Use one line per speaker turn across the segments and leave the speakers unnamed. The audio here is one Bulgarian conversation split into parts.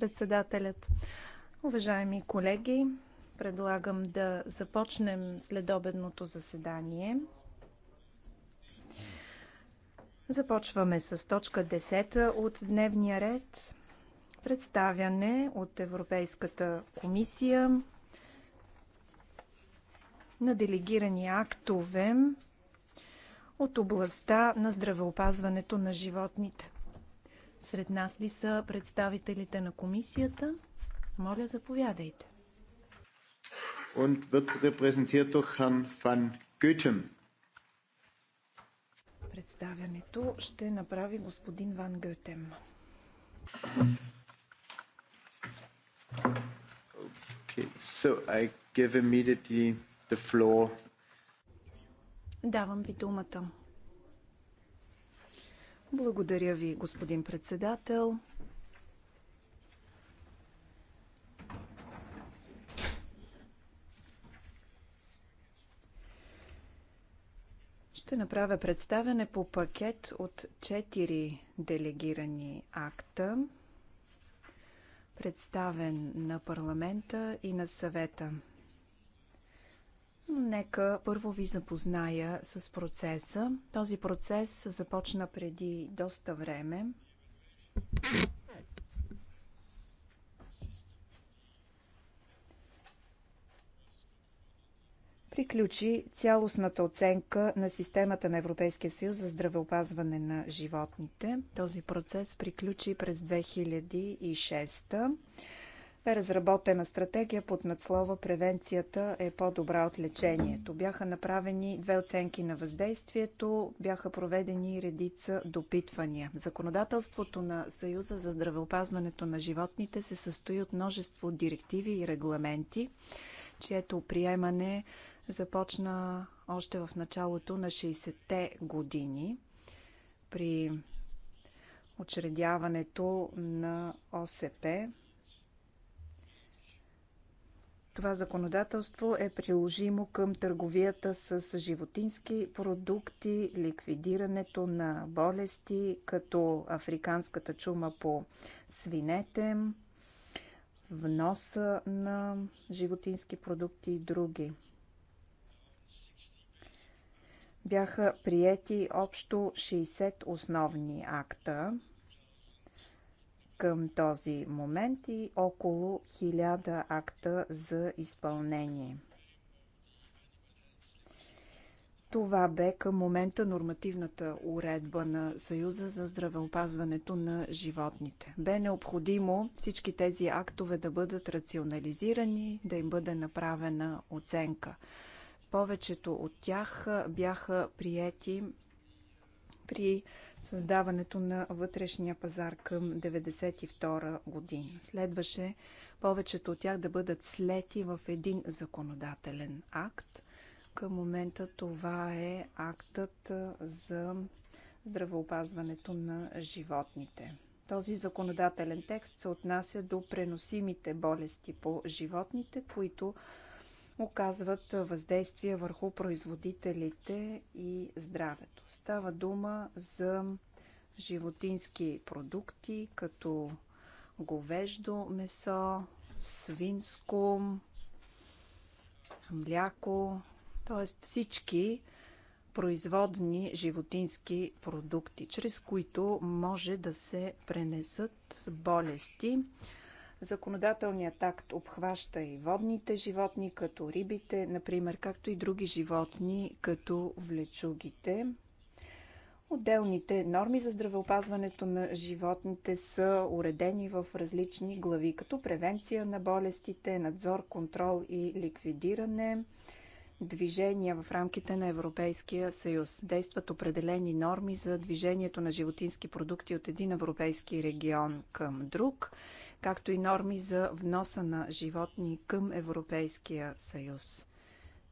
Председателят. Уважаеми колеги, предлагам да започнем следобедното заседание. Започваме с точка 10 от дневния ред. Представяне от Европейската комисия на делегирани актове от областта на здравеопазването на животните. Сред нас ли са представителите на комисията? Моля, заповядайте.
Und wird repräsentiert durch Herrn van Goethem.
Представянето ще направи господин Ван Гютем.
Okay, so I give immediately the floor.
Давам ви думата. Благодаря ви, господин председател. Ще направя представяне по пакет от 4 делегирани акта, представен на парламента и на съвета. Но нека първо ви запозная с процеса. Този процес започна преди доста време. приключи цялостната оценка на системата на Европейския съюз за здравеопазване на животните. Този процес приключи през 2006. Бе разработена стратегия под надслова «Превенцията е по-добра от лечението». Бяха направени две оценки на въздействието, бяха проведени редица допитвания. Законодателството на Съюза за здравеопазването на животните се състои от множество директиви и регламенти, чието приемане започна още в началото на 60-те години при учредяването на ОСП – това законодателство е приложимо към търговията с животински продукти, ликвидирането на болести, като африканската чума по свинете, вноса на животински продукти и други. Бяха приети общо 60 основни акта, към този момент и около 1000 акта за изпълнение. Това бе към момента нормативната уредба на Съюза за здравеопазването на животните. Бе необходимо всички тези актове да бъдат рационализирани, да им бъде направена оценка. Повечето от тях бяха приети при създаването на вътрешния пазар към 1992 година. Следваше повечето от тях да бъдат слети в един законодателен акт. Към момента това е актът за здравеопазването на животните. Този законодателен текст се отнася до преносимите болести по животните, които оказват въздействие върху производителите и здравето. Става дума за животински продукти, като говеждо месо, свинско, мляко, т.е. всички производни животински продукти, чрез които може да се пренесат болести, Законодателният акт обхваща и водните животни, като рибите, например, както и други животни, като влечугите. Отделните норми за здравеопазването на животните са уредени в различни глави, като превенция на болестите, надзор, контрол и ликвидиране, движения в рамките на Европейския съюз. Действат определени норми за движението на животински продукти от един европейски регион към друг – както и норми за вноса на животни към Европейския съюз,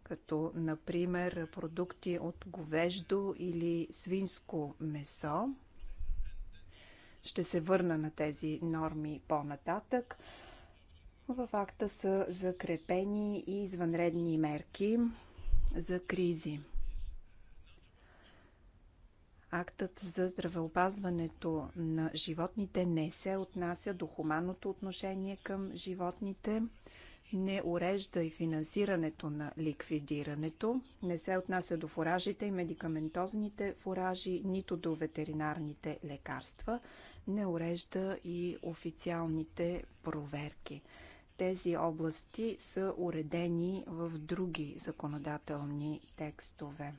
като например продукти от говеждо или свинско месо. Ще се върна на тези норми по-нататък. В акта са закрепени и извънредни мерки за кризи. Актът за здравеопазването на животните не се отнася до хуманното отношение към животните, не урежда и финансирането на ликвидирането, не се отнася до фуражите и медикаментозните фуражи, нито до ветеринарните лекарства, не урежда и официалните проверки. Тези области са уредени в други законодателни текстове.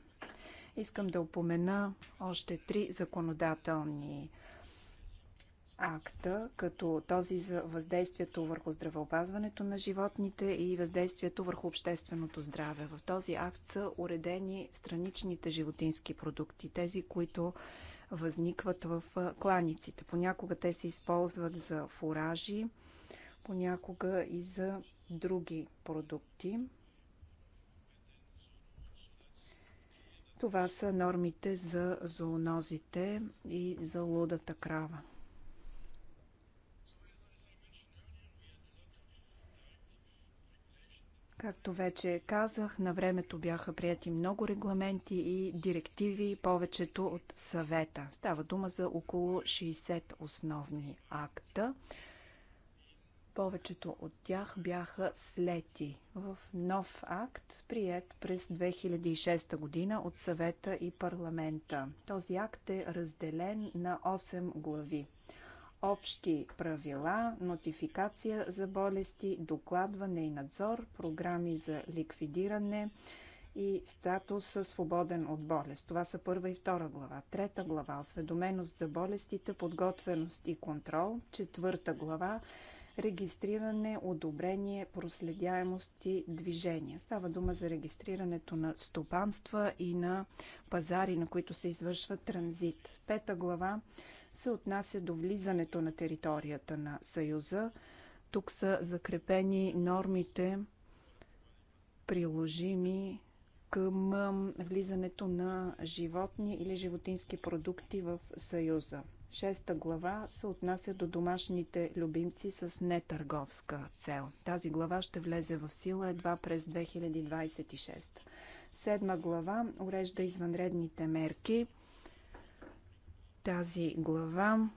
Искам да упомена още три законодателни акта, като този за въздействието върху здравеопазването на животните и въздействието върху общественото здраве. В този акт са уредени страничните животински продукти, тези, които възникват в кланиците. Понякога те се използват за фуражи, понякога и за други продукти. Това са нормите за зоонозите и за лудата крава. Както вече казах, на времето бяха прияти много регламенти и директиви, повечето от съвета. Става дума за около 60 основни акта. Повечето от тях бяха слети в нов акт, прият през 2006 година от съвета и парламента. Този акт е разделен на 8 глави. Общи правила, нотификация за болести, докладване и надзор, програми за ликвидиране и статус свободен от болест. Това са първа и втора глава. Трета глава – осведоменост за болестите, подготвеност и контрол. Четвърта глава – регистриране, одобрение, проследяемост и движение. Става дума за регистрирането на стопанства и на пазари, на които се извършва транзит. Пета глава се отнася до влизането на територията на Съюза. Тук са закрепени нормите, приложими към влизането на животни или животински продукти в Съюза. Шеста глава се отнася до домашните любимци с нетърговска цел. Тази глава ще влезе в сила едва през 2026. Седма глава урежда извънредните мерки. Тази глава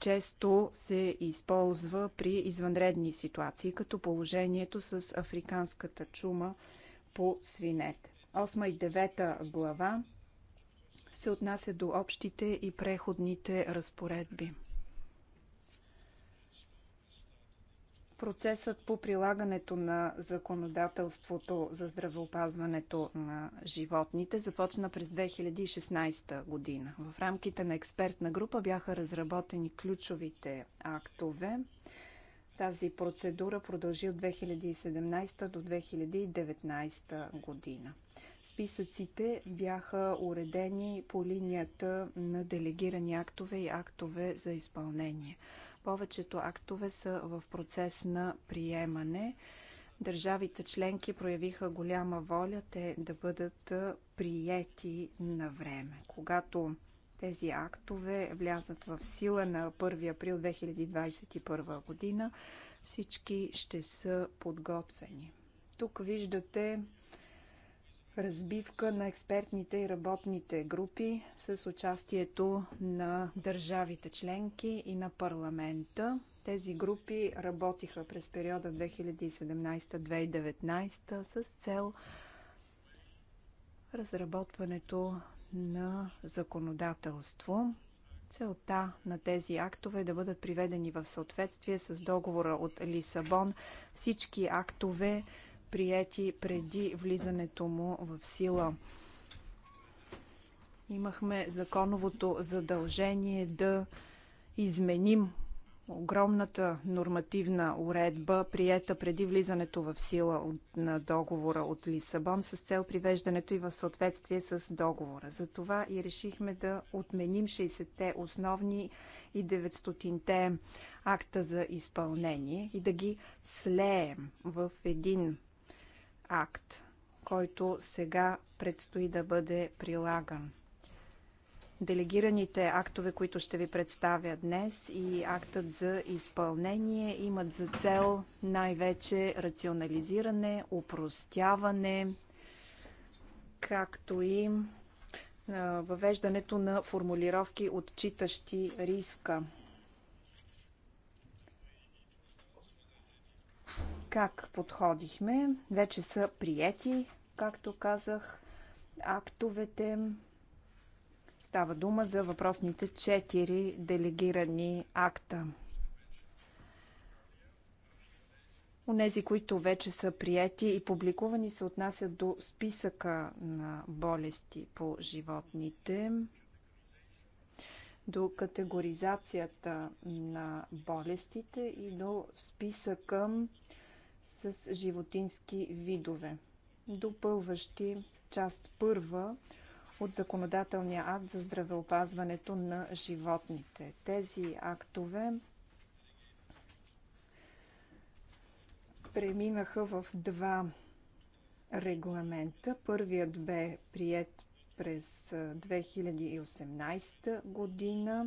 често се използва при извънредни ситуации, като положението с африканската чума по свинете. Осма и девета глава се отнася до общите и преходните разпоредби. Процесът по прилагането на законодателството за здравеопазването на животните започна през 2016 година. В рамките на експертна група бяха разработени ключовите актове. Тази процедура продължи от 2017 до 2019 година. Списъците бяха уредени по линията на делегирани актове и актове за изпълнение. Повечето актове са в процес на приемане. Държавите членки проявиха голяма воля те да бъдат приети на време. Когато тези актове влязат в сила на 1 април 2021 година. Всички ще са подготвени. Тук виждате разбивка на експертните и работните групи с участието на държавите членки и на парламента. Тези групи работиха през периода 2017-2019 с цел разработването на законодателство. Целта на тези актове е да бъдат приведени в съответствие с договора от Лисабон всички актове, приети преди влизането му в сила. Имахме законовото задължение да изменим огромната нормативна уредба, приета преди влизането в сила от, на договора от Лисабон, с цел привеждането и в съответствие с договора. Затова и решихме да отменим 60-те основни и 900-те акта за изпълнение и да ги слеем в един акт, който сега предстои да бъде прилаган. Делегираните актове, които ще ви представя днес и актът за изпълнение имат за цел най-вече рационализиране, упростяване, както и въвеждането на формулировки, отчитащи риска. Как подходихме? Вече са приети, както казах, актовете Става дума за въпросните четири делегирани акта. Онези, които вече са прияти и публикувани, се отнасят до списъка на болести по животните, до категоризацията на болестите и до списъка с животински видове, допълващи част първа – от законодателния акт за здравеопазването на животните. Тези актове преминаха в два регламента. Първият бе прият през 2018 година.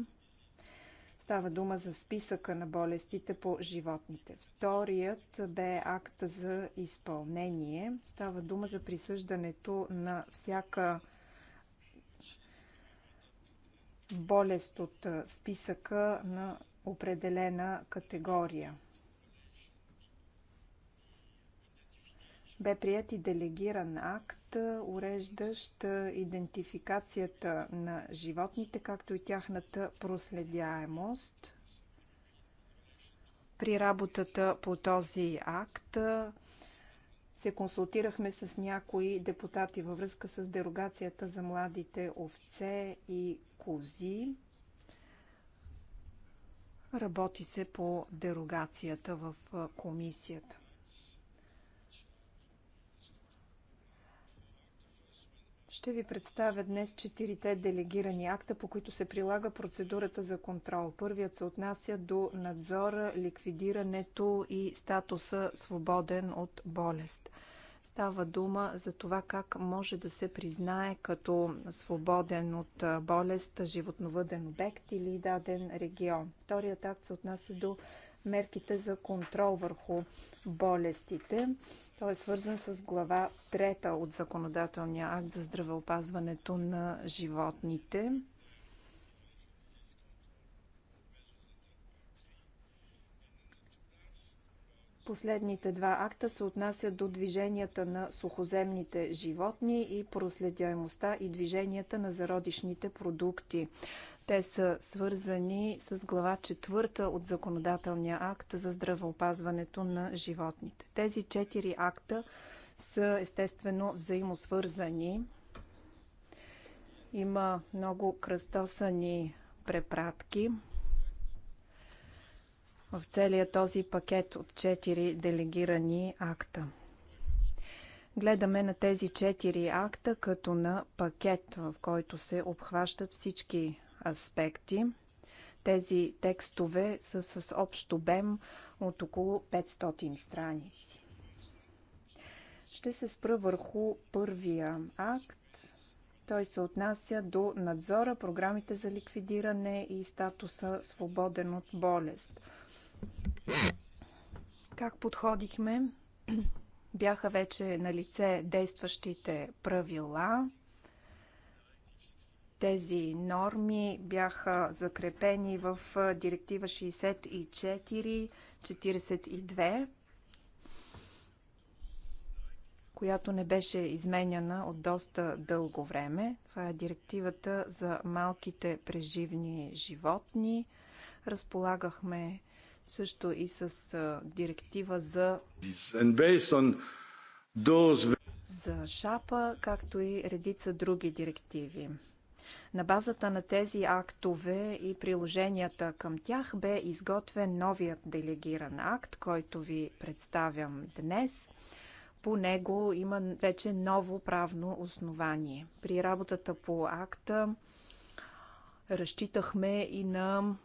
Става дума за списъка на болестите по животните. Вторият бе акт за изпълнение. Става дума за присъждането на всяка болест от списъка на определена категория. Бе прият и делегиран акт, уреждащ идентификацията на животните, както и тяхната проследяемост. При работата по този акт се консултирахме с някои депутати във връзка с дерогацията за младите овце и кози. Работи се по дерогацията в комисията. Ще ви представя днес четирите делегирани акта, по които се прилага процедурата за контрол. Първият се отнася до надзора, ликвидирането и статуса свободен от болест. Става дума за това как може да се признае като свободен от болест животновъден обект или даден регион. Вторият акт се отнася до мерките за контрол върху болестите. Той е свързан с глава 3 от законодателния акт за здравеопазването на животните. Последните два акта се отнасят до движенията на сухоземните животни и проследяемостта и движенията на зародишните продукти. Те са свързани с глава четвърта от законодателния акт за здравеопазването на животните. Тези четири акта са естествено взаимосвързани. Има много кръстосани препратки в целия този пакет от четири делегирани акта. Гледаме на тези четири акта като на пакет, в който се обхващат всички аспекти. Тези текстове са с общ обем от около 500 страници. Ще се спра върху първия акт. Той се отнася до надзора, програмите за ликвидиране и статуса свободен от болест. Как подходихме? Бяха вече на лице действащите правила. Тези норми бяха закрепени в Директива 64-42, която не беше изменяна от доста дълго време. Това е директивата за малките преживни животни. Разполагахме също и с директива за за шапа, както и редица други директиви. На базата на тези актове и приложенията към тях бе изготвен новият делегиран акт, който ви представям днес. По него има вече ново правно основание. При работата по акта разчитахме и на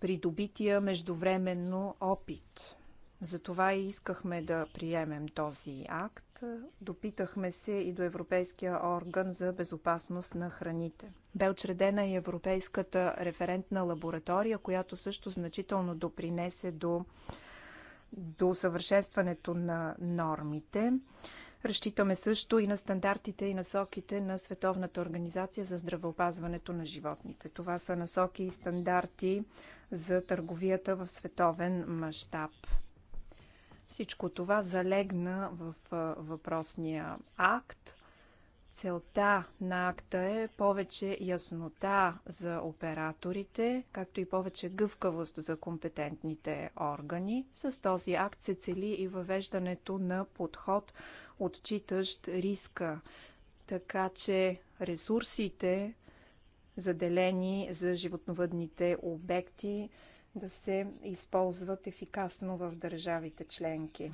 придобития междувременно опит. Затова и искахме да приемем този акт. Допитахме се и до Европейския орган за безопасност на храните. Бе очредена и Европейската референтна лаборатория, която също значително допринесе до, до съвършенстването на нормите. Разчитаме също и на стандартите и насоките на Световната организация за здравеопазването на животните. Това са насоки и стандарти за търговията в световен мащаб. Всичко това залегна в въпросния акт. Целта на акта е повече яснота за операторите, както и повече гъвкавост за компетентните органи. С този акт се цели и въвеждането на подход, отчитащ риска, така че ресурсите, заделени за животновъдните обекти, да се използват ефикасно в държавите членки.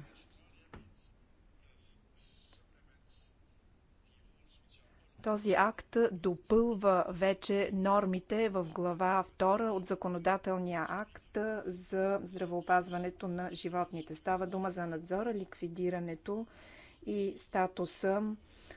Този акт допълва вече нормите в глава 2 от законодателния акт за здравеопазването на животните. Става дума за надзора, ликвидирането и статуса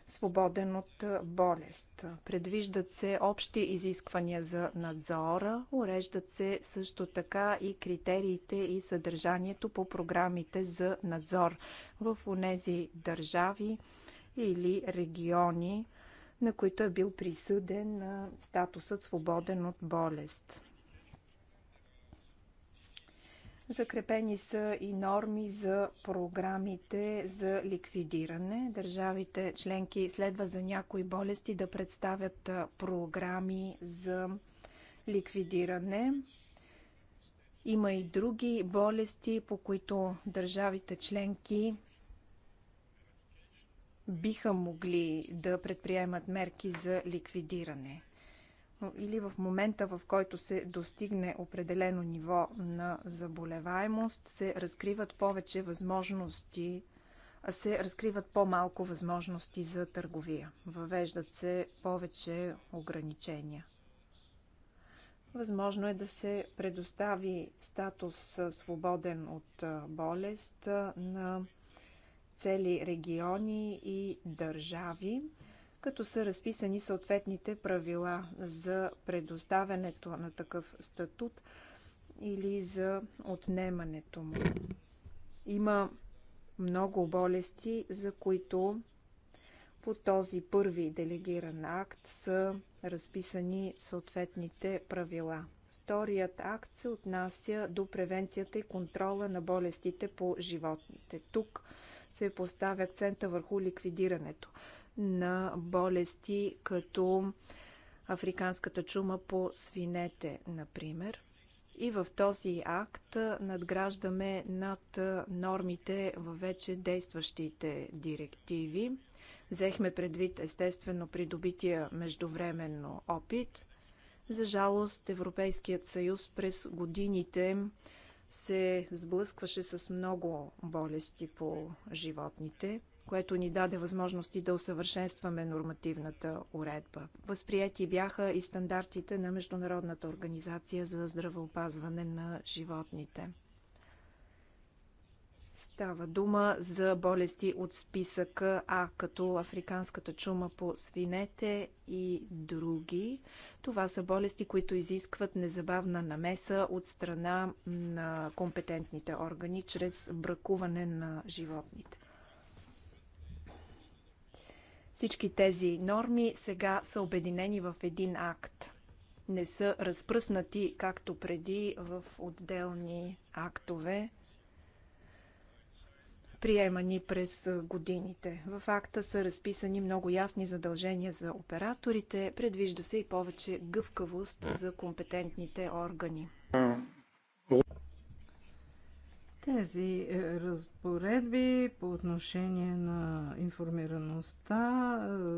свободен от болест. Предвиждат се общи изисквания за надзора, уреждат се също така и критериите и съдържанието по програмите за надзор в онези държави или региони, на които е бил присъден статусът свободен от болест. Закрепени са и норми за програмите за ликвидиране. Държавите членки следва за някои болести да представят програми за ликвидиране. Има и други болести, по които държавите членки биха могли да предприемат мерки за ликвидиране или в момента, в който се достигне определено ниво на заболеваемост, се разкриват повече възможности, се разкриват по-малко възможности за търговия. Въвеждат се повече ограничения. Възможно е да се предостави статус свободен от болест на цели региони и държави като са разписани съответните правила за предоставянето на такъв статут или за отнемането му. Има много болести, за които по този първи делегиран акт са разписани съответните правила. Вторият акт се отнася до превенцията и контрола на болестите по животните. Тук се поставя акцента върху ликвидирането на болести като африканската чума по свинете, например. И в този акт надграждаме над нормите във вече действащите директиви. Взехме предвид естествено придобития междувременно опит. За жалост, Европейският съюз през годините се сблъскваше с много болести по животните – което ни даде възможности да усъвършенстваме нормативната уредба. Възприяти бяха и стандартите на Международната организация за здравеопазване на животните. Става дума за болести от списъка А, като африканската чума по свинете и други. Това са болести, които изискват незабавна намеса от страна на компетентните органи чрез бракуване на животните. Всички тези норми сега са обединени в един акт. Не са разпръснати, както преди, в отделни актове, приемани през годините. В акта са разписани много ясни задължения за операторите. Предвижда се и
повече гъвкавост за компетентните органи. Тези е, разпоредби по отношение на информираността е,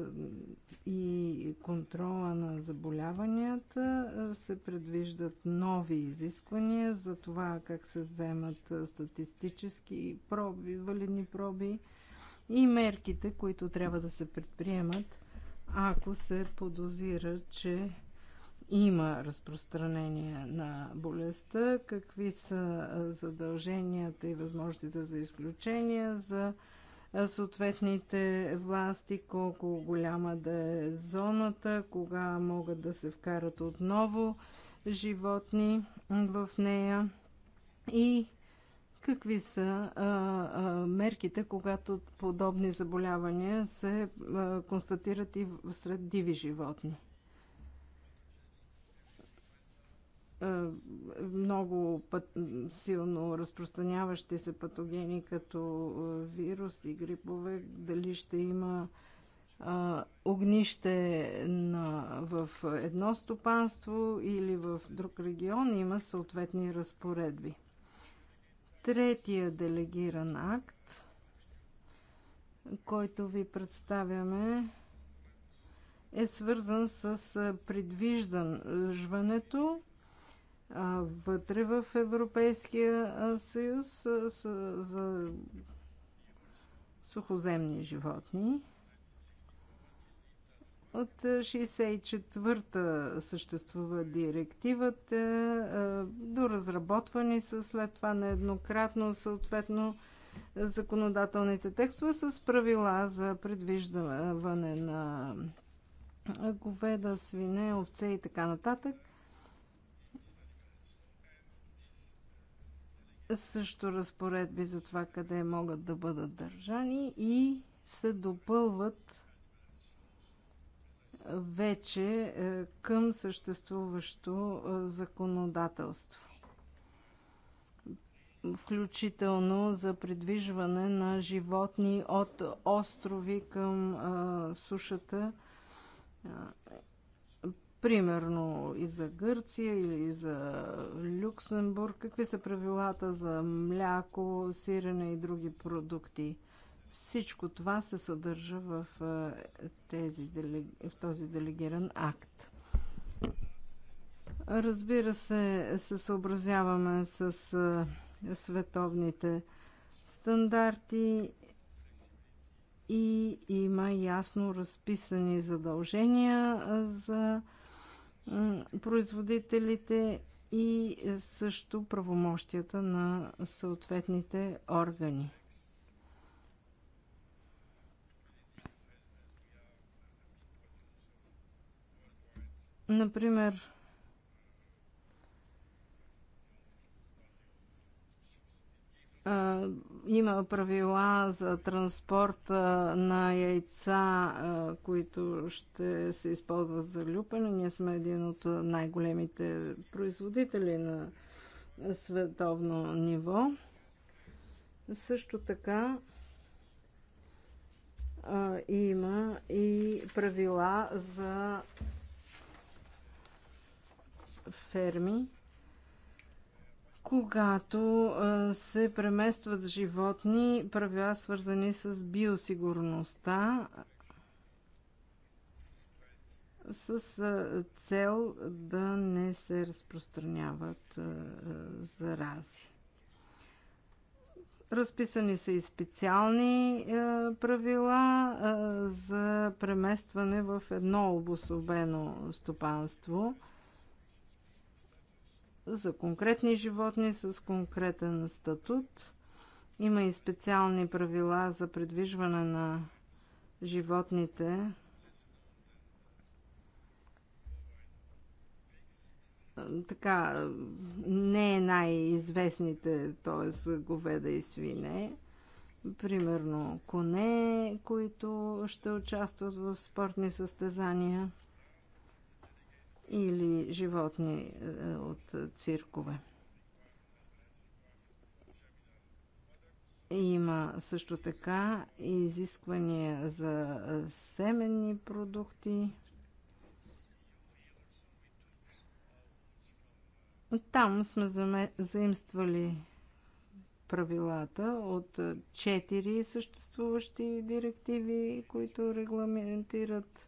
и контрола на заболяванията е, се предвиждат нови изисквания за това как се вземат статистически проби, валидни проби и мерките, които трябва да се предприемат, ако се подозира, че има разпространение на болестта, какви са задълженията и възможностите за изключения за съответните власти, колко голяма да е зоната, кога могат да се вкарат отново животни в нея и какви са а, а, мерките, когато подобни заболявания се а, констатират и сред диви животни. Е, много път, силно разпространяващи се патогени като е, вирус и грипове, дали ще има а, огнище на, в едно стопанство или в друг регион, има съответни разпоредби. Третия делегиран акт, който ви представяме, е свързан с е, предвиждането вътре в Европейския съюз за сухоземни животни. От 64-та съществува директивата, доразработвани са след това нееднократно съответно законодателните текстове с правила за предвиждаване на говеда, свине, овце и така нататък. също разпоредби за това къде могат да бъдат държани и се допълват вече е, към съществуващо е, законодателство. Включително за придвижване на животни от острови към е, сушата Примерно и за Гърция или за Люксембург, какви са правилата за мляко, сирене и други продукти. Всичко това се съдържа в, е, тези, в този делегиран акт. Разбира се, се съобразяваме с е, световните стандарти и има ясно разписани задължения е, за производителите и също правомощията на съответните органи. Например, има правила за транспорт на яйца, които ще се използват за люпане. Ние сме един от най-големите производители на световно ниво. Също така има и правила за ферми, когато се преместват животни, правила свързани с биосигурността, с цел да не се разпространяват зарази. Разписани са и специални правила за преместване в едно обособено стопанство – за конкретни животни с конкретен статут. Има и специални правила за придвижване на животните така, не е най-известните, т.е. говеда и свине. Примерно коне, които ще участват в спортни състезания или животни е, от циркове. Има също така изисквания за семенни продукти. Там сме заимствали правилата от четири съществуващи директиви, които регламентират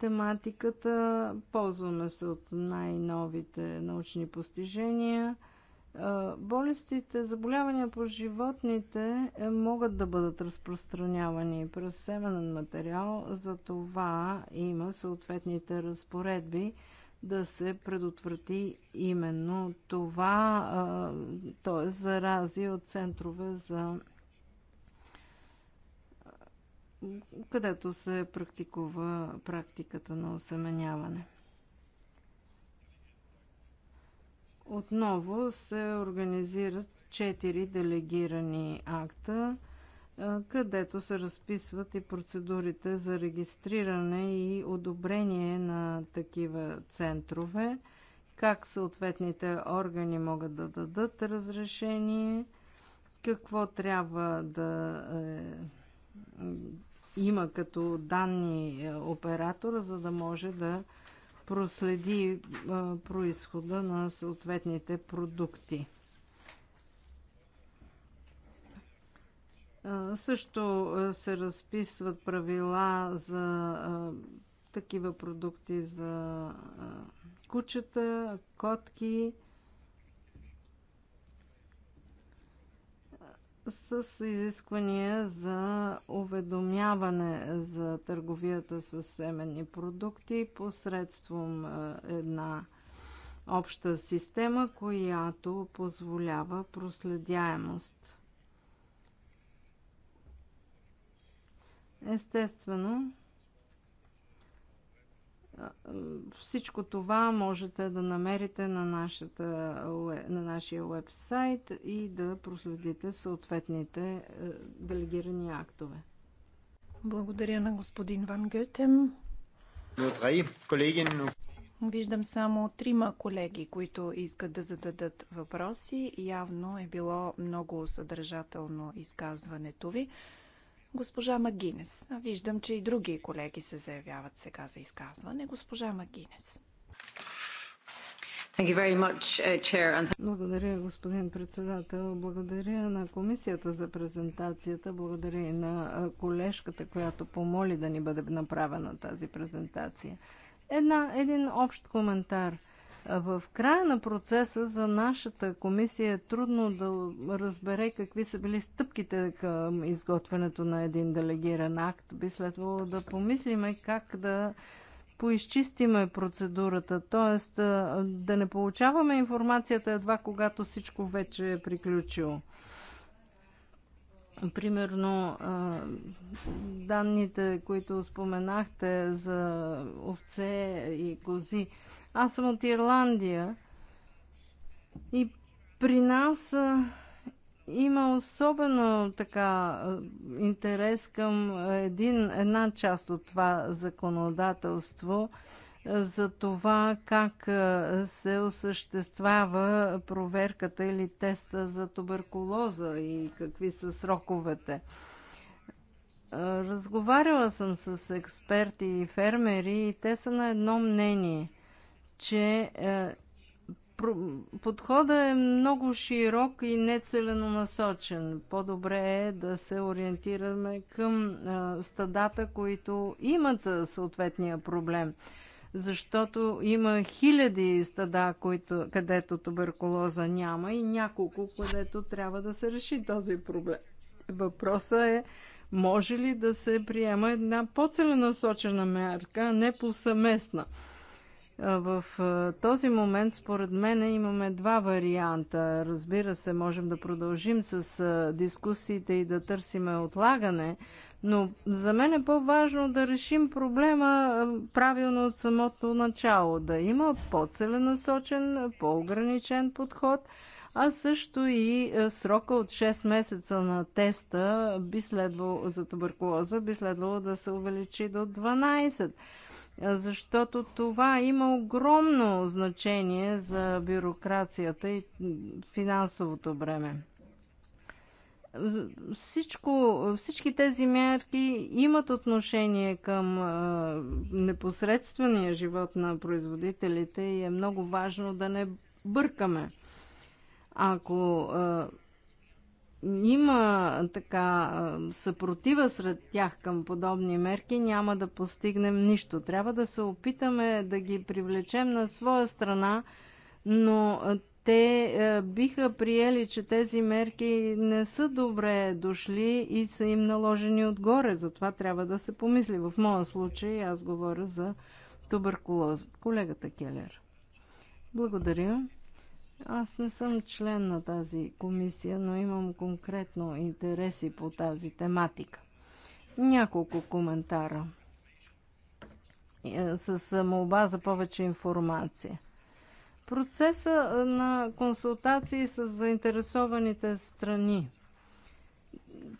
тематиката. Ползваме се от най-новите научни постижения. Болестите, заболявания по животните е, могат да бъдат разпространявани през семенен материал, за това има съответните разпоредби да се предотврати именно това, т.е. зарази от центрове за където се практикува практиката на осеменяване. Отново се организират четири делегирани акта, където се разписват и процедурите за регистриране и одобрение на такива центрове, как съответните органи могат да дадат разрешение, какво трябва да е има като данни е, оператора, за да може да проследи е, происхода на съответните продукти. Е, също се разписват правила за такива продукти за кучета, котки, с изисквания за уведомяване за търговията с семенни продукти посредством е, една обща система, която позволява проследяемост. Естествено, всичко това можете да намерите на, нашата, на нашия вебсайт и да проследите съответните е, делегирани актове. Благодаря на господин Ван Гютем.
Виждам само трима колеги, които искат да зададат въпроси. Явно е било много съдържателно изказването ви. Госпожа Магинес. Виждам, че и други колеги се заявяват сега за изказване. Госпожа
Магинес.
Uh, Благодаря, господин председател. Благодаря на комисията за презентацията. Благодаря и на колежката, която помоли да ни бъде направена тази презентация. Една, един общ коментар – в края на процеса за нашата комисия е трудно да разбере какви са били стъпките към изготвянето на един делегиран акт. Би следвало да помислиме как да поизчистиме процедурата, т.е. да не получаваме информацията едва когато всичко вече е приключило. Примерно данните, които споменахте за овце и кози, аз съм от Ирландия и при нас има особено така интерес към един, една част от това законодателство за това как се осъществява проверката или теста за туберкулоза и какви са сроковете. Разговаряла съм с експерти и фермери и те са на едно мнение – че е, подхода е много широк и нецеленонасочен. По-добре е да се ориентираме към е, стадата, които имат е, съответния проблем. Защото има хиляди стада, които, където туберкулоза няма и няколко, където трябва да се реши този проблем. Въпросът е може ли да се приема една по-целенасочена мярка, а не по съместна в този момент, според мен, имаме два варианта. Разбира се, можем да продължим с дискусиите и да търсиме отлагане, но за мен е по-важно да решим проблема правилно от самото начало. Да има по-целенасочен, по-ограничен подход, а също и срока от 6 месеца на теста би следвало, за туберкулоза би следвало да се увеличи до 12 защото това има огромно значение за бюрокрацията и финансовото бреме. Всичко, всички тези мерки имат отношение към непосредствения живот на производителите и е много важно да не бъркаме. Ако а, има така съпротива сред тях към подобни мерки, няма да постигнем нищо. Трябва да се опитаме да ги привлечем на своя страна, но те биха приели, че тези мерки не са добре дошли и са им наложени отгоре. Затова трябва да се помисли. В моя случай аз говоря за туберкулоза. Колегата Келер. Благодаря. Аз не съм член на тази комисия, но имам конкретно интереси по тази тематика. Няколко коментара е, с е, молба за повече информация. Процеса е, на консултации с заинтересованите страни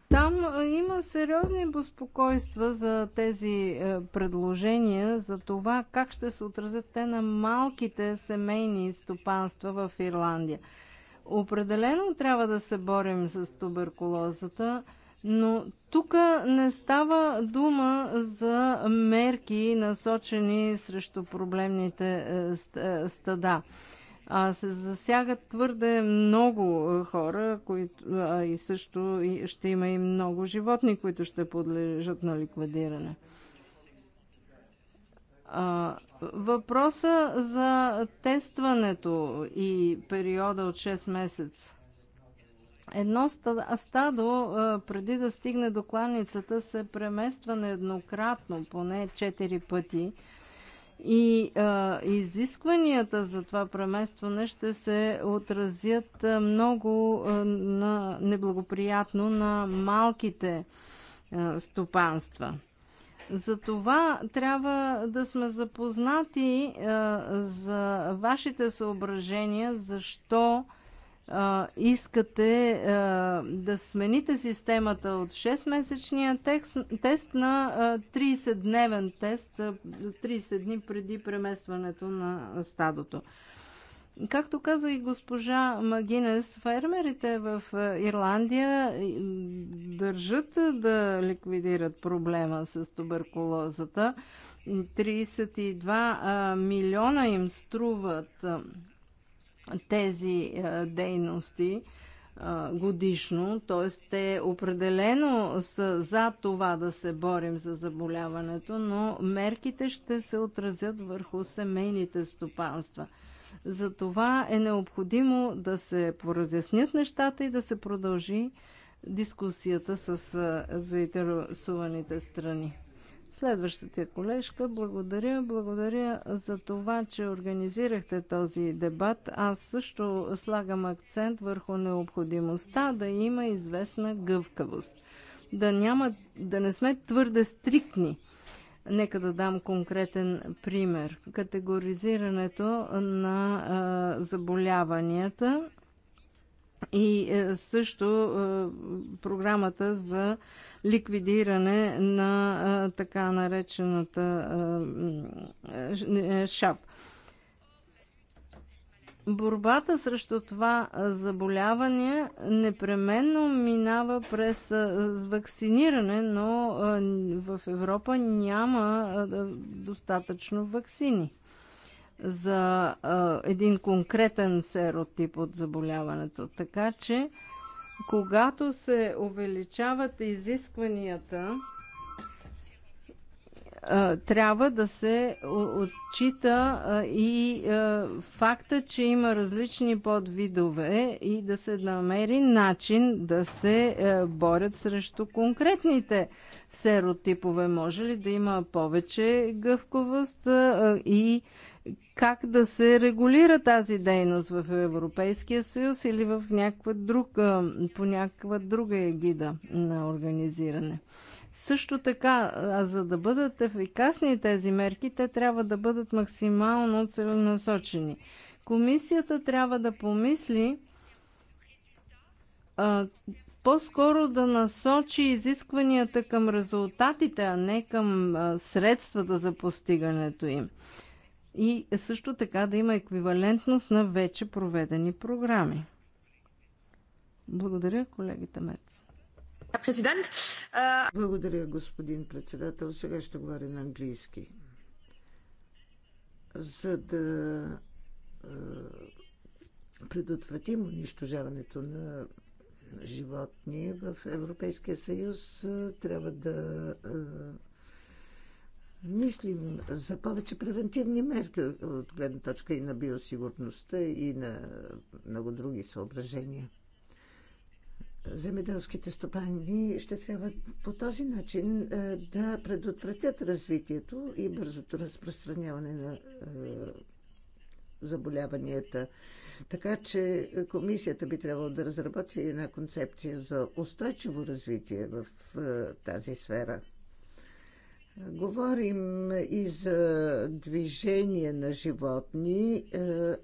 там има сериозни безпокойства за тези е, предложения, за това как ще се отразят те на малките семейни стопанства в Ирландия. Определено трябва да се борим с туберкулозата, но тук не става дума за мерки, насочени срещу проблемните е, е, стада а се засягат твърде много хора, които, а и също ще има и много животни, които ще подлежат на ликвидиране. А, въпроса за тестването и периода от 6 месеца. Едно стадо, преди да стигне до кланицата, се премества нееднократно, поне 4 пъти – и а, изискванията за това преместване ще се отразят много а, на, неблагоприятно на малките а, стопанства. Затова трябва да сме запознати а, за вашите съображения, защо а, искате да смените системата от 6-месечния тест на 30-дневен тест, 30 дни преди преместването на стадото. Както каза и госпожа Магинес, фермерите в Ирландия държат да ликвидират проблема с туберкулозата. 32 милиона им струват тези е, дейности е, годишно, т.е. те определено са за това да се борим за заболяването, но мерките ще се отразят върху семейните стопанства. Затова е необходимо да се поразяснят нещата и да се продължи дискусията с е, заинтересованите страни. Следващата колежка, благодаря. Благодаря за това, че организирахте този дебат. Аз също слагам акцент върху необходимостта да има известна гъвкавост. Да, няма, да не сме твърде стриктни. Нека да дам конкретен пример. Категоризирането на е, заболяванията и е, също е, програмата за е, ликвидиране на така наречената шап. Борбата срещу това заболяване непременно минава през вакциниране, но в Европа няма достатъчно вакцини за един конкретен серотип от заболяването. Така че когато се увеличават изискванията, трябва да се отчита и факта, че има различни подвидове и да се намери начин да се е, борят срещу конкретните серотипове. Може ли да има повече гъвковост и как да се регулира тази дейност в Европейския съюз или в някаква друга, по някаква друга егида на организиране. Също така, а за да бъдат ефикасни тези мерки, те трябва да бъдат максимално целенасочени. Комисията трябва да помисли по-скоро да насочи изискванията към резултатите, а не към средствата за постигането им и също така да има еквивалентност на вече проведени програми. Благодаря, колегите Мец.
Президент. Благодаря, господин председател. Сега ще говоря на английски. За да предотвратим унищожаването на животни в Европейския съюз, трябва да мислим за повече превентивни мерки от гледна точка и на биосигурността и на много други съображения. Земеделските стопани ще трябва по този начин е, да предотвратят развитието и бързото разпространяване на е, заболяванията. Така че комисията би трябвало да разработи една концепция за устойчиво развитие в е, тази сфера. Говорим и за движение на животни. Е,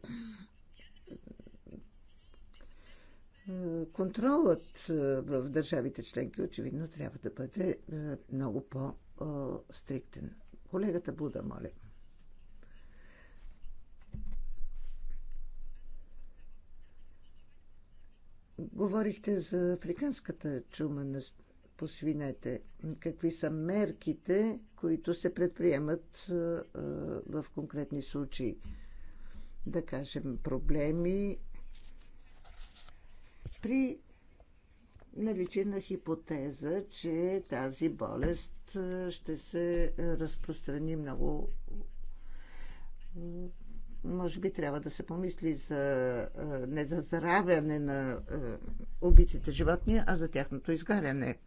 контролът е, в държавите членки очевидно трябва да бъде е, много по-стриктен. Колегата Буда, моля. Говорихте за африканската чума на посвинете. Какви са мерките, които се предприемат е, е, в конкретни случаи? Да кажем, проблеми при наличие на хипотеза, че тази болест е, ще се разпространи много. Може би трябва да се помисли за, не за заравяне на убитите животни, а за тяхното изгаряне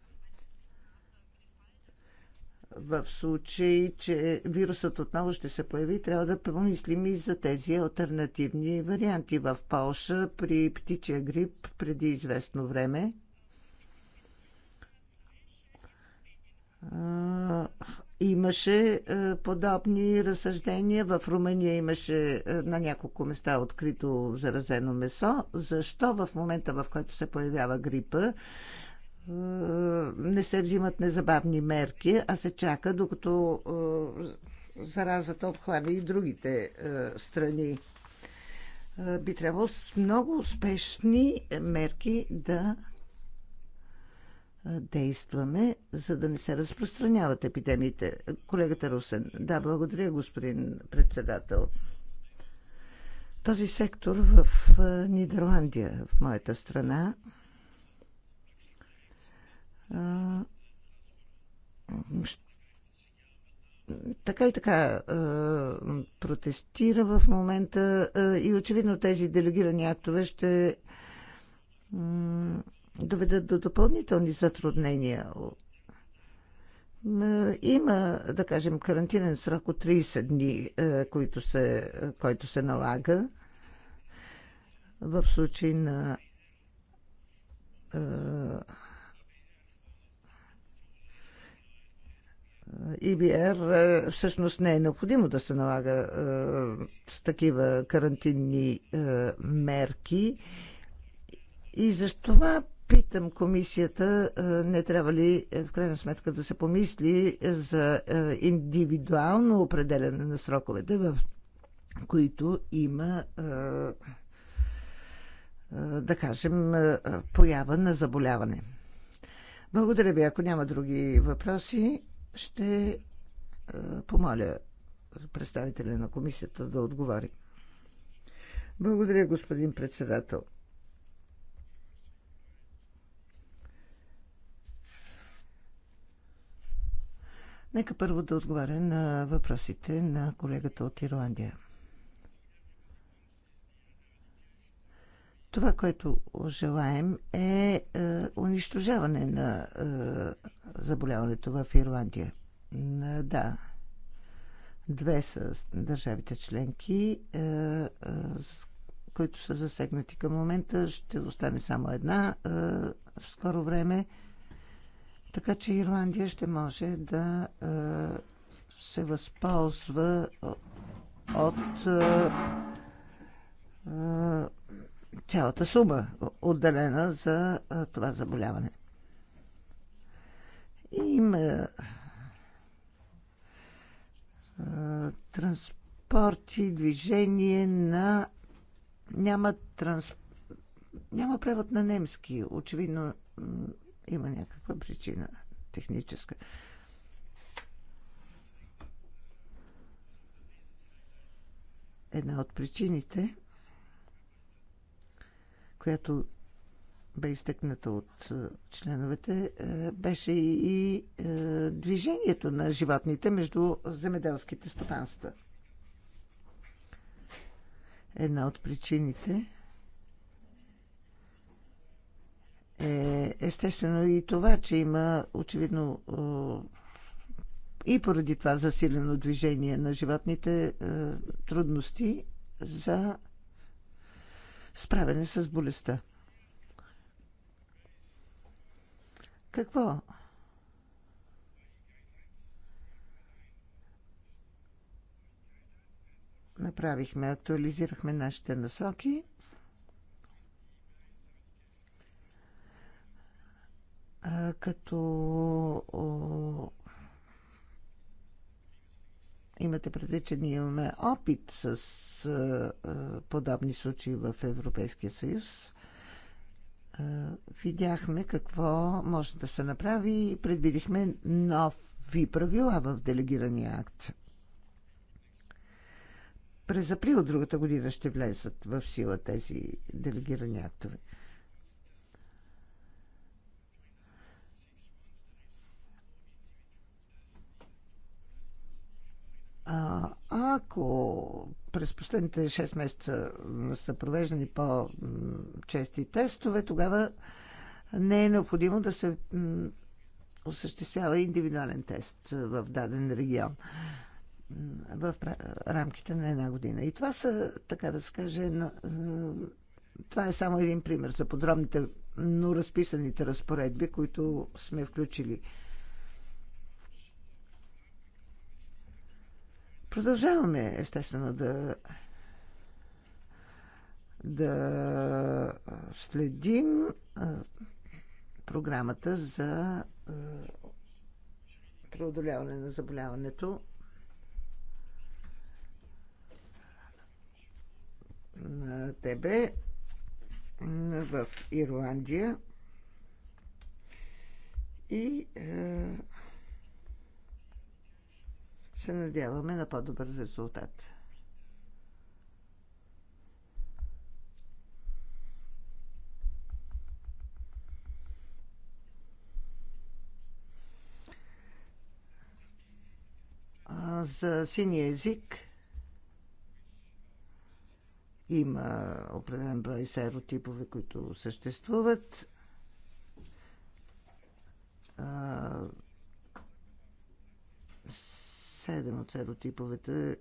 в случай, че вирусът отново ще се появи, трябва да помислим и за тези альтернативни варианти. В Полша при птичия грип преди известно време имаше подобни разсъждения. В Румъния имаше на няколко места открито заразено месо. Защо в момента, в който се появява грипа, е, не се взимат незабавни мерки, а се чака докато е, заразата обхване и другите е, страни. Би трябвало с много успешни мерки да действаме, за да не се разпространяват епидемиите. Колегата Русен. Да, благодаря, господин председател. Този сектор в Нидерландия, в моята страна, така и така протестира в момента и очевидно тези делегирани актове ще доведат до допълнителни затруднения. Има, да кажем, карантинен срок от 30 дни, който се, който се налага в случай на ИБР е, всъщност не е необходимо да се налага е, с такива карантинни е, мерки. И за това питам комисията, не трябва ли в крайна сметка да се помисли за индивидуално определяне на сроковете, в които има да кажем, поява на заболяване. Благодаря ви. Ако няма други въпроси, ще е, помоля представителя на комисията да отговори. Благодаря, господин председател. Нека първо да отговаря на въпросите на колегата от Ирландия. Това, което желаем е, е унищожаване на е, заболяването в Ирландия. да. Две са държавите членки, е, които са засегнати към момента. Ще остане само една в скоро време. Така че Ирландия ще може да се възползва от цялата сума, отделена за това заболяване. Има транспорти, движение на... Няма, транс... Няма превод на немски. Очевидно има някаква причина техническа. Една от причините която бе изтъкната от е, членовете, е, беше и е, движението на животните между земеделските стопанства. Една от причините е естествено и това, че има очевидно и поради това засилено движение на животните трудности за справяне с болестта. Какво? Направихме, актуализирахме нашите насоки. Като Имате предвид, че ние имаме опит с е, е, подобни случаи в Европейския съюз. Е, видяхме какво може да се направи и предвидихме нови правила в делегирания акт. През април другата година ще влезат в сила тези делегирани актове. ако през последните 6 месеца са провеждани по-чести тестове, тогава не е необходимо да се осъществява индивидуален тест в даден регион в рамките на една година. И това са, така да се каже, това е само един пример за подробните, но разписаните разпоредби, които сме включили Продължаваме, естествено, да да следим програмата за преодоляване на заболяването. на тебе в Ирландия и е, се надяваме на по-добър резултат. за синия език има определен брой серотипове, които съществуват седем от серотиповете е,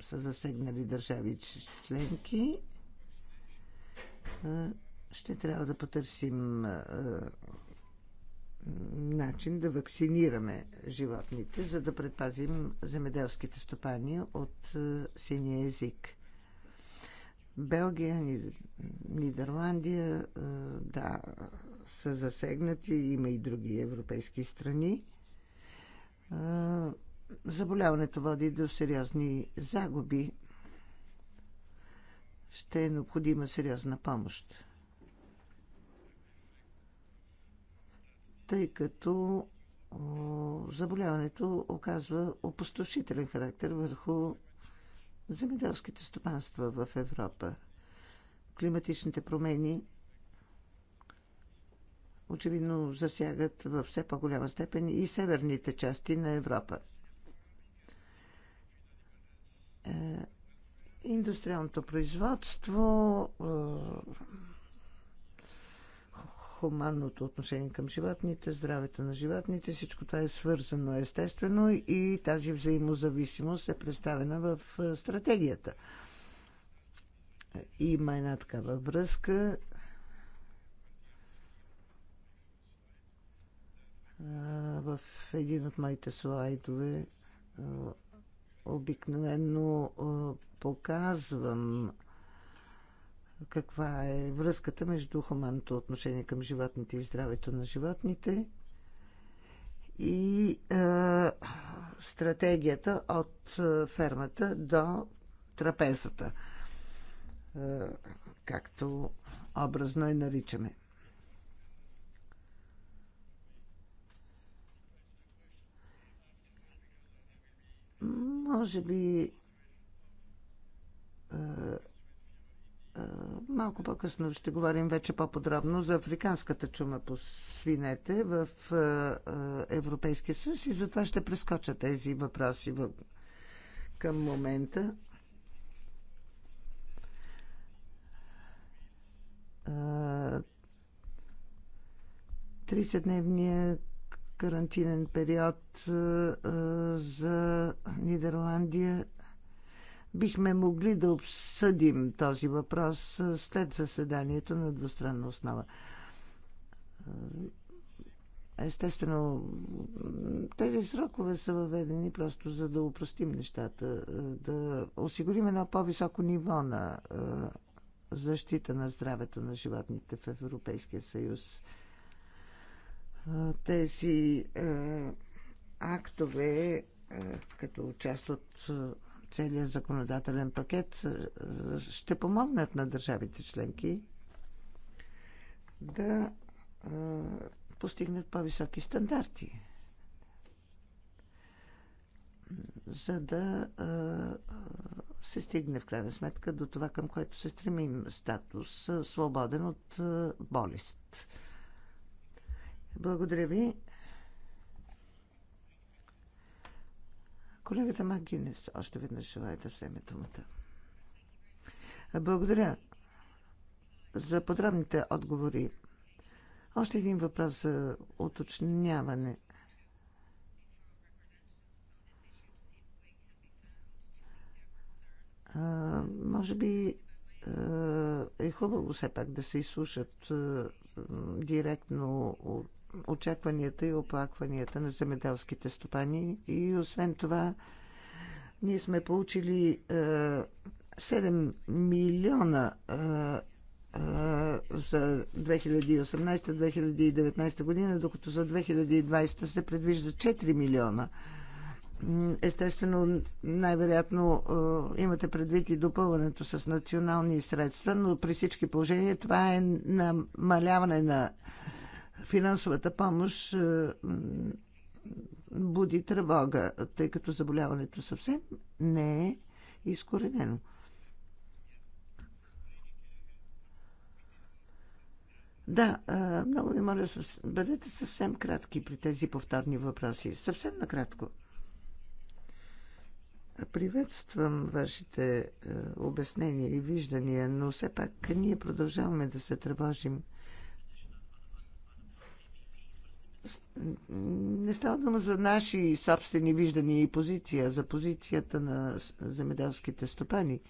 са засегнали държави членки. Е, ще трябва да потърсим е, начин да вакцинираме животните, за да предпазим земеделските стопани от синия език. Белгия, Нидерландия, да, са засегнати, има и други европейски страни заболяването води до сериозни загуби. Ще е необходима сериозна помощ. Тъй като заболяването оказва опустошителен характер върху земеделските стопанства в Европа. Климатичните промени очевидно засягат във все по-голяма степен и северните части на Европа. индустриалното производство, хуманното отношение към животните, здравето на животните, всичко това е свързано естествено и тази взаимозависимост е представена в стратегията. Има една такава връзка. В един от моите слайдове обикновено показвам каква е връзката между хуманното отношение към животните и здравето на животните и е, стратегията от фермата до трапезата, е, както образно и наричаме. Може би е, е, малко по-късно ще говорим вече по-подробно за африканската чума по свинете в е, Европейския съюз и затова ще прескоча тези въпроси към момента. А, 30-дневния карантинен период за Нидерландия бихме могли да обсъдим този въпрос след заседанието на двустранна основа. Естествено, тези срокове са въведени просто за да упростим нещата, да осигурим едно по-високо ниво на защита на здравето на животните в Европейския съюз. Тези актове, като част от целият законодателен пакет е, ще помогнат на държавите членки да е, постигнат по-високи стандарти, за да е, се стигне в крайна сметка до това, към което се стремим статус свободен от болест. Благодаря ви. Колегата Магинес още веднъж желая да вземе думата. Благодаря за подробните отговори. Още един въпрос за уточняване. А, може би е хубаво все пак да се изслушат директно от очакванията и оплакванията на земеделските стопани. И освен това, ние сме получили 7 е, милиона е, е, за 2018-2019 година, докато за 2020 се предвижда 4 милиона. Естествено, най-вероятно имате предвид и допълването с национални средства, но при всички положения това е намаляване на финансовата помощ е, буди тревога, тъй като заболяването съвсем не е изкоренено. Да, е, много ви моля, бъдете съвсем кратки при тези повторни въпроси. Съвсем накратко. Приветствам вашите е, обяснения и виждания, но все пак ние продължаваме да се тревожим – не става дума за наши собствени виждания и позиция, за позицията на земеделските стопани.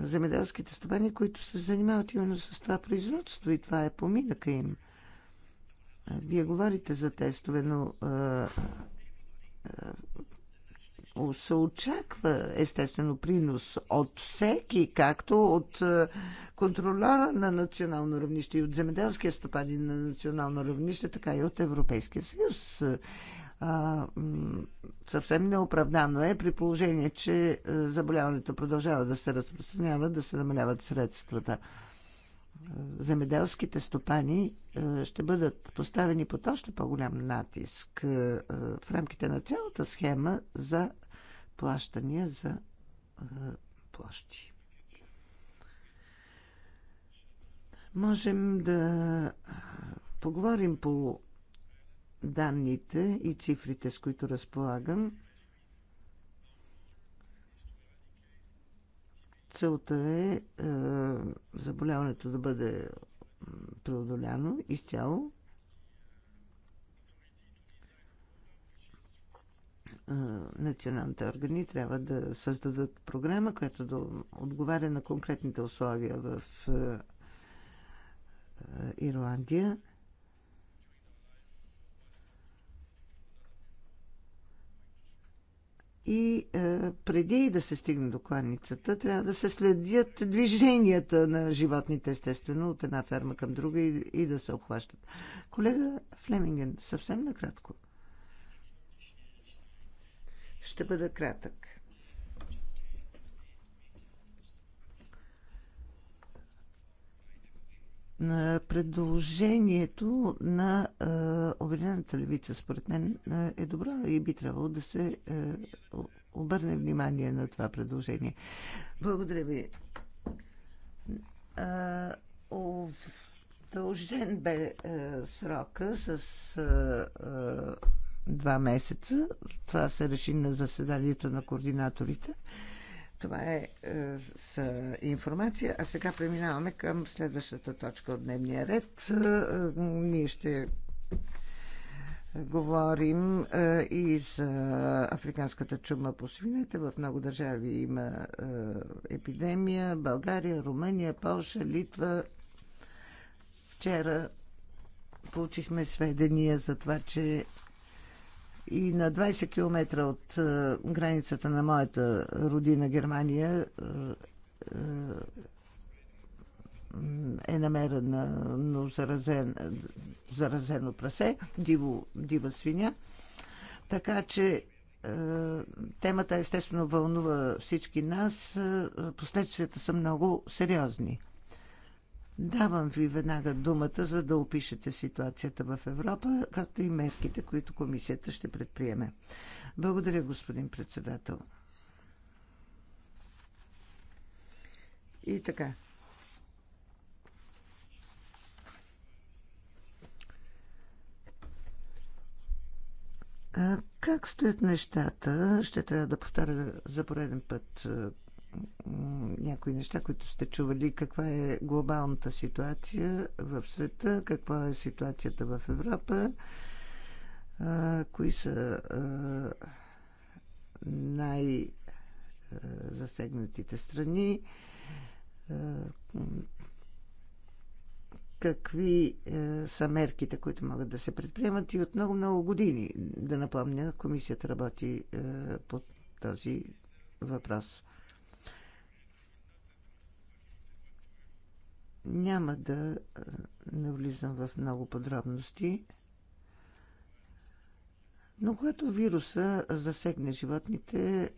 Земеделските стопани, които се занимават именно с това производство и това е поминъка им. Вие говорите за тестове, но се очаква естествено принос от всеки, както от е, контролера на национално равнище и от земеделския стопани на национално равнище, така и от Европейския съюз. Е, а, съвсем неоправдано е при положение, че е, заболяването продължава да се разпространява, да се намаляват средствата земеделските стопани ще бъдат поставени под още по-голям натиск в рамките на цялата схема за плащания за е, площи. Можем да е, поговорим по данните и цифрите, с които разполагам. Целта е, е заболяването да бъде преодоляно изцяло. националните органи трябва да създадат програма, която да отговаря на конкретните условия в Ирландия. И е, преди да се стигне до кланицата, трябва да се следят движенията на животните, естествено, от една ферма към друга и, и да се обхващат. Колега Флеминген, съвсем накратко. Ще бъда кратък. На предложението на Обединената левица, според мен, е добро и би трябвало да се обърне внимание на това предложение. Благодаря ви. Дължен бе срока с два месеца. Това се реши на заседанието на координаторите. Това е, е с е, информация. А сега преминаваме към следващата точка от дневния ред. Е, е, ние ще говорим е, и за африканската чума по свинете. В много държави има е, епидемия. България, Румъния, Полша, Литва. Вчера получихме сведения за това, че и на 20 км от е, границата на моята родина Германия е, е, е намерено заразен, заразено прасе, диво, дива свиня. Така че темата естествено вълнува всички нас. Последствията са много сериозни. Давам ви веднага думата, за да опишете ситуацията в Европа, както и мерките, които комисията ще предприеме. Благодаря, господин председател. И така. Как стоят нещата? Ще трябва да повторя за пореден път някои неща, които сте чували. Каква е глобалната ситуация в света, каква е ситуацията в Европа, кои са най-засегнатите страни, какви а, са мерките, които могат да се предприемат и от много-много години. Да напомня, комисията работи а, по този въпрос. Няма да навлизам в много подробности. Но когато вируса засегне животните,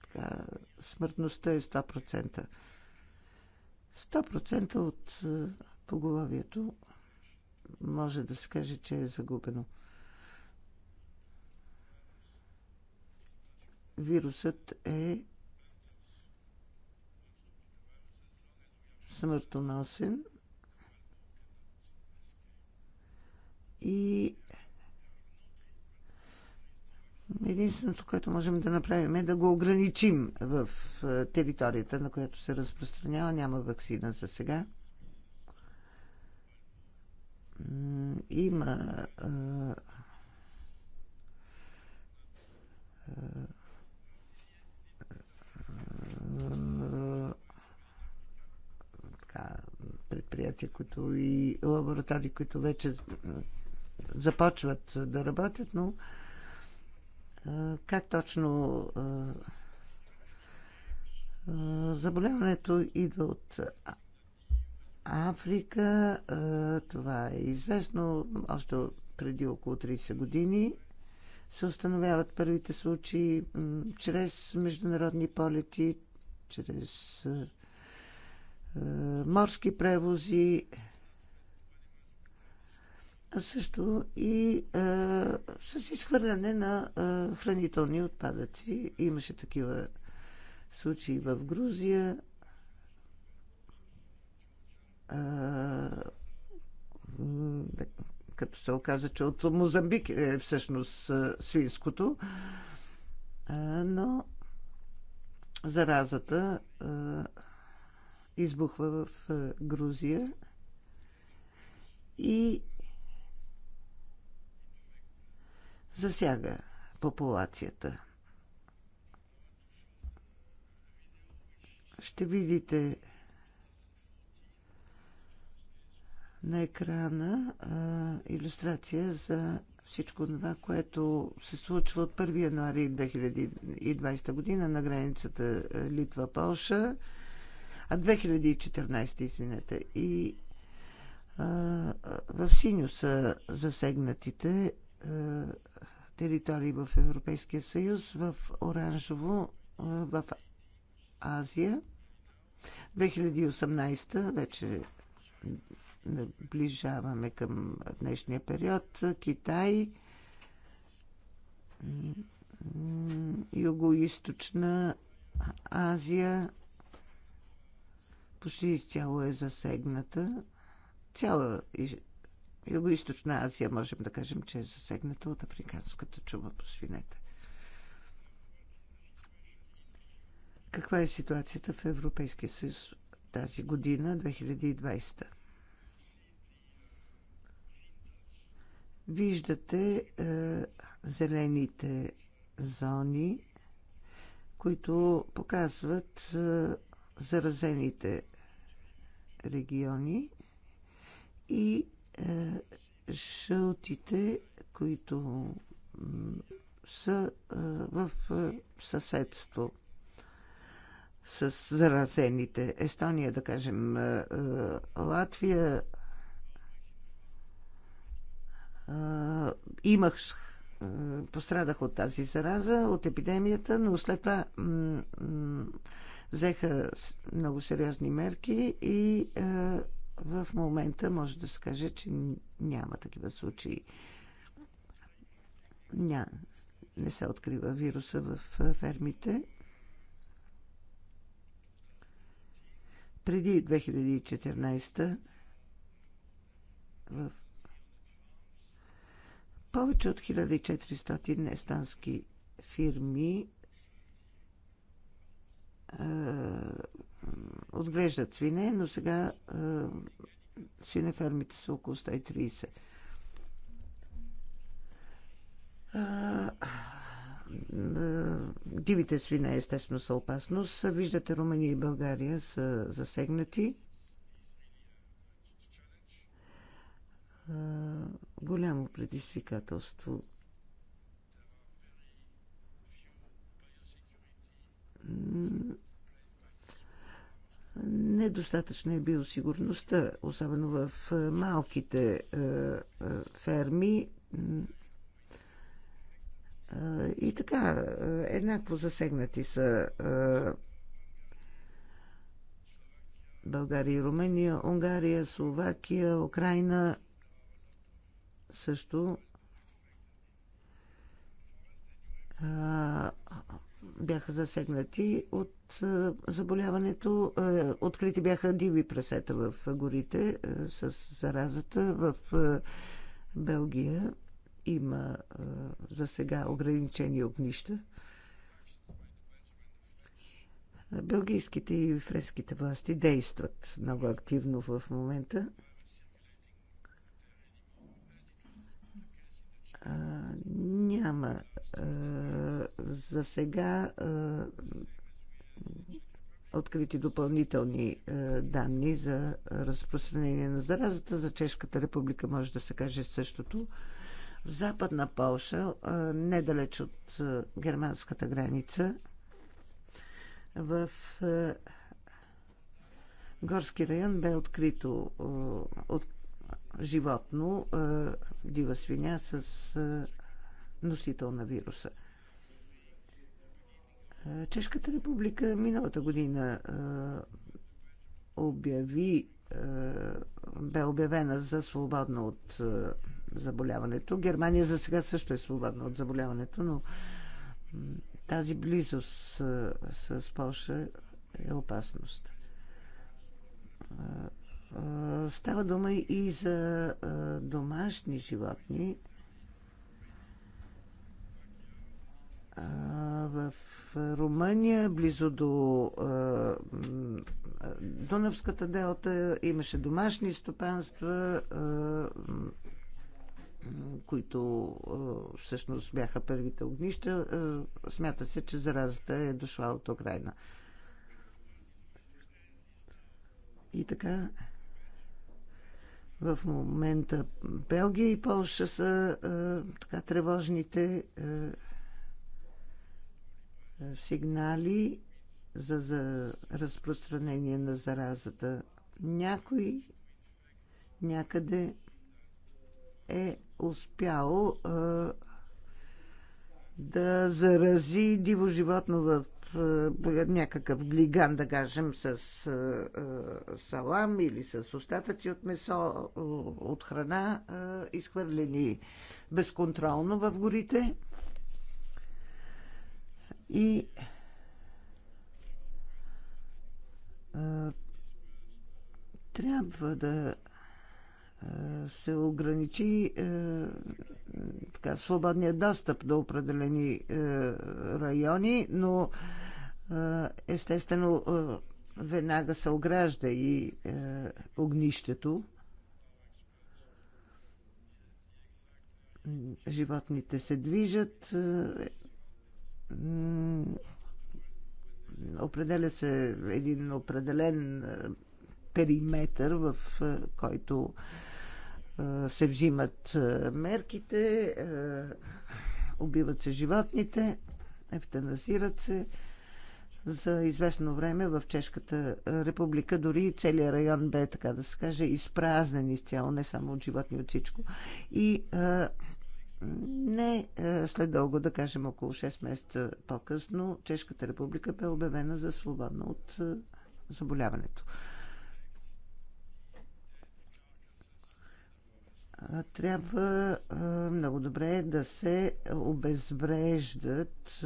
така, смъртността е 100%. 100% от поголовието може да се каже, че е загубено. Вирусът е смъртоносен и единственото, което можем да направим е да го ограничим в е, територията, на която се разпространява. Няма вакцина за сега. Има е, е, предприятия които и лаборатории, които вече започват да работят, но как точно заболяването идва от Африка, това е известно, още преди около 30 години се установяват първите случаи чрез международни полети, чрез е, морски превози, а също и а, е, с изхвърляне на а, е, хранителни отпадъци. Имаше такива случаи в Грузия. А, като се оказа, че от Мозамбик е всъщност свинското. А, но заразата а, избухва в Грузия и засяга популацията. Ще видите на екрана а, иллюстрация за всичко това, което се случва от 1 януари 2020 година на границата Литва-Полша а 2014, извинете. И а, в синьо са засегнатите а, територии в Европейския съюз, в оранжево а, в Азия. 2018 вече наближаваме към днешния период. Китай, Юго-Источна Азия, почти изцяло е засегната. Цяла Юго-Источна Азия, можем да кажем, че е засегната от африканската чума по свинете. Каква е ситуацията в Европейския съюз тази година, 2020? Виждате е, зелените зони, които показват е, заразените региони и е, жълтите, които са е, в е, съседство с заразените. Естония, да кажем, е, е, Латвия е, имах е, пострадах от тази зараза, от епидемията, но след това взеха много сериозни мерки и е, в момента може да се каже, че няма такива случаи. Ня, не се открива вируса в е, фермите. Преди 2014 в повече от 1400 естански фирми е, отглеждат свине, но сега е, свинефермите са около 130. Е, дивите свине, естествено, са опасност. Виждате, Румъния и България са засегнати. Голямо предизвикателство. Недостатъчна е биосигурността, особено в е, малките е, е, ферми. И така, еднакво засегнати са България и Румъния, Унгария, Словакия, Украина също бяха засегнати от е, заболяването. Е, открити бяха диви прасета в горите е, с заразата. В Белгия има за сега ограничени огнища. Белгийските и френските власти действат много активно в момента. няма е, за сега е, открити допълнителни е, данни за разпространение на заразата. За Чешката република може да се каже същото. В Западна Полша, недалеч от германската граница, в горски район бе открито от животно, дива свиня с носител на вируса. Чешката република миналата година обяви, бе обявена за свободна от заболяването. Германия за сега също е свободна от заболяването, но тази близост с, с Польша е опасност. Става дума и за домашни животни, в Румъния, близо до Дунавската делта, имаше домашни стопанства, които всъщност бяха първите огнища. Смята се, че заразата е дошла от Украина. И така, в момента Белгия и Полша са така тревожните сигнали за, за разпространение на заразата. Някой някъде е успял а, да зарази диво животно в а, някакъв глиган, да кажем, с а, а, салам или с остатъци от месо, от храна, а, изхвърлени безконтролно в горите. И а, е, трябва да а, е, се ограничи а, е, така, свободния достъп до определени а, райони, но а, естествено а, веднага се огражда и а, огнището. животните се движат определя се един определен периметър, в който се взимат мерките, убиват се животните, ефтаназират се. За известно време в Чешката република дори и целият район бе, така да се каже, изпразнен изцяло, не само от животни, от всичко. И а, не е, след дълго, да кажем около 6 месеца по-късно, Чешката република бе обявена за свободна от е, заболяването. Трябва е, много добре да се обезвреждат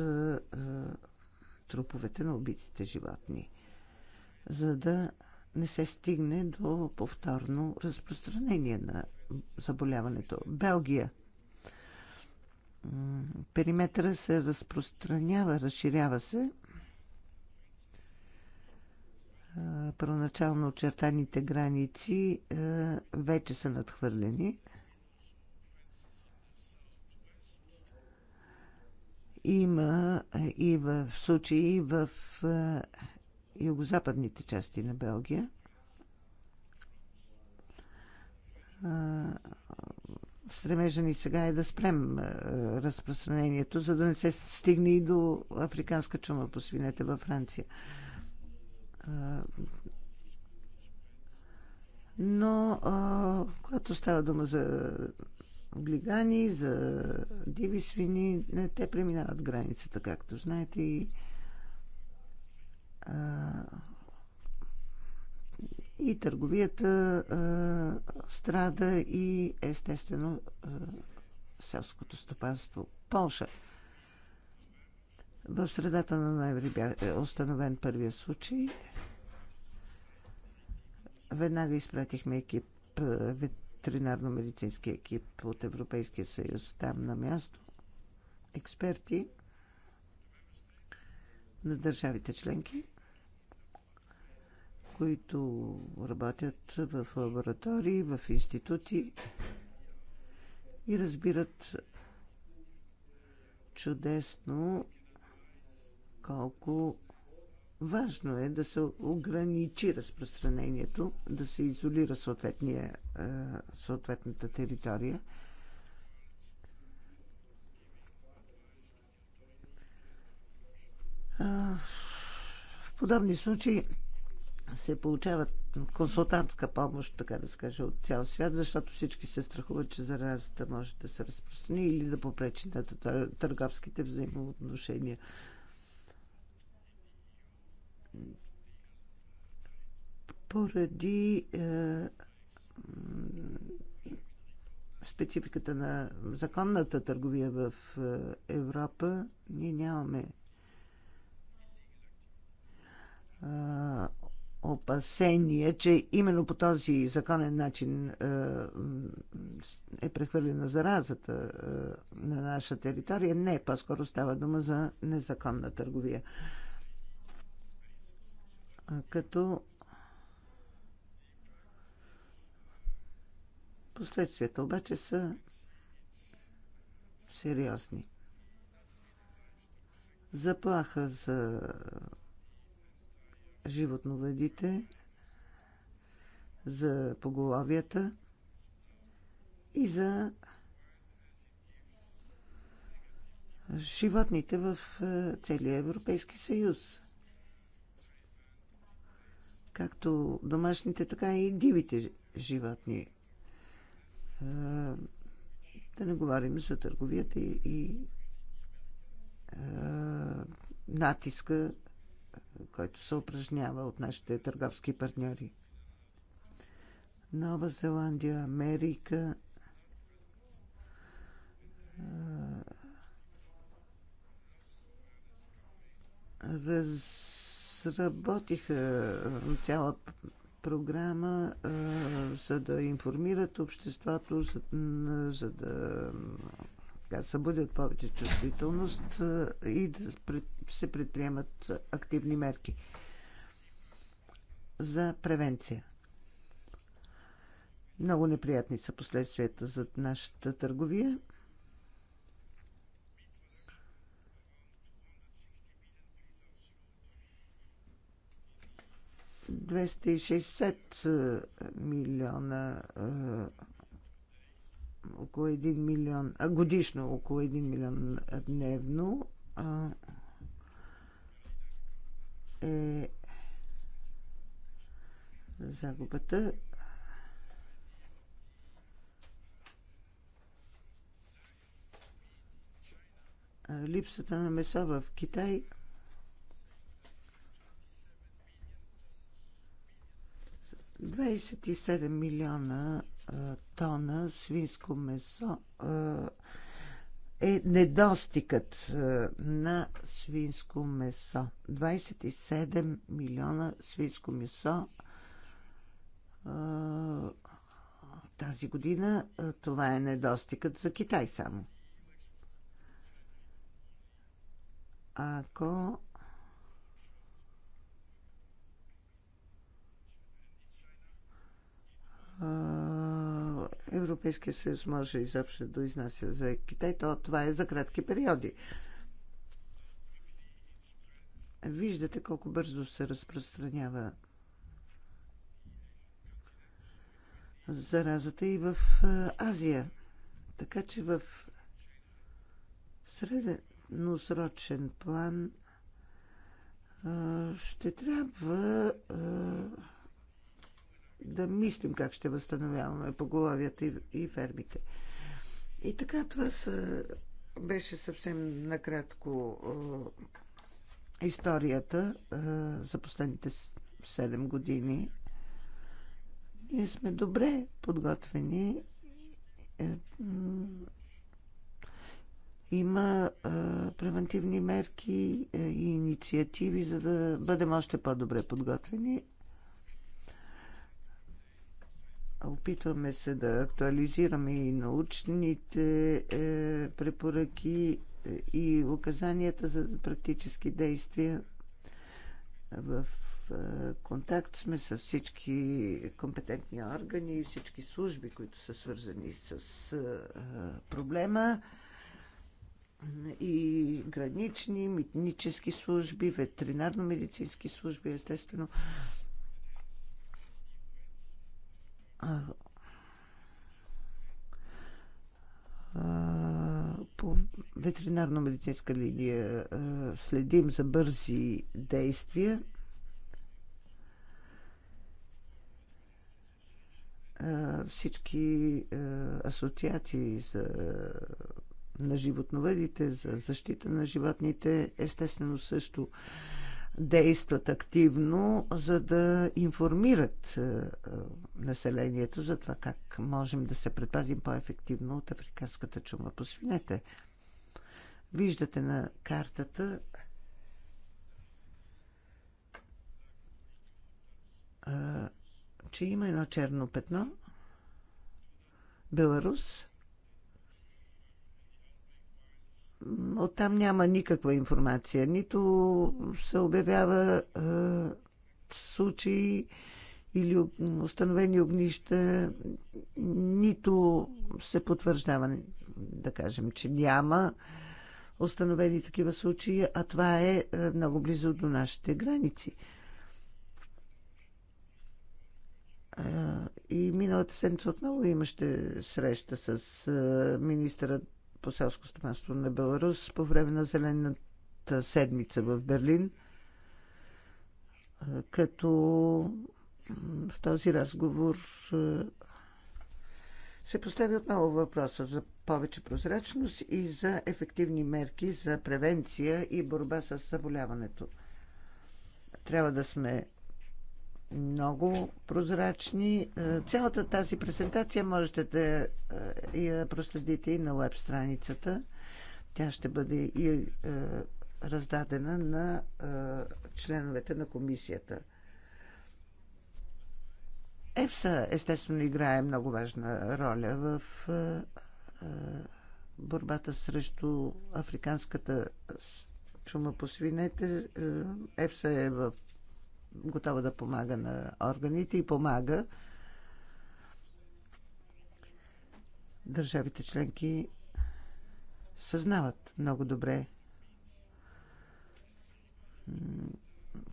труповете на убитите животни, за да не се стигне до повторно разпространение на заболяването. Белгия – периметъра се разпространява, разширява се. Първоначално очертаните граници вече са надхвърлени. Има и в случаи в югозападните части на Белгия Стремежа ни сега е да спрем е, разпространението, за да не се стигне и до африканска чума по свинете във Франция. Е, но е, когато става дума за глигани, за диви свини, не, те преминават границата, както знаете. И, и търговията а, страда и естествено а, селското стопанство. Полша. В средата на ноември е установен първия случай. Веднага изпратихме екип, ветеринарно-медицински екип от Европейския съюз там на място. Експерти на държавите членки които работят в лаборатории, в институти и разбират чудесно колко важно е да се ограничи разпространението, да се изолира съответната територия. В подобни случаи се получават консултантска помощ, така да се каже, от цял свят, защото всички се страхуват, че заразата може да се разпространи или да попречи на търговските взаимоотношения. Поради е, спецификата на законната търговия в е, Европа, ние нямаме е, Опасения, че именно по този законен начин е, е прехвърлена заразата е, на наша територия. Не, по-скоро става дума за незаконна търговия. Като последствията обаче са сериозни. Заплаха за животновъдите, за поголовията и за животните в е, целия Европейски съюз. Както домашните, така и дивите животни. Е, да не говорим за търговията и е, натиска който се упражнява от нашите търговски партньори. Нова Зеландия, Америка, разработиха цяла програма, за да информират обществото, за, да така, събудят повече чувствителност и да се предприемат активни мерки за превенция. Много неприятни са последствията за нашата търговия. Двеста милиона около 1 милион, а, годишно около 1 милион дневно а, е загубата. Липсата на меса в Китай – 27 милиона тона свинско месо е недостигът на свинско месо. 27 милиона свинско месо тази година. Това е недостигът за Китай само. Ако а, Европейския съюз може изобщо да изнася за Китай, то това е за кратки периоди. Виждате колко бързо се разпространява заразата и в Азия. Така че в средносрочен план ще трябва да мислим как ще възстановяваме поголовията и, и фермите. И така, това са, беше съвсем накратко е, историята е, за последните 7 години. Ние сме добре подготвени. Е, има а, превентивни мерки е, и инициативи, за да бъдем още по-добре подготвени. Опитваме се да актуализираме и научните е, препоръки е, и указанията за практически действия. В е, контакт сме с всички компетентни органи и всички служби, които са свързани с проблема и гранични, митнически служби, ветеринарно-медицински служби, естествено по ветеринарно-медицинска линия следим за бързи действия. Всички асоциации за, на животноведите, за защита на животните, естествено също действат активно, за да информират е, е, населението за това как можем да се предпазим по-ефективно от африканската чума по свинете. Виждате на картата е, че има едно черно петно. Беларус. Оттам няма никаква информация. Нито се обявява е, случаи или установени огнища, нито се потвърждава, да кажем, че няма установени такива случаи, а това е много близо до нашите граници. И миналата седмица отново имаше среща с министърът по селско стопанство на Беларус по време на Зелената седмица в Берлин. Като в този разговор се постави отново въпроса за повече прозрачност и за ефективни мерки за превенция и борба с заболяването. Трябва да сме много прозрачни. Е, цялата тази презентация можете да е, я проследите и на веб страницата. Тя ще бъде и е, раздадена на членовете на комисията. ЕПСА естествено играе много важна роля в борбата срещу африканската чума по свинете. ЕПСА е в готова да помага на органите и помага. Държавите членки съзнават много добре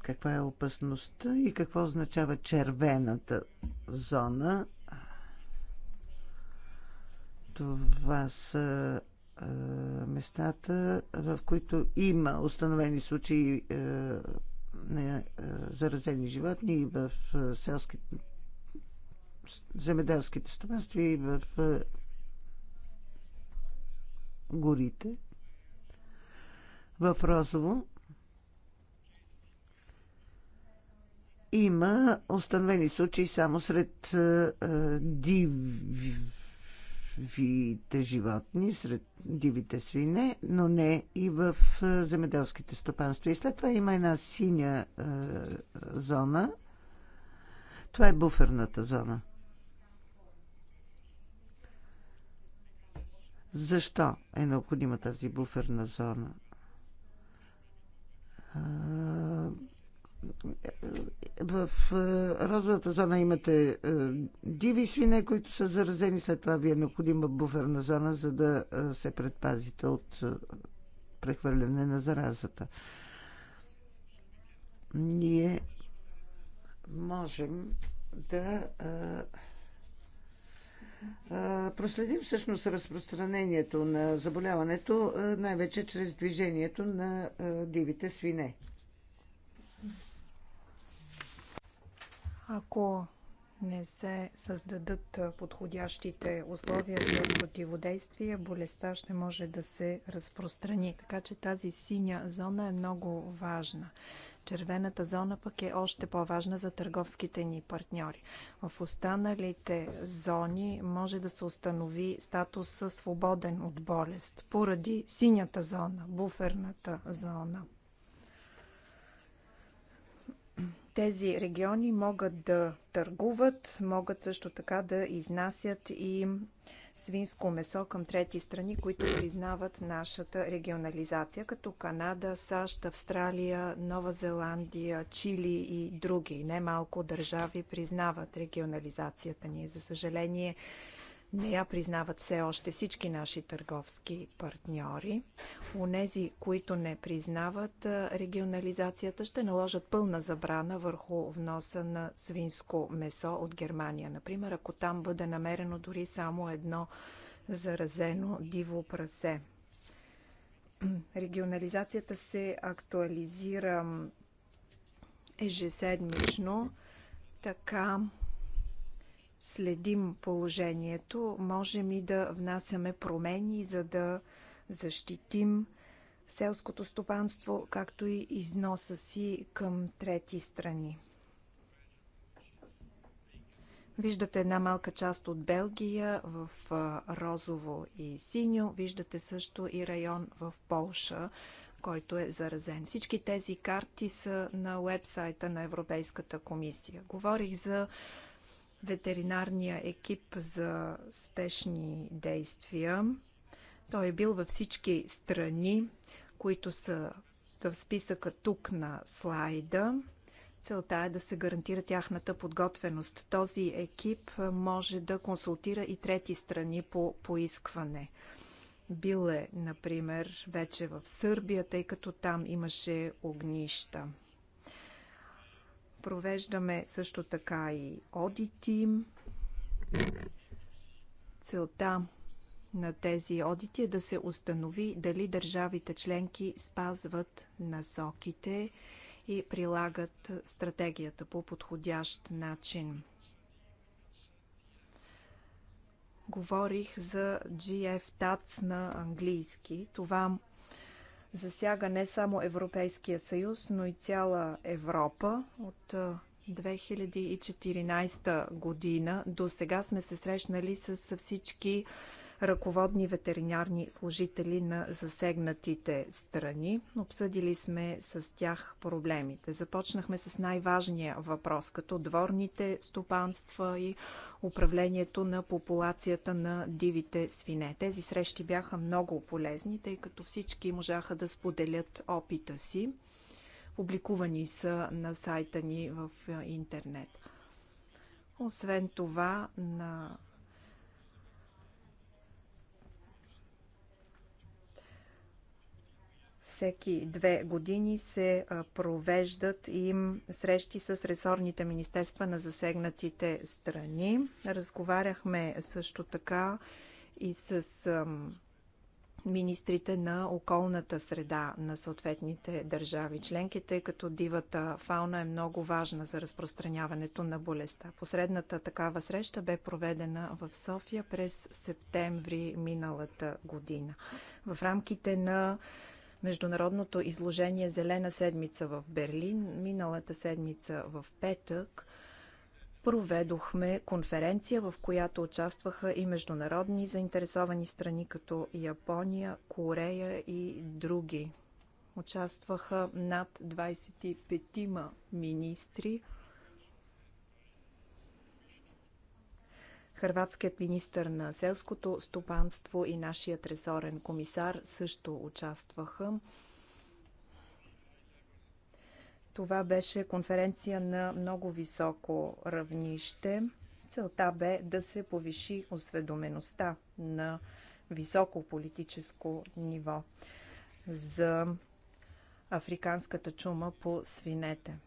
каква е опасността и какво означава червената зона. Това са е, местата, в които има установени случаи е, на е, заразени животни и в е, селските земеделските стопанства и в е, горите. В Розово има установени случаи само сред диви дивите животни, сред дивите свине, но не и в земеделските стопанства. И след това има една синя е, зона. Това е буферната зона. Защо е необходима тази буферна зона? в е, розовата зона имате е, диви свине, които са заразени. След това ви е необходима буферна зона, за да е, се предпазите от прехвърляне на заразата. Ние можем да проследим всъщност разпространението на заболяването, най-вече чрез движението на дивите свине.
Ако не се създадат подходящите условия за противодействие, болестта ще може да се разпространи. Така че тази синя зона е много важна. Червената зона пък е още по-важна за търговските ни партньори. В останалите зони може да се установи статус свободен от болест поради синята зона, буферната зона. Тези региони могат да търгуват, могат също така да изнасят и свинско месо към трети страни, които признават нашата регионализация, като Канада, САЩ, Австралия, Нова Зеландия, Чили и други. Немалко държави признават регионализацията ни. За съжаление, не я признават все още всички наши търговски партньори. Онези, които не признават регионализацията, ще наложат пълна забрана върху вноса на свинско месо от Германия. Например, ако там бъде намерено дори само едно заразено диво прасе. Регионализацията се актуализира ежеседмично, така следим положението, можем и да внасяме промени, за да защитим селското стопанство, както и износа си към трети страни. Виждате една малка част от Белгия в розово и синьо. Виждате също и район в Полша, който е заразен. Всички тези карти са на уебсайта на Европейската комисия. Говорих за ветеринарния екип за спешни действия. Той е бил във всички страни, които са в списъка тук на слайда. Целта е да се гарантира тяхната подготвеност. Този екип може да консултира и трети страни по поискване. Бил е, например, вече в Сърбия, тъй като там имаше огнища. Провеждаме също така и одити. Целта на тези одити е да се установи дали държавите членки спазват насоките и прилагат стратегията по подходящ начин. Говорих за GF TATS на английски. Това засяга не само Европейския съюз, но и цяла Европа. От 2014 година до сега сме се срещнали с всички ръководни ветеринарни служители на засегнатите страни. Обсъдили сме с тях проблемите. Започнахме с най-важния въпрос, като дворните стопанства и управлението на популацията на дивите свине. Тези срещи бяха много полезни, тъй като всички можаха да споделят опита си. Публикувани са на сайта ни в интернет. Освен това, на всеки две години се провеждат и срещи с ресорните министерства на засегнатите страни. Разговаряхме също така и с министрите на околната среда на съответните държави членки, тъй като дивата фауна е много важна за разпространяването на болестта. Посредната такава среща бе проведена в София през септември миналата година. В рамките на Международното изложение Зелена седмица в Берлин. Миналата седмица в петък проведохме конференция, в която участваха и международни заинтересовани страни, като Япония, Корея и други. Участваха над 25 министри Хрватският министр на селското стопанство и нашият ресорен комисар също участваха. Това беше конференция на много високо равнище. Целта бе да се повиши осведомеността на високо политическо ниво за африканската чума по свинете.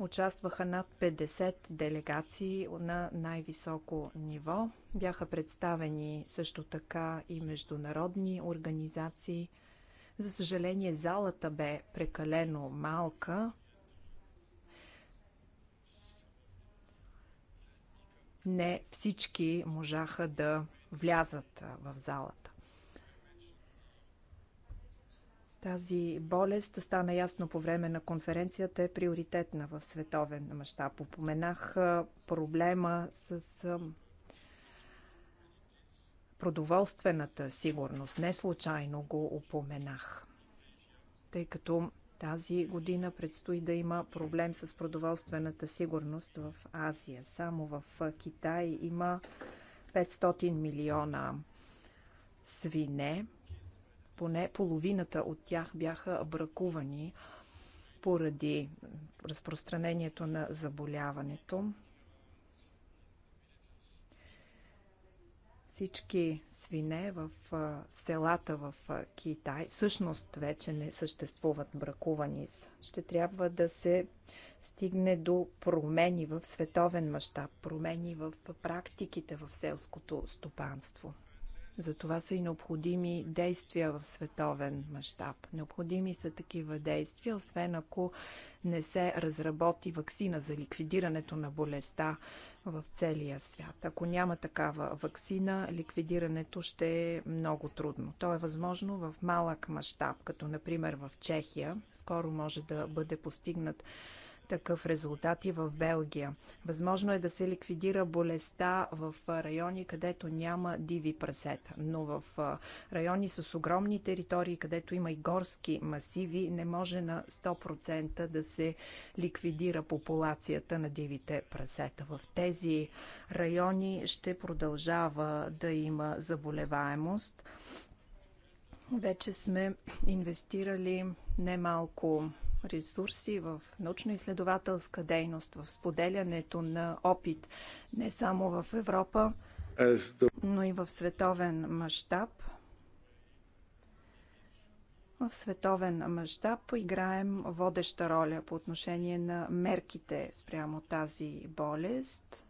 Участваха над 50 делегации на най-високо ниво. Бяха представени също така и международни организации. За съжаление, залата бе прекалено малка. Не всички можаха да влязат в залата. Тази болест, стана ясно по време на конференцията, е приоритетна в световен мащаб. Упоменах проблема с продоволствената сигурност. Не случайно го упоменах, тъй като тази година предстои да има проблем с продоволствената сигурност в Азия. Само в Китай има 500 милиона свине, поне половината от тях бяха бракувани поради разпространението на заболяването. Всички свине в селата в Китай всъщност вече не съществуват бракувани. Ще трябва да се стигне до промени в световен мащаб, промени в практиките в селското стопанство. Затова са и необходими действия в световен мащаб. Необходими са такива действия, освен ако не се разработи вакцина за ликвидирането на болестта в целия свят. Ако няма такава вакцина, ликвидирането ще е много трудно. То е възможно в малък мащаб, като например в Чехия. Скоро може да бъде постигнат такъв резултат и в Белгия. Възможно е да се ликвидира болестта в райони, където няма диви прасета, но в райони с огромни територии, където има и горски масиви, не може на 100% да се ликвидира популацията на дивите прасета. В тези райони ще продължава да има заболеваемост. Вече сме инвестирали немалко ресурси, в научно-изследователска дейност, в споделянето на опит не само в Европа, но и в световен мащаб. В световен мащаб играем водеща роля по отношение на мерките спрямо тази болест.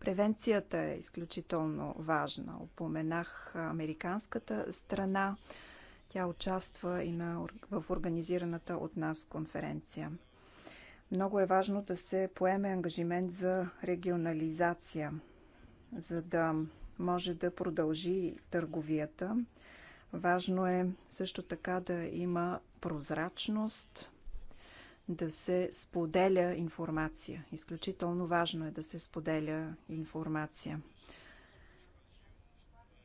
Превенцията е изключително важна. Опоменах американската страна. Тя участва и на, в организираната от нас конференция. Много е важно да се поеме ангажимент за регионализация, за да може да продължи търговията. Важно е също така да има прозрачност, да се споделя информация. Изключително важно е да се споделя информация.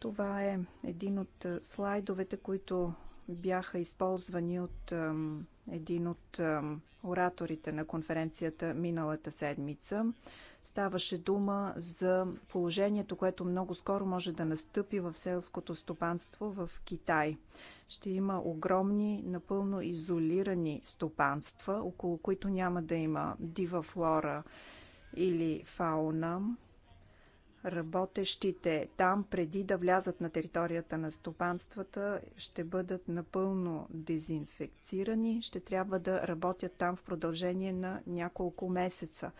Това е един от слайдовете, които бяха използвани от един от ораторите на конференцията миналата седмица. Ставаше дума за положението, което много скоро може да настъпи в селското стопанство в Китай. Ще има огромни, напълно изолирани стопанства, около които няма да има дива флора или фауна работещите там преди да влязат на територията на стопанствата ще бъдат напълно дезинфекцирани, ще трябва да работят там в продължение на няколко месеца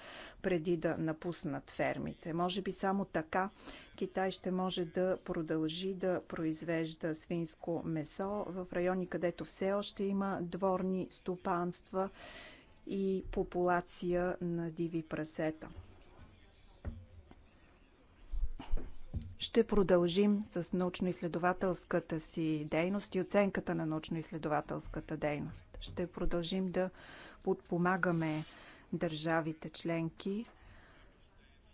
преди да напуснат фермите. Може би само така Китай ще може да продължи да произвежда свинско месо в райони, където все още има дворни стопанства и популация на диви прасета. Ще продължим с научно-изследователската си дейност и оценката на научно-изследователската дейност. Ще продължим да подпомагаме държавите членки.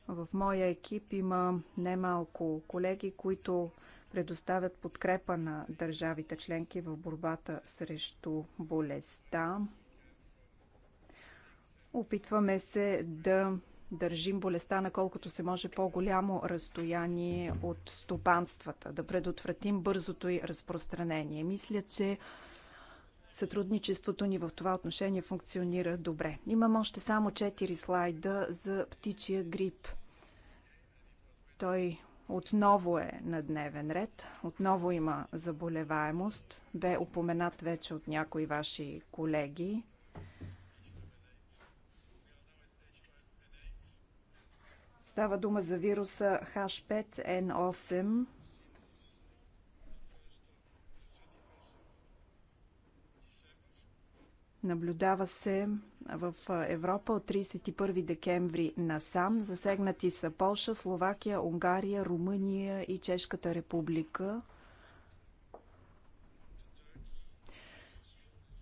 В моя екип има немалко колеги, които предоставят подкрепа на държавите членки в борбата срещу болестта. Опитваме се да държим болестта на колкото се може по-голямо разстояние от стопанствата, да предотвратим бързото й разпространение. Мисля, че сътрудничеството ни в това отношение функционира добре. Имам още само 4 слайда за птичия грип. Той отново е на дневен ред, отново има заболеваемост. Бе упоменат вече от някои ваши колеги. Става дума за вируса H5N8. Наблюдава се в Европа от 31 декември насам. Засегнати са Полша, Словакия, Унгария, Румъния и Чешката република.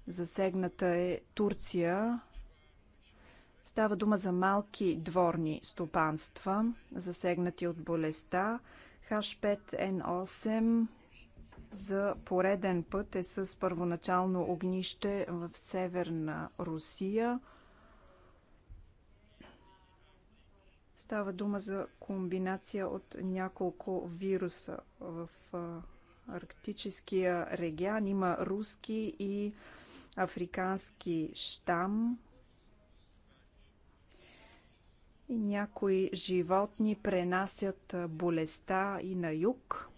Засегната е Турция, Става дума за малки дворни стопанства, засегнати от болестта. H5N8 за пореден път е с първоначално огнище в северна Русия. Става дума за комбинация от няколко вируса. В арктическия регион има руски и африкански штам. И някои животни пренасят болестта и на юг.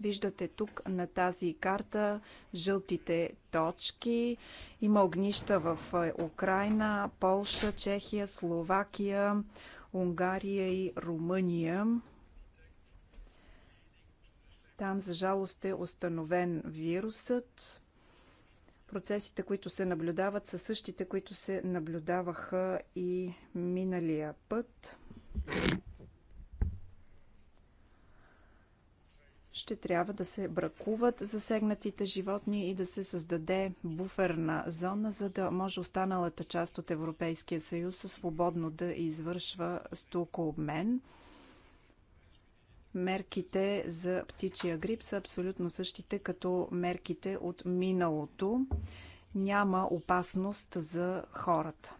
Виждате тук на тази карта жълтите точки. Има огнища в Украина, Полша, Чехия, Словакия, Унгария и Румъния. Там, за жалост, е установен вирусът. Процесите, които се наблюдават, са същите, които се наблюдаваха и миналия път. ще трябва да се бракуват засегнатите животни и да се създаде буферна зона, за да може останалата част от Европейския съюз свободно да извършва стокообмен. обмен мерките за птичия грип са абсолютно същите като мерките от миналото. Няма опасност за хората.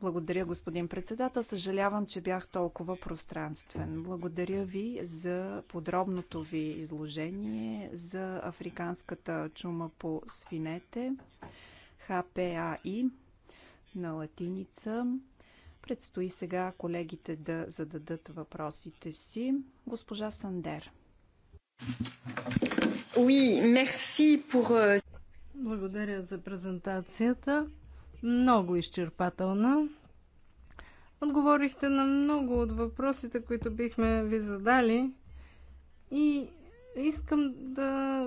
Благодаря, господин председател. Съжалявам, че бях толкова пространствен. Благодаря ви за подробното ви изложение за африканската чума по свинете, ХПАИ на латиница. Предстои сега колегите да зададат въпросите си. Госпожа Сандер.
Oui, merci pour... Euh, Благодаря за презентацията. Много изчерпателна. Отговорихте на много от въпросите, които бихме ви задали. И искам да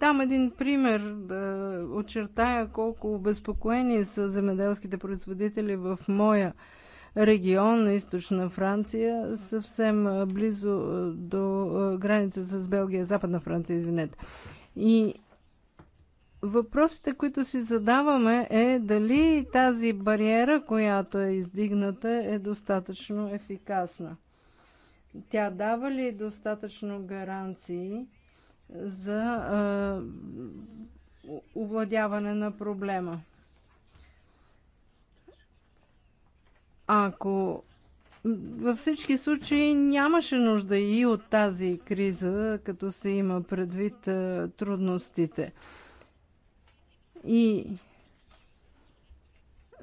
дам един пример да очертая колко обезпокоени са земеделските производители в моя регион на източна Франция, съвсем близо до граница с Белгия, западна Франция, извинете. И въпросите, които си задаваме е дали тази бариера, която е издигната, е достатъчно ефикасна. Тя дава ли достатъчно гаранции за овладяване на проблема. Ако във всички случаи нямаше нужда и от тази криза, като се има предвид трудностите. И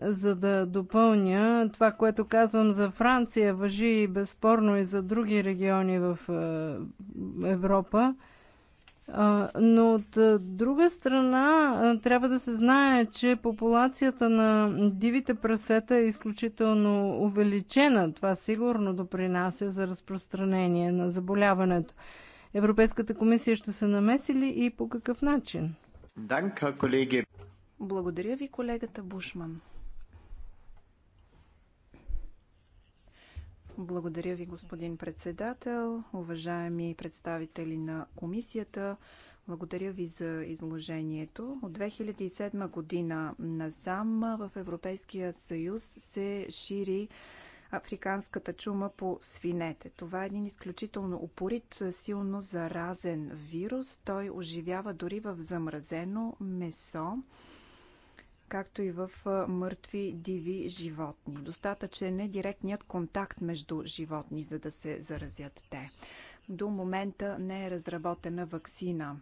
за да допълня това, което казвам за Франция, въжи безспорно и за други региони в Европа. Но от друга страна трябва да се знае, че популацията на дивите прасета е изключително увеличена. Това сигурно допринася за разпространение на заболяването. Европейската комисия ще се намеси ли и по какъв начин? Благодаря ви, колегата Бушман.
Благодаря ви, господин председател, уважаеми представители на комисията. Благодаря ви за изложението. От 2007 година насам в Европейския съюз се шири африканската чума по свинете. Това е един изключително упорит, силно заразен вирус. Той оживява дори в замразено месо както и в мъртви диви животни. Достатъчен е директният контакт между животни, за да се заразят те. До момента не е разработена вакцина.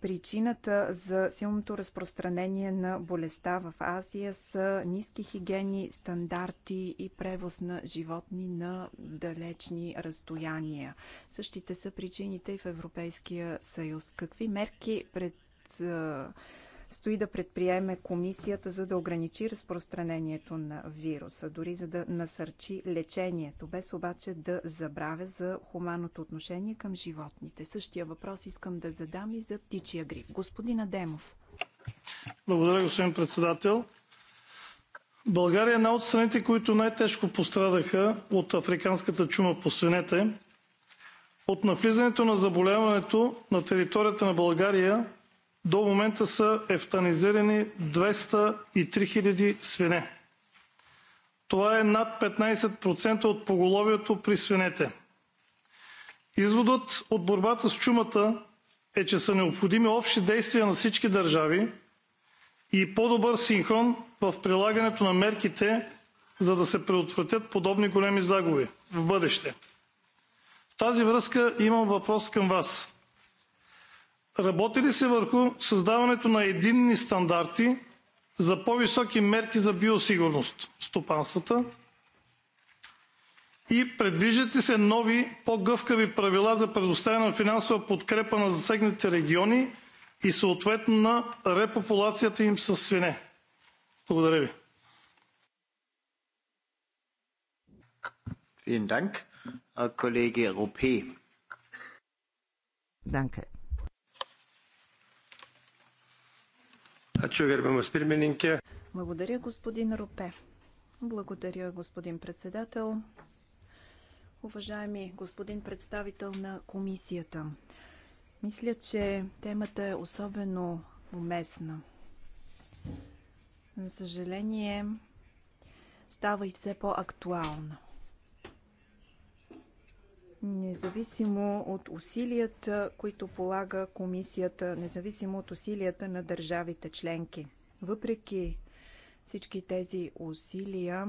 Причината за силното разпространение на болестта в Азия са ниски хигиени стандарти и превоз на животни на далечни разстояния. Същите са причините и в Европейския съюз. Какви мерки пред стои да предприеме комисията, за да ограничи разпространението на вируса, дори за да насърчи лечението, без обаче да забравя за хуманното отношение към животните. Същия въпрос искам да задам и за птичия грип. Господин Адемов.
Благодаря, господин председател. България е една от страните, които най-тежко пострадаха от африканската чума по свинете. От навлизането на заболяването на територията на България до момента са евтанизирани 203 хиляди свине. Това е над 15% от поголовието при свинете. Изводът от борбата с чумата е, че са необходими общи действия на всички държави и по-добър синхрон в прилагането на мерките, за да се предотвратят подобни големи загуби в бъдеще. В тази връзка имам въпрос към Вас. Работи ли се върху създаването на единни стандарти за по-високи мерки за биосигурност в стопанствата? И предвиждат ли се нови, по-гъвкави правила за предоставяне на финансова подкрепа на засегнатите региони и съответно на репопулацията им със свине? Благодаря ви.
Vielen Dank, Kollege Ropé. Danke. Ačiū gerbiamas pirmininkė.
Благодаря, господин Рупе. Благодаря, господин председател. Уважаеми господин представител на комисията, мисля, че темата е особено уместна. За съжаление, става и все по-актуална. Независимо от усилията, които полага комисията, независимо от усилията на държавите членки. Въпреки всички тези усилия,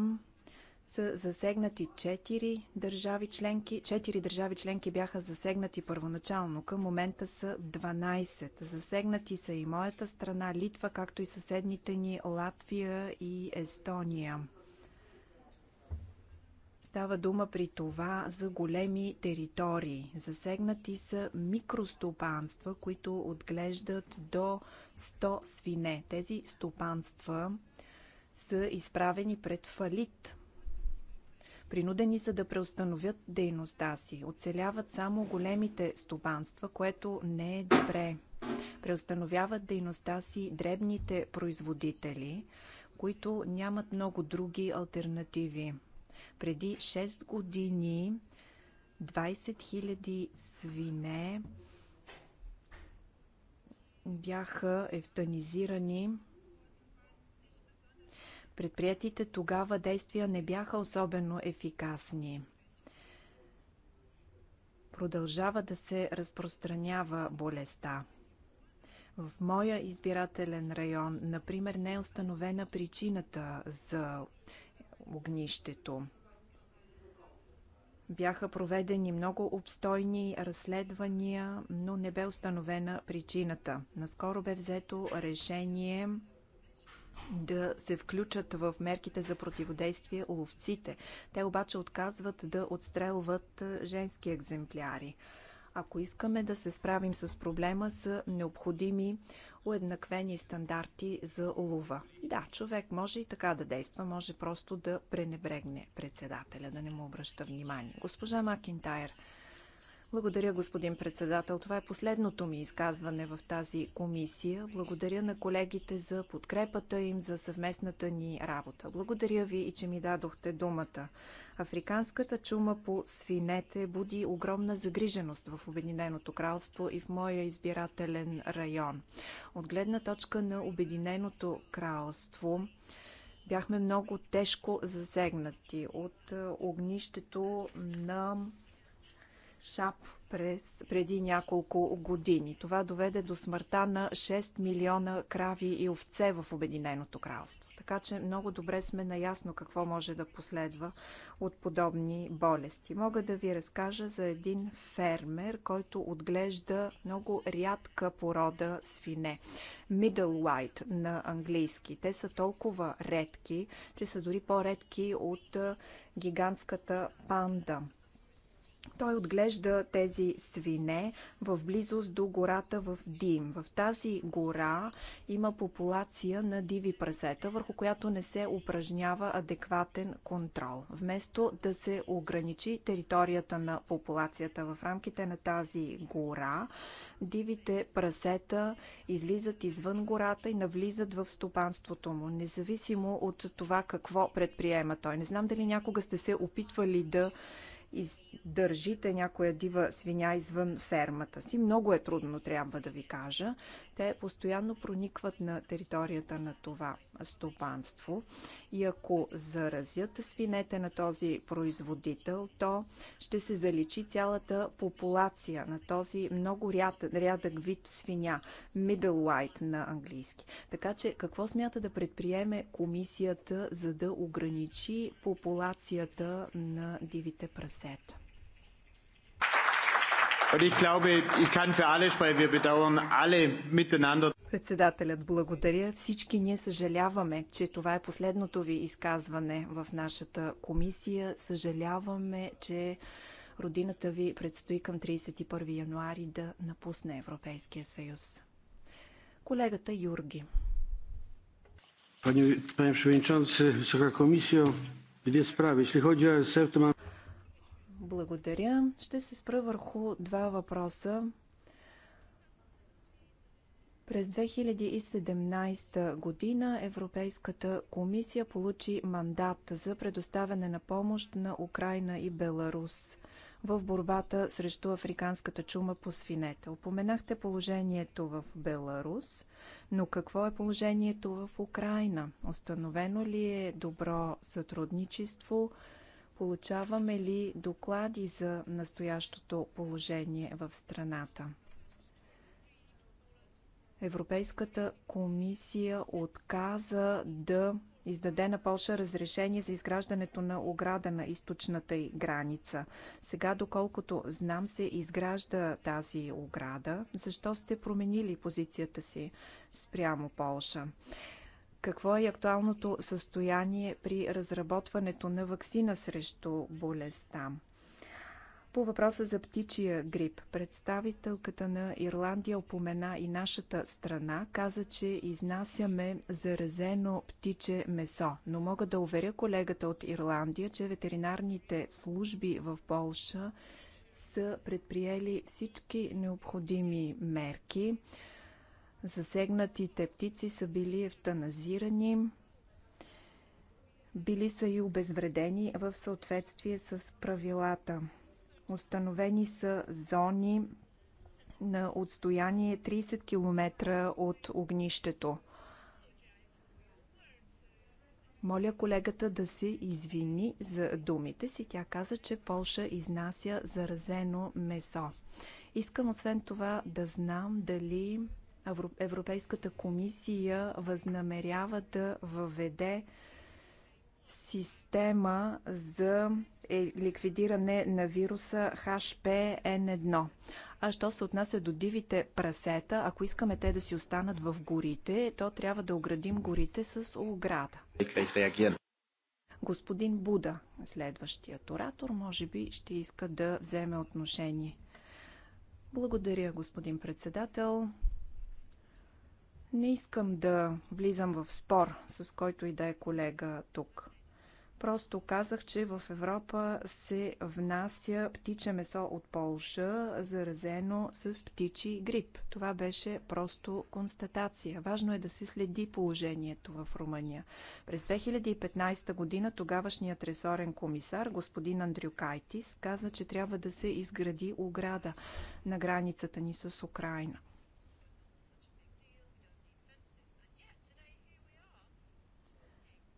са засегнати четири държави членки. Четири държави членки бяха засегнати първоначално. Към момента са 12. Засегнати са и моята страна Литва, както и съседните ни Латвия и Естония. Става дума при това за големи територии. Засегнати са микростопанства, които отглеждат до 100 свине. Тези стопанства са изправени пред фалит. Принудени са да преустановят дейността си. Оцеляват само големите стопанства, което не е добре. Преустановяват дейността си дребните производители, които нямат много други альтернативи. Преди 6 години 20 000 свине бяха евтанизирани. Предприятите тогава действия не бяха особено ефикасни. Продължава да се разпространява болестта. В моя избирателен район, например, не е установена причината за огнището. Бяха проведени много обстойни разследвания, но не бе установена причината. Наскоро бе взето решение да се включат в мерките за противодействие ловците. Те обаче отказват да отстрелват женски екземпляри. Ако искаме да се справим с проблема, са необходими уеднаквени стандарти за улова. Да, човек може и така да действа, може просто да пренебрегне председателя, да не му обръща внимание. Госпожа Макинтайр, благодаря, господин председател. Това е последното ми изказване в тази комисия. Благодаря на колегите за подкрепата им, за съвместната ни работа. Благодаря ви и че ми дадохте думата. Африканската чума по свинете буди огромна загриженост в Обединеното кралство и в моя избирателен район. От гледна точка на Обединеното кралство, бяхме много тежко засегнати от е, огнището на шап през, преди няколко години. Това доведе до смъртта на 6 милиона крави и овце в Обединеното кралство. Така че много добре сме наясно какво може да последва от подобни болести. Мога да ви разкажа за един фермер, който отглежда много рядка порода свине. Middle White на английски. Те са толкова редки, че са дори по-редки от гигантската панда. Той отглежда тези свине в близост до гората в Дим. В тази гора има популация на диви прасета, върху която не се упражнява адекватен контрол. Вместо да се ограничи територията на популацията в рамките на тази гора, дивите прасета излизат извън гората и навлизат в стопанството му, независимо от това какво предприема той. Не знам дали някога сте се опитвали да издържите някоя дива свиня извън фермата си. Много е трудно, трябва да ви кажа. Те постоянно проникват на територията на това стопанство и ако заразят свинете на този производител, то ще се заличи цялата популация на този много ряд, рядък вид свиня, middle white на английски. Така че какво смята да предприеме комисията, за да ограничи популацията на дивите прасета? said. Председателят благодаря. Всички ние съжаляваме, че това е последното ви изказване в нашата комисия. Съжаляваме, че родината ви предстои към 31 януари да напусне Европейския съюз. Колегата Юрги.
Panie, panie Przewodniczący, Wysoka Komisjo, dwie sprawy. Jeśli chodzi o
благодаря. Ще се спра върху два въпроса. През 2017 година Европейската комисия получи мандат за предоставяне на помощ на Украина и Беларус в борбата срещу африканската чума по свинете. Опоменахте положението в Беларус, но какво е положението в Украина? Остановено ли е добро сътрудничество? Получаваме ли доклади за настоящото положение в страната? Европейската комисия отказа да издаде на Польша разрешение за изграждането на ограда на източната й граница. Сега, доколкото знам, се изгражда тази ограда. Защо сте променили позицията си спрямо Полша? Какво е актуалното състояние при разработването на вакцина срещу болестта? По въпроса за птичия грип, представителката на Ирландия опомена и нашата страна, каза, че изнасяме заразено птиче месо. Но мога да уверя колегата от Ирландия, че ветеринарните служби в Полша са предприели всички необходими мерки Засегнатите птици са били евтаназирани, били са и обезвредени в съответствие с правилата. Установени са зони на отстояние 30 км от огнището. Моля колегата да се извини за думите си. Тя каза, че Полша изнася заразено месо. Искам освен това да знам дали Европейската комисия възнамерява да въведе система за е, ликвидиране на вируса HPN1. А що се отнася до дивите прасета, ако искаме те да си останат в горите, то трябва да оградим горите с ограда. Господин Буда, следващият оратор, може би ще иска да вземе отношение. Благодаря, господин председател. Не искам да влизам в спор с който и да е колега тук. Просто казах, че в Европа се внася птиче месо от Полша, заразено с птичи грип. Това беше просто констатация. Важно е да се следи положението в Румъния. През 2015 година тогавашният ресорен комисар, господин Андрю Кайтис, каза, че трябва да се изгради ограда на границата ни с Украина –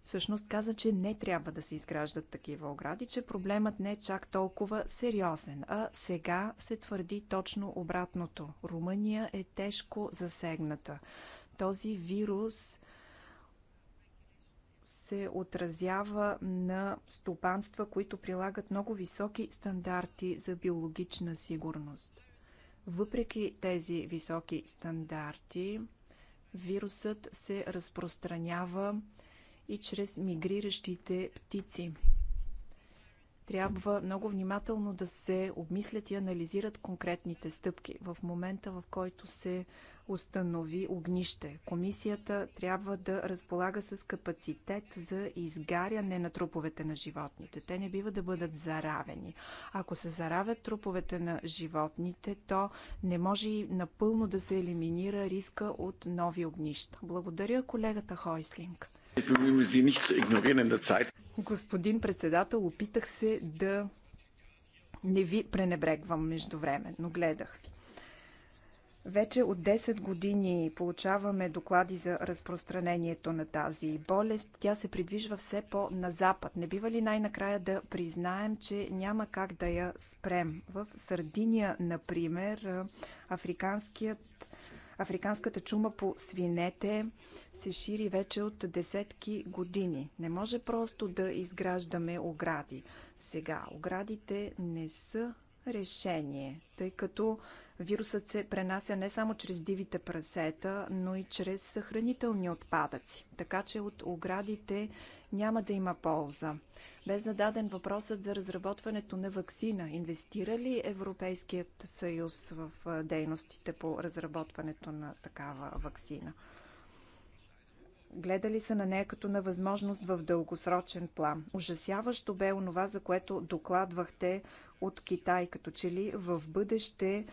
всъщност каза, че не трябва да се изграждат такива огради, че проблемът не е чак толкова сериозен. А сега се твърди точно обратното. Румъния е тежко засегната. Този вирус се отразява на стопанства, които прилагат много високи стандарти за биологична сигурност. Въпреки тези високи стандарти, вирусът се разпространява и чрез мигриращите птици. Трябва много внимателно да се обмислят и анализират конкретните стъпки в момента, в който се установи огнище. Комисията трябва да разполага с капацитет за изгаряне на труповете на животните. Те не бива да бъдат заравени. Ако се заравят труповете на животните, то не може и напълно да се елиминира риска от нови огнища. Благодаря колегата Хойслинг. Господин председател, опитах се да не ви пренебрегвам между време, но Гледах ви. Вече от 10 години получаваме доклади за разпространението на тази болест. Тя се придвижва все по-на запад. Не бива ли най-накрая да признаем, че няма как да я спрем? В Сардиния, например, африканският Африканската чума по свинете се шири вече от десетки години. Не може просто да изграждаме огради. Сега оградите не са решение, тъй като Вирусът се пренася не само чрез дивите прасета, но и чрез съхранителни отпадъци. Така че от оградите няма да има полза. Без зададен въпросът за разработването на вакцина. Инвестира ли Европейският съюз в дейностите по разработването на такава вакцина? гледали са на нея като на възможност в дългосрочен план. Ужасяващо бе онова, за което докладвахте от Китай, като че ли в бъдеще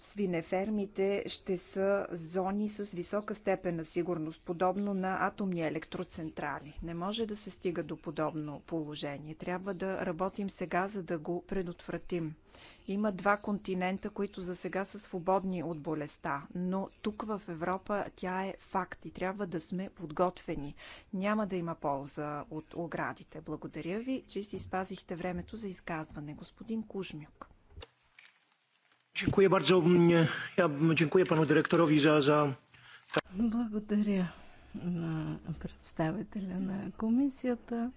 свинефермите ще са зони с висока степен на сигурност, подобно на атомни електроцентрали. Не може да се стига до подобно положение. Трябва да работим сега, за да го предотвратим. Има два континента, които за сега са свободни от болестта, но тук в Европа тя е факт и трябва да сме подготвени. Няма да има полза от оградите. Благодаря ви, че си спазихте времето за изказване, господин Кужмюк.
Dziękuję bardzo. Ja dziękuję panu dyrektorowi za...
Благодаря на представителя на комисията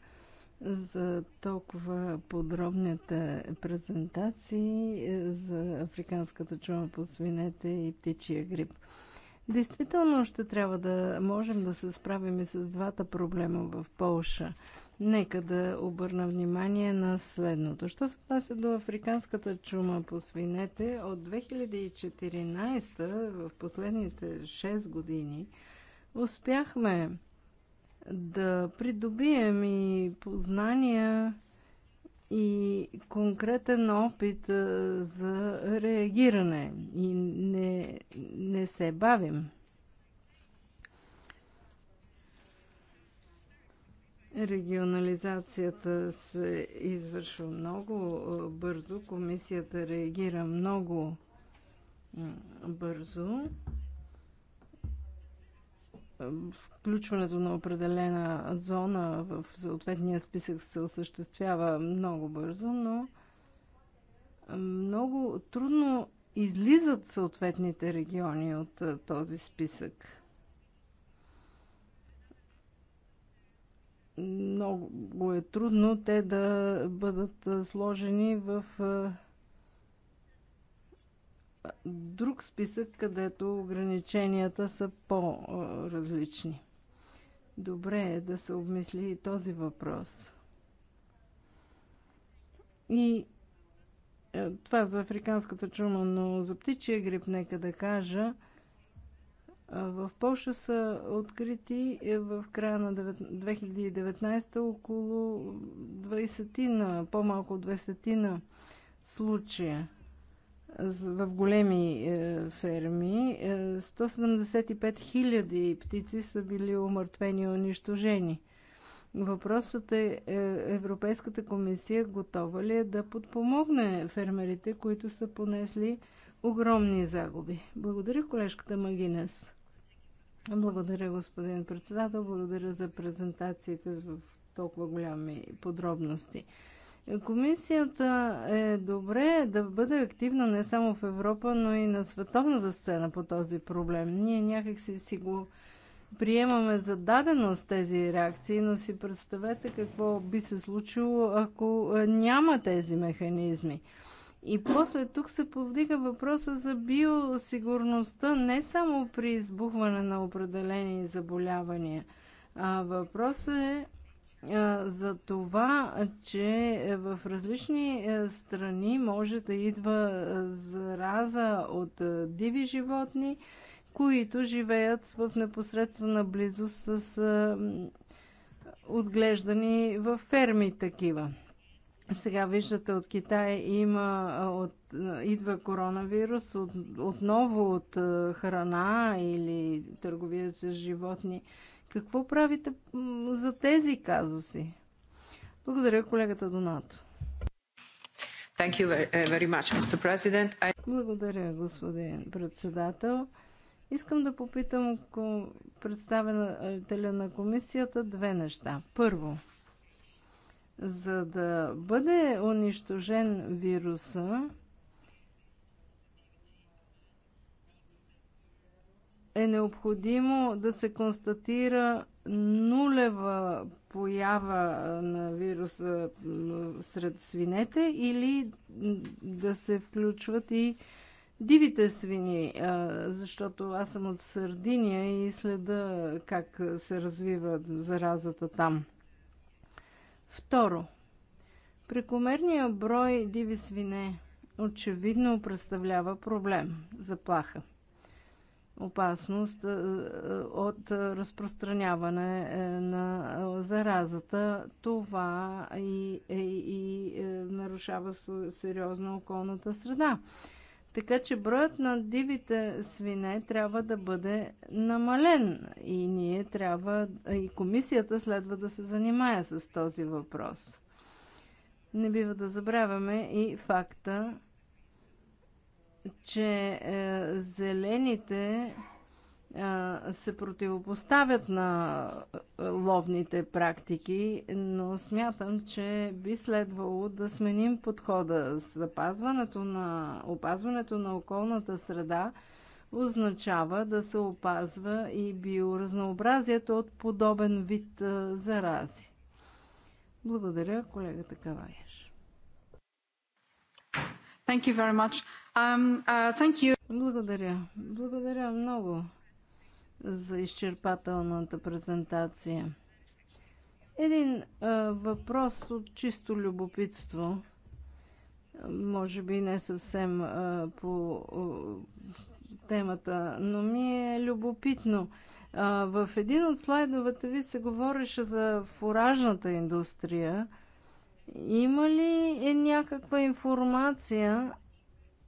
за толкова подробните презентации е, за африканската чума по свинете и птичия грип. Действително ще трябва да можем да се справим и с двата проблема в Полша – Нека да обърна внимание на следното. Що се отнася до африканската чума по свинете, от 2014 в последните 6 години успяхме да придобием и познания и конкретен опит за реагиране и не, не се бавим. Регионализацията се извършва много бързо. Комисията реагира много бързо. Включването на определена зона в съответния списък се осъществява много бързо, но много трудно излизат съответните региони от този списък. много е трудно те да бъдат сложени в друг списък, където ограниченията са по-различни. Добре е да се обмисли и този въпрос. И е, това за африканската чума, но за птичия грип нека да кажа – в Польша са открити е, в края на 2019 около 20 по-малко от 20 случая в големи е, ферми. 175 е, 000 птици са били умъртвени и унищожени. Въпросът е Европейската комисия готова ли е да подпомогне фермерите, които са понесли огромни загуби. Благодаря колежката Магинес. Благодаря, господин председател. Благодаря за презентациите в толкова голями подробности. Комисията е добре да бъде активна не само в Европа, но и на световната сцена по този проблем. Ние някакси си го приемаме за даденост тези реакции, но си представете какво би се случило, ако няма тези механизми. И после тук се повдига въпроса за биосигурността не само при избухване на определени заболявания. А въпросът е за това, че в различни е, страни може да идва е, зараза от е, диви животни, които живеят в непосредствена близост с отглеждани в ферми такива. Сега виждате от Китай има, от, идва коронавирус от, отново от храна или търговия с животни. Какво правите за тези казуси? Благодаря колегата Донато. Thank you very eh, much, Mr. President. I... Благодаря, господин председател. Искам да попитам представителя на комисията две неща. Първо, за да бъде унищожен вируса, е необходимо да се констатира нулева поява на вируса сред свинете или да се включват и дивите свини, защото аз съм от Сърдиния и следа как се развива заразата там. Второ, прекомерният брой диви свине очевидно представлява проблем, заплаха, опасност е, е, от разпространяване е, на заразата. Това и, и, и нарушава сериозно околната среда. Така че броят на дивите свине трябва да бъде намален и ние трябва, и комисията следва да се занимае с този въпрос. Не бива да забравяме и факта, че е, зелените се противопоставят на ловните практики, но смятам, че би следвало да сменим подхода. Запазването на, опазването на околната среда означава да се опазва и биоразнообразието от подобен вид зарази. Благодаря, колегата Каваеш. Thank you very much. Um, uh, thank you. Благодаря. Благодаря много за изчерпателната презентация. Един а, въпрос от чисто любопитство, може би не съвсем а, по а, темата, но ми е любопитно. А, в един от слайдовете ви се говореше за фуражната индустрия. Има ли е някаква информация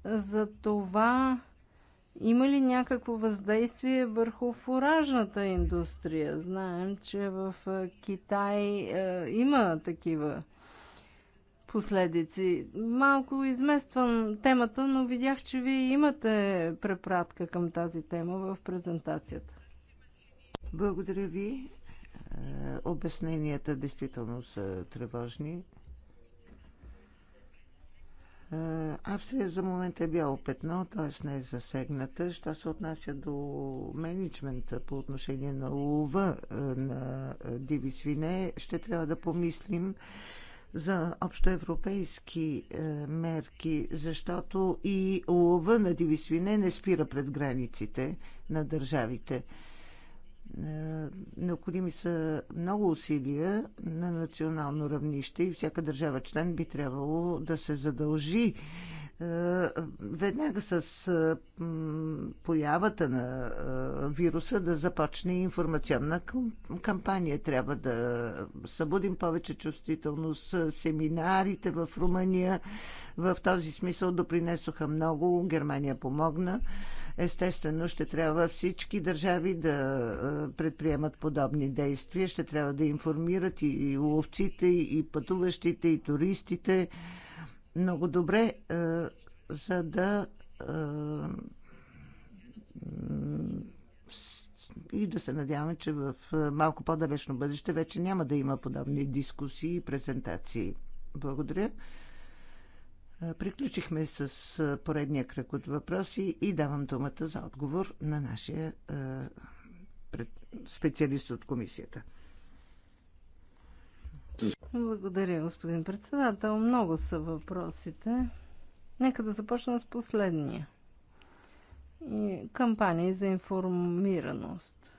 за това, има ли някакво въздействие върху фуражната индустрия? Знаем, че в е, Китай е, има такива последици. Малко измествам темата, но видях, че вие имате препратка към тази тема в презентацията.
Благодаря ви. Е, обясненията действително са тревожни. Австрия за момент е бяло петно, т.е. не е засегната. Що се отнася до менеджмента по отношение на Лова на диви свине, ще трябва да помислим за общоевропейски мерки, защото и Лова на диви свине не спира пред границите на държавите. Е, необходими са много усилия на национално равнище и всяка държава член би трябвало да се задължи е, веднага с е, появата на е, вируса да започне информационна кампания. Трябва да събудим повече чувствителност. Семинарите в Румъния в този смисъл допринесоха много. Германия помогна. Естествено, ще трябва всички държави да предприемат подобни действия. Ще трябва да информират и ловците, и пътуващите, и туристите много добре, е, за да е, и да се надяваме, че в е, малко по-далечно бъдеще вече няма да има подобни дискусии и презентации. Благодаря. Приключихме с поредния кръг от въпроси и давам думата за отговор на нашия специалист от комисията.
Благодаря, господин председател. Много са въпросите. Нека да започна с последния. И кампании за информираност.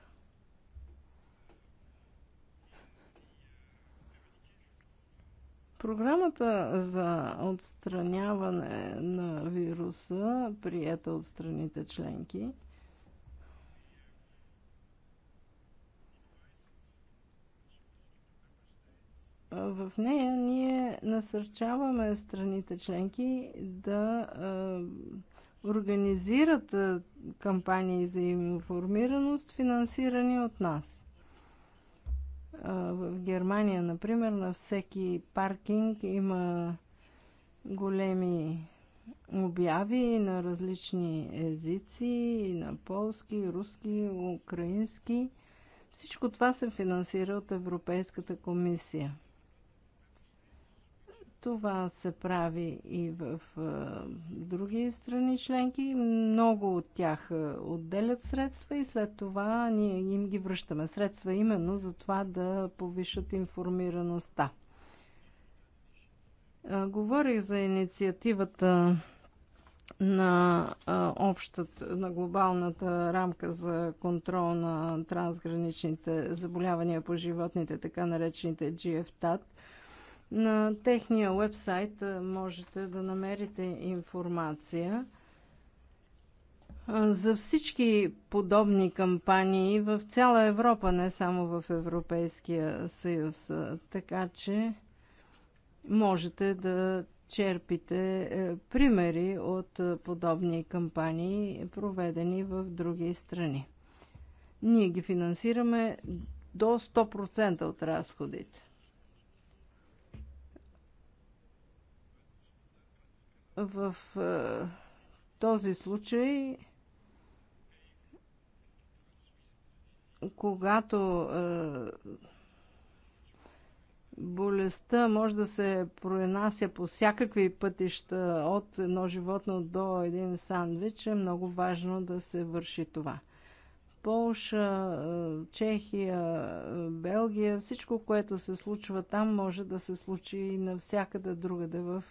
Програмата за отстраняване на вируса, приета от страните членки, В нея ние насърчаваме страните членки да организират кампании за информираност, финансирани от нас. В Германия, например, на всеки паркинг има големи обяви на различни езици, на полски, руски, украински. Всичко това се финансира от Европейската комисия. Това се прави и в други страни членки. Много от тях отделят средства и след това ние им ги връщаме. Средства именно за това да повишат информираността. Говорих за инициативата на, общата, на глобалната рамка за контрол на трансграничните заболявания по животните, така наречените GFTAT – на техния вебсайт можете да намерите информация за всички подобни кампании в цяла Европа, не само в Европейския съюз. Така че можете да черпите е, примери от е, подобни кампании, проведени в други страни. Ние ги финансираме до 100% от разходите. В е, този случай, когато е, болестта може да се пронася по всякакви пътища от едно животно до един сандвич, е много важно да се върши това. Полша, е, Чехия, Белгия, всичко, което се случва там, може да се случи и навсякъде другаде в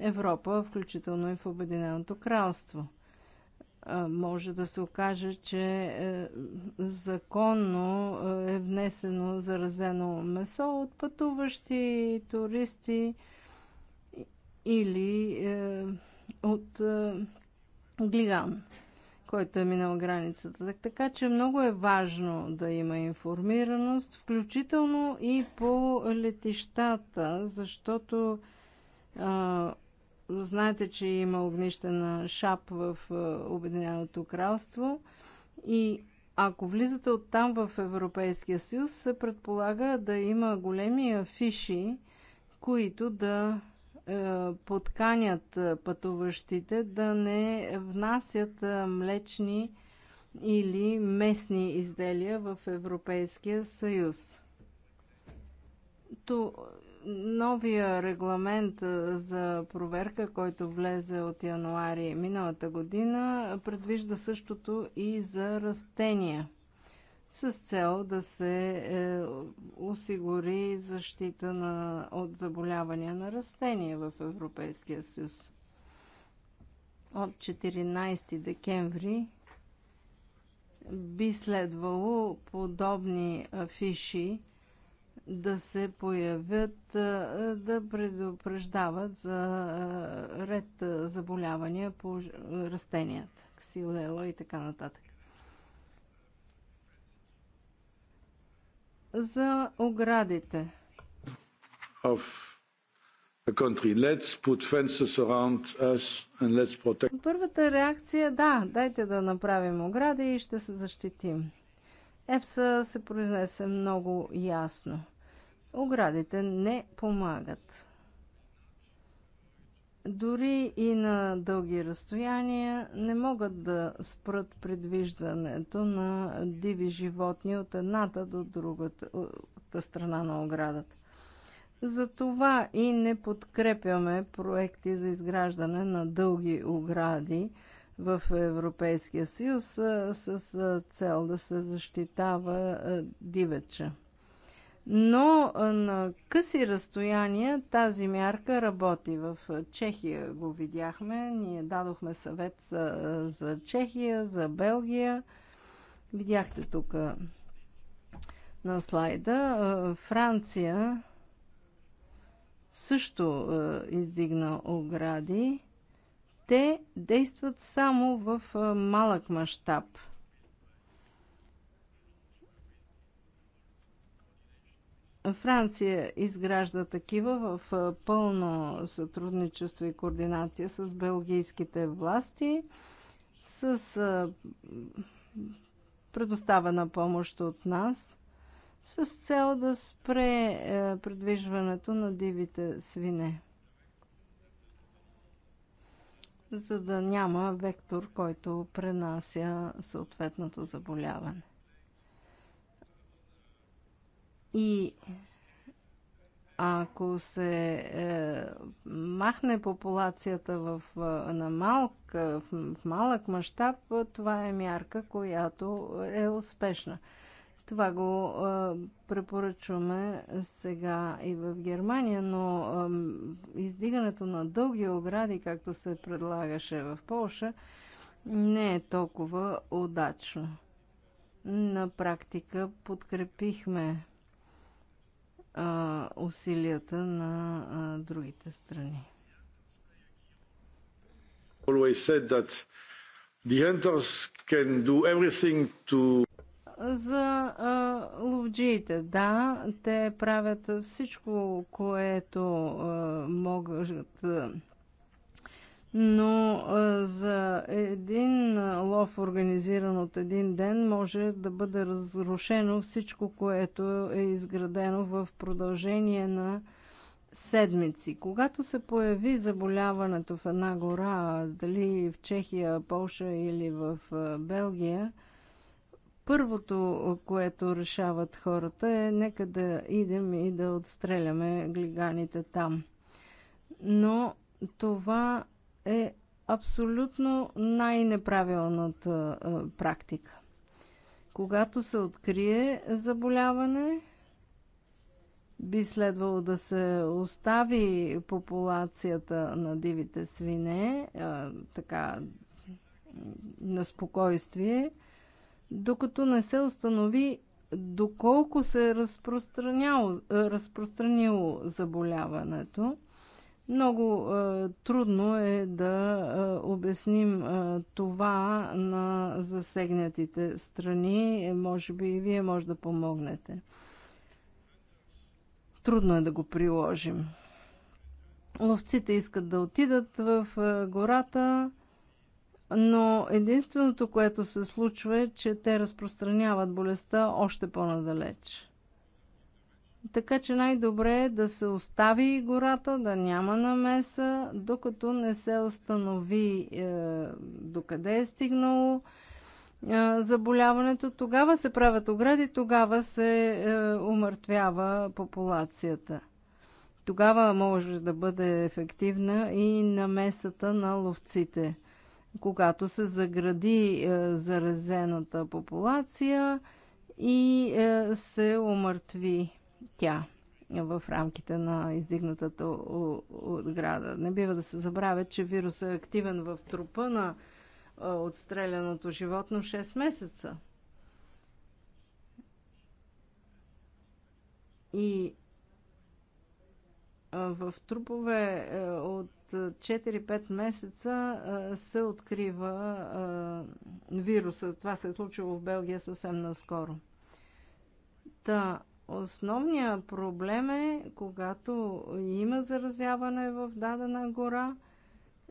Европа, включително и в Обединеното кралство. Може да се окаже, че е, законно е внесено заразено месо от пътуващи туристи или е, от е, глиган, който е минал границата. Така че много е важно да има информираност, включително и по летищата, защото Знаете, че има огнище на шап в е, Обединеното кралство и ако влизате оттам в Европейския съюз, се предполага да има големи афиши, които да е, подканят е, пътуващите да не внасят млечни или местни изделия в Европейския съюз. То новия регламент за проверка, който влезе от януари миналата година, предвижда същото и за растения с цел да се е, осигури защита на, от заболявания на растения в Европейския съюз. От 14 декември би следвало подобни афиши да се появят, да предупреждават за ред заболявания по растенията, ксилела и така нататък. За оградите.
Of a country. Let's put fences around us and let's protect.
Първата реакция, е, да, дайте да направим огради и ще се защитим. ЕФСА се произнесе много ясно – оградите не помагат. Дори и на дълги разстояния не могат да спрат предвиждането на диви животни от едната до другата страна на оградата. Затова и не подкрепяме проекти за изграждане на дълги огради в Европейския съюз с цел да се защитава дивеча но на къси разстояния тази мярка работи. В Чехия го видяхме, ние дадохме съвет за, за Чехия, за Белгия. Видяхте тук на слайда. Франция също издигна огради. Те действат само в малък мащаб – Франция изгражда такива в пълно сътрудничество и координация с белгийските власти, с предоставена помощ от нас, с цел да спре е, предвижването на дивите свине, за да няма вектор, който пренася съответното заболяване. И ако се е, махне популацията в, е, на малък, е, в малък мащаб, е, това е мярка, която е успешна. Това го е, препоръчваме сега и в Германия, но е, издигането на дълги огради, както се предлагаше в Польша, не е толкова удачно. На практика подкрепихме а, усилията на а, другите страни. За ловджиите, да, те правят всичко, което а, могат но за един лов, организиран от един ден, може да бъде разрушено всичко, което е изградено в продължение на седмици. Когато се появи заболяването в една гора, дали в Чехия, Полша или в Белгия, първото, което решават хората е нека да идем и да отстреляме глиганите там. Но това е абсолютно най-неправилната е, практика. Когато се открие заболяване, би следвало да се остави популацията на дивите свине а, е, така на спокойствие, докато не се установи доколко се е разпространяло, разпространило заболяването много е, трудно е да е, обясним е, това на засегнатите страни. Е, може би и вие може да помогнете. Трудно е да го приложим. Ловците искат да отидат в е, гората, но единственото, което се случва е, че те разпространяват болестта още по-надалеч. Така че най-добре е да се остави гората, да няма намеса, докато не се установи е, докъде е стигнало е, заболяването. Тогава се правят огради, тогава се е, умъртвява популацията. Тогава може да бъде ефективна и намесата на ловците. Когато се загради е, заразената популация и е, се умъртви тя в рамките на издигнатата отграда. Не бива да се забравя, че вирусът е активен в трупа на отстреляното животно 6 месеца. И в трупове е, от 4-5 месеца се открива вируса. Това се е случило в Белгия съвсем наскоро. Та, Основният проблем е, когато има заразяване в дадена гора,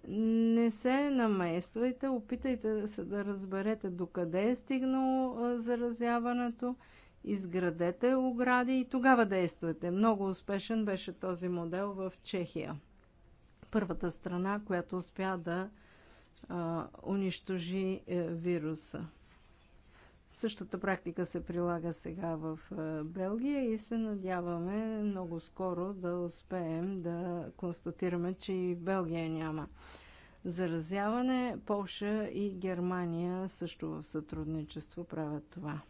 не се намествайте, опитайте се да разберете докъде е стигнало заразяването, изградете огради и тогава действате. Много успешен беше този модел в Чехия. Първата страна, която успя да а, унищожи е, вируса. Същата практика се прилага сега в е, Белгия и се надяваме много скоро да успеем да констатираме, че и в Белгия няма заразяване. Полша и Германия също в сътрудничество правят това.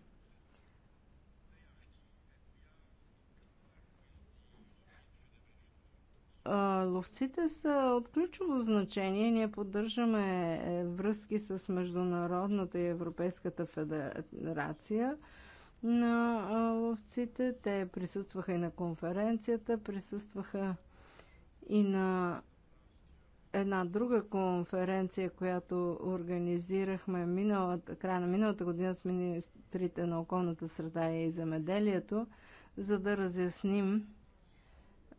Ловците са от ключово значение. Ние поддържаме е, връзки с Международната и Европейската федерация на ловците. Те присъстваха и на конференцията, присъстваха и на една друга конференция, която организирахме миналата, края на миналата година с министрите на околната среда и земеделието, за да разясним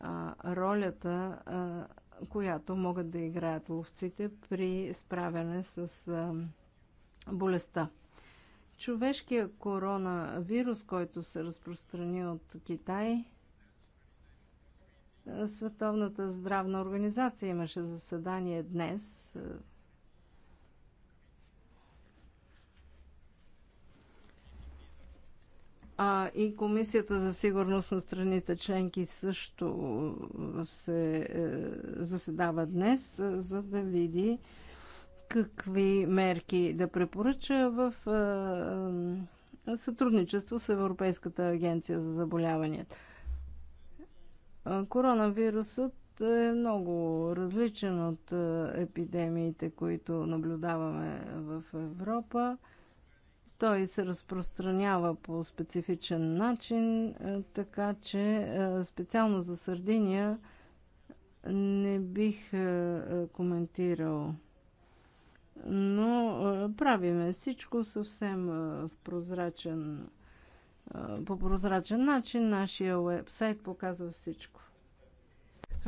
а, ролята, а, която могат да играят ловците при справяне с а, болестта. Човешкия коронавирус, който се разпространи от Китай, Световната здравна организация имаше заседание днес А и Комисията за сигурност на страните членки също се е, заседава днес, е, за да види какви мерки да препоръча в е, сътрудничество с Европейската агенция за заболяванията. Коронавирусът е много различен от епидемиите, които наблюдаваме в Европа. Той се разпространява по специфичен начин, е, така че е, специално за Сърдиния не бих е, коментирал. Но правиме всичко съвсем в прозрачен, по прозрачен начин. Нашия вебсайт показва всичко.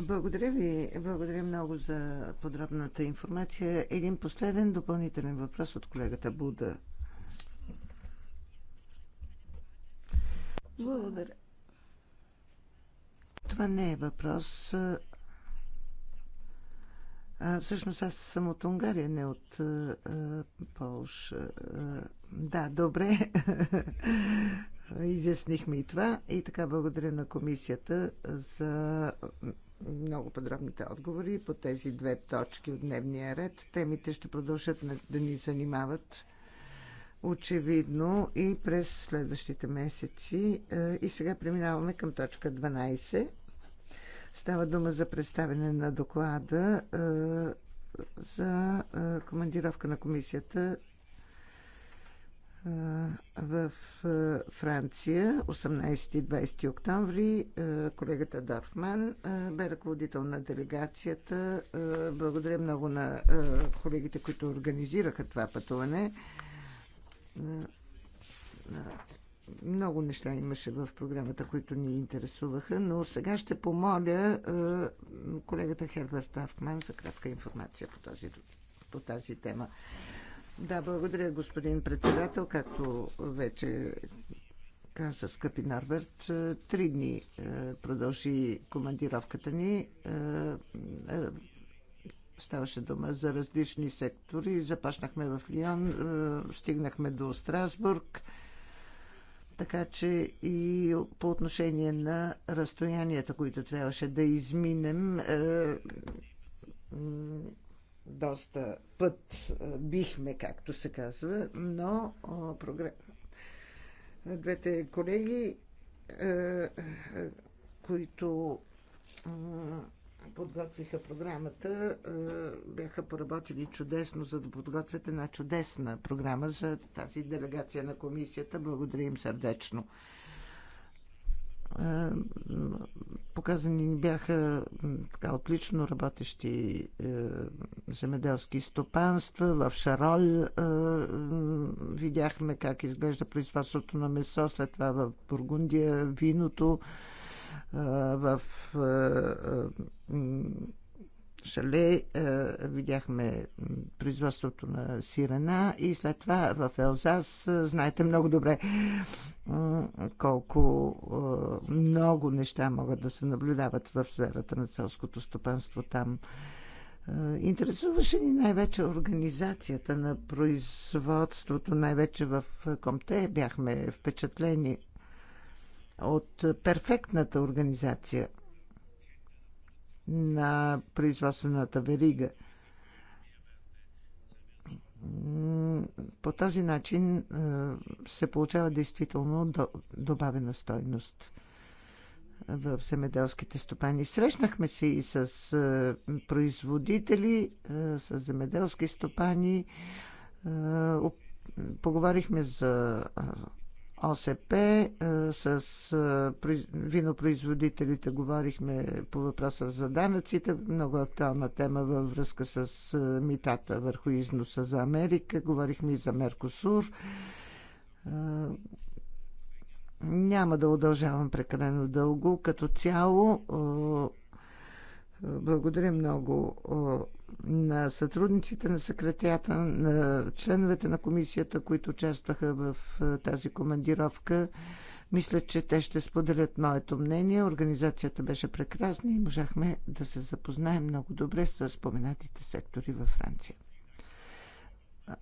Благодаря ви. Благодаря много за подробната информация. Един
последен допълнителен въпрос от колегата Буда. Благодаря. Това не е въпрос. А, всъщност аз съм от Унгария, не от Полша. да, добре. Изяснихме и това. И така, благодаря на комисията за много подробните отговори по тези две точки от дневния ред. Темите ще продължат да ни занимават очевидно и през следващите месеци. Е, и сега преминаваме към точка 12. Става дума за представяне на доклада е, за е, командировка на комисията в Франция 18-20 октомври. Колегата Дорфман бе ръководител на делегацията. Благодаря много на колегите, които организираха това пътуване. Много неща имаше в програмата, които ни интересуваха, но сега ще помоля колегата Херберт Афман за кратка информация по тази, по тази тема. Да, благодаря, господин председател. Както вече каза скъпи Нарберт, три дни продължи командировката ни. Ставаше дума за различни сектори. Започнахме в Лион, е, стигнахме до Страсбург. Така че и по отношение на разстоянията, които трябваше да изминем, е, доста път е, бихме, както се казва, но двете колеги, които подготвиха програмата, е, бяха поработили чудесно, за да подготвят една чудесна програма за тази делегация на комисията. Благодаря им сърдечно. Е, показани ни бяха така, отлично работещи е, земеделски стопанства. В Шароль видяхме как изглежда производството на месо, след това в Бургундия виното в шале видяхме производството на сирена и след това в Елзас знаете много добре колко много неща могат да се наблюдават в сферата на селското стопанство там. Интересуваше ни най-вече организацията на производството, най-вече в Комте бяхме впечатлени от перфектната организация на производствената верига. По този начин е, се получава действително добавена стойност в земеделските стопани. Срещнахме се и с е, производители, е, с земеделски стопани. Поговорихме за ОСП, е, с е, винопроизводителите говорихме по въпроса за данъците, много актуална тема във връзка с е, митата върху износа за Америка, говорихме и за Меркосур. Няма да удължавам прекалено дълго. Като цяло, благодаря много на сътрудниците на секретарията, на членовете на комисията, които участваха в тази командировка. Мисля, че те ще споделят моето мнение. Организацията беше прекрасна и можахме да се запознаем много добре с споменатите сектори във Франция.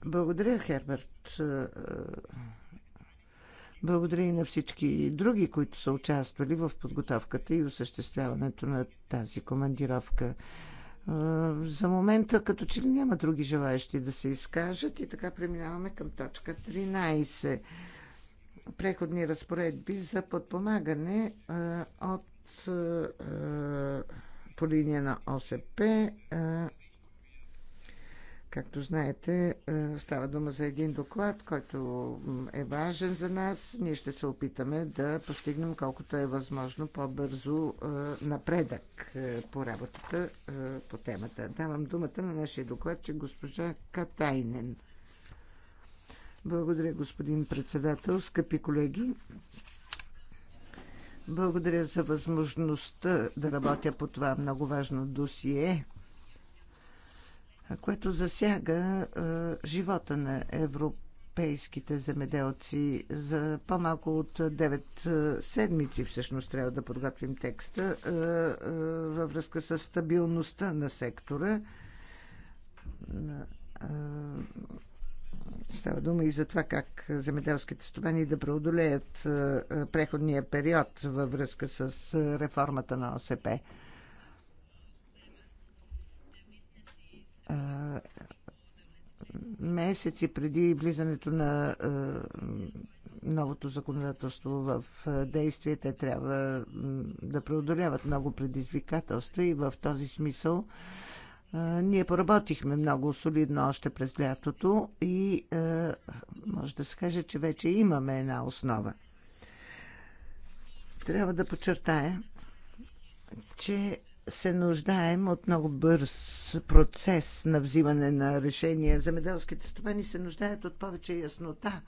Благодаря, Херберт. Благодаря и на всички други, които са участвали в подготовката и осъществяването на тази командировка. За момента като че ли няма други желаящи да се изкажат и така преминаваме към точка 13. Преходни разпоредби за подпомагане от по линия на ОСП Както знаете, е, става дума за един доклад, който е важен за нас. Ние ще се опитаме да постигнем колкото е възможно по-бързо е, напредък е, по работата по темата. Давам думата на нашия докладчик госпожа Катайнен. Благодаря, господин председател, скъпи колеги. Благодаря за възможността да работя по това много важно досие което засяга живота на европейските земеделци. За по-малко от 9 седмици всъщност трябва да подготвим текста във връзка с стабилността на сектора. Става дума и за това как земеделските стопани да преодолеят преходния период във връзка с реформата на ОСП. месеци преди влизането на новото законодателство в действие, те трябва да преодоляват много предизвикателства и в този смисъл ние поработихме много солидно още през лятото и може да се каже, че вече имаме една основа. Трябва да подчертая, че се нуждаем от много бърз процес на взимане на решения. Земеделските стопани се нуждаят от повече яснота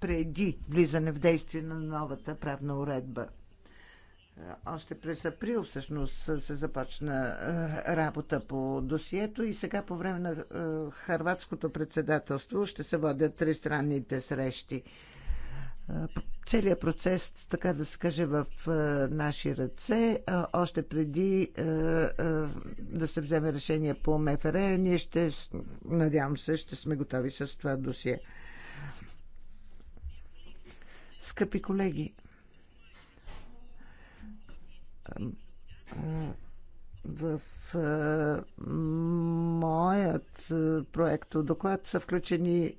преди влизане в действие на новата правна уредба. Още през април всъщност се започна е, работа по досието и сега по време на е, харватското председателство ще се водят тристранните срещи целият процес, така да се каже, в наши ръце. Още преди да се вземе решение по МФР, ние ще, надявам се, ще сме готови с това досие. Скъпи колеги, в е, моят е, проект доклад са включени е,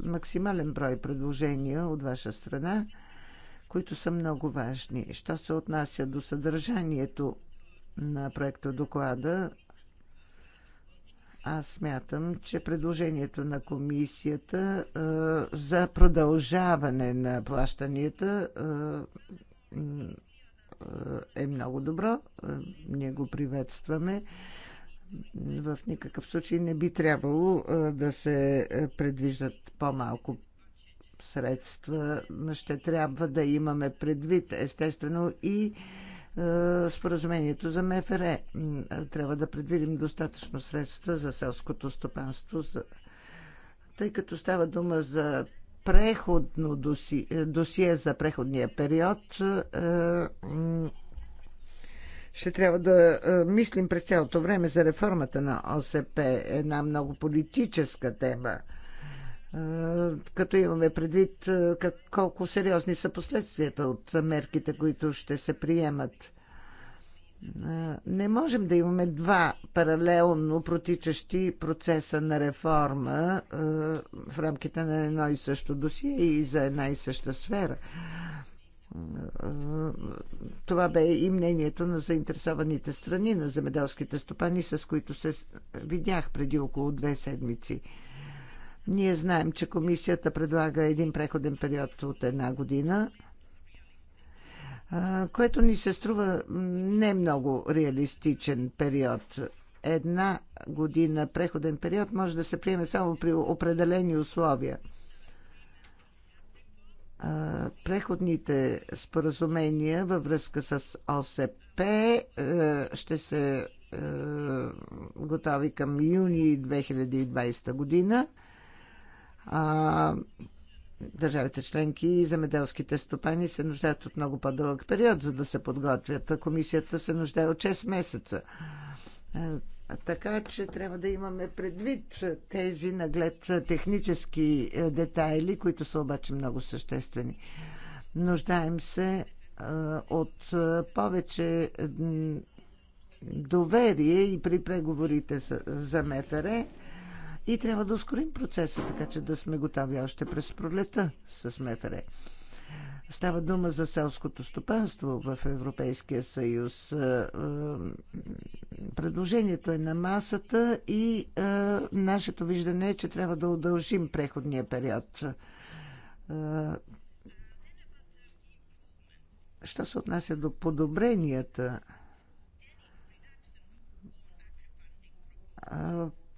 максимален брой предложения от ваша страна, които са много важни. Що се отнася до съдържанието на проекта доклада, аз смятам, че предложението на комисията за продължаване на плащанията е много добро. Е, ние го приветстваме. В никакъв случай не би трябвало е, да се е, предвиждат по-малко средства. Ще трябва да имаме предвид, естествено, и споразумението за МФР. Трябва да предвидим достатъчно средства за селското стопанство, тъй като става дума за преходно доси, е, досие за преходния период е, ще трябва да е, мислим през цялото време за реформата на ОСП, една много политическа тема. Като имаме предвид как, колко сериозни са последствията от мерките, които ще се приемат. Не можем да имаме два паралелно протичащи процеса на реформа в рамките на едно и също досие и за една и съща сфера. Това бе и мнението на заинтересованите страни, на земеделските стопани, с които се видях преди около две седмици. Ние знаем, че комисията предлага един преходен период от една година – което ни се струва не много реалистичен период. Една година преходен период може да се приеме само при определени условия. Преходните споразумения във връзка с ОСП е, ще се е, готови към юни 2020 година държавите членки и земеделските стопани се нуждаят от много по-дълъг период, за да се подготвят. А комисията се нуждае от 6 месеца. Е, така че трябва да имаме предвид тези наглед технически е, детайли, които са обаче много съществени. Нуждаем се е, от повече доверие и при преговорите за МФР и трябва да ускорим процеса, така че да сме готови още през пролета с МФР. Става дума за селското стопанство в Европейския съюз. Е, предложението е на масата и е, нашето виждане е, че трябва да удължим преходния период. Е, що се отнася до подобренията,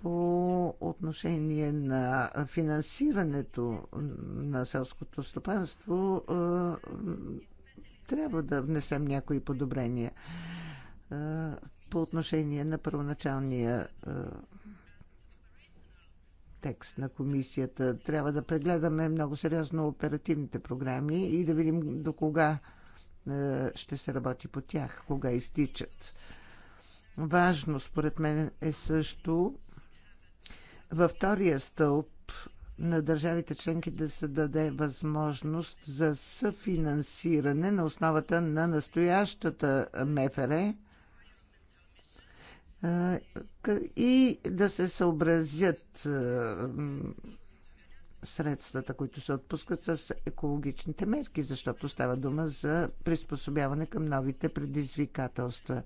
по отношение на финансирането на селското стопанство е, трябва да внесем някои подобрения е, по отношение на първоначалния е, текст на комисията. Трябва да прегледаме много сериозно оперативните програми и да видим до кога ще се работи по тях, кога изтичат. Важно, според мен, е също във втория стълб на държавите членки да се даде възможност за съфинансиране на основата на настоящата МФР и да се съобразят средствата, които се отпускат с екологичните мерки, защото става дума за приспособяване към новите предизвикателства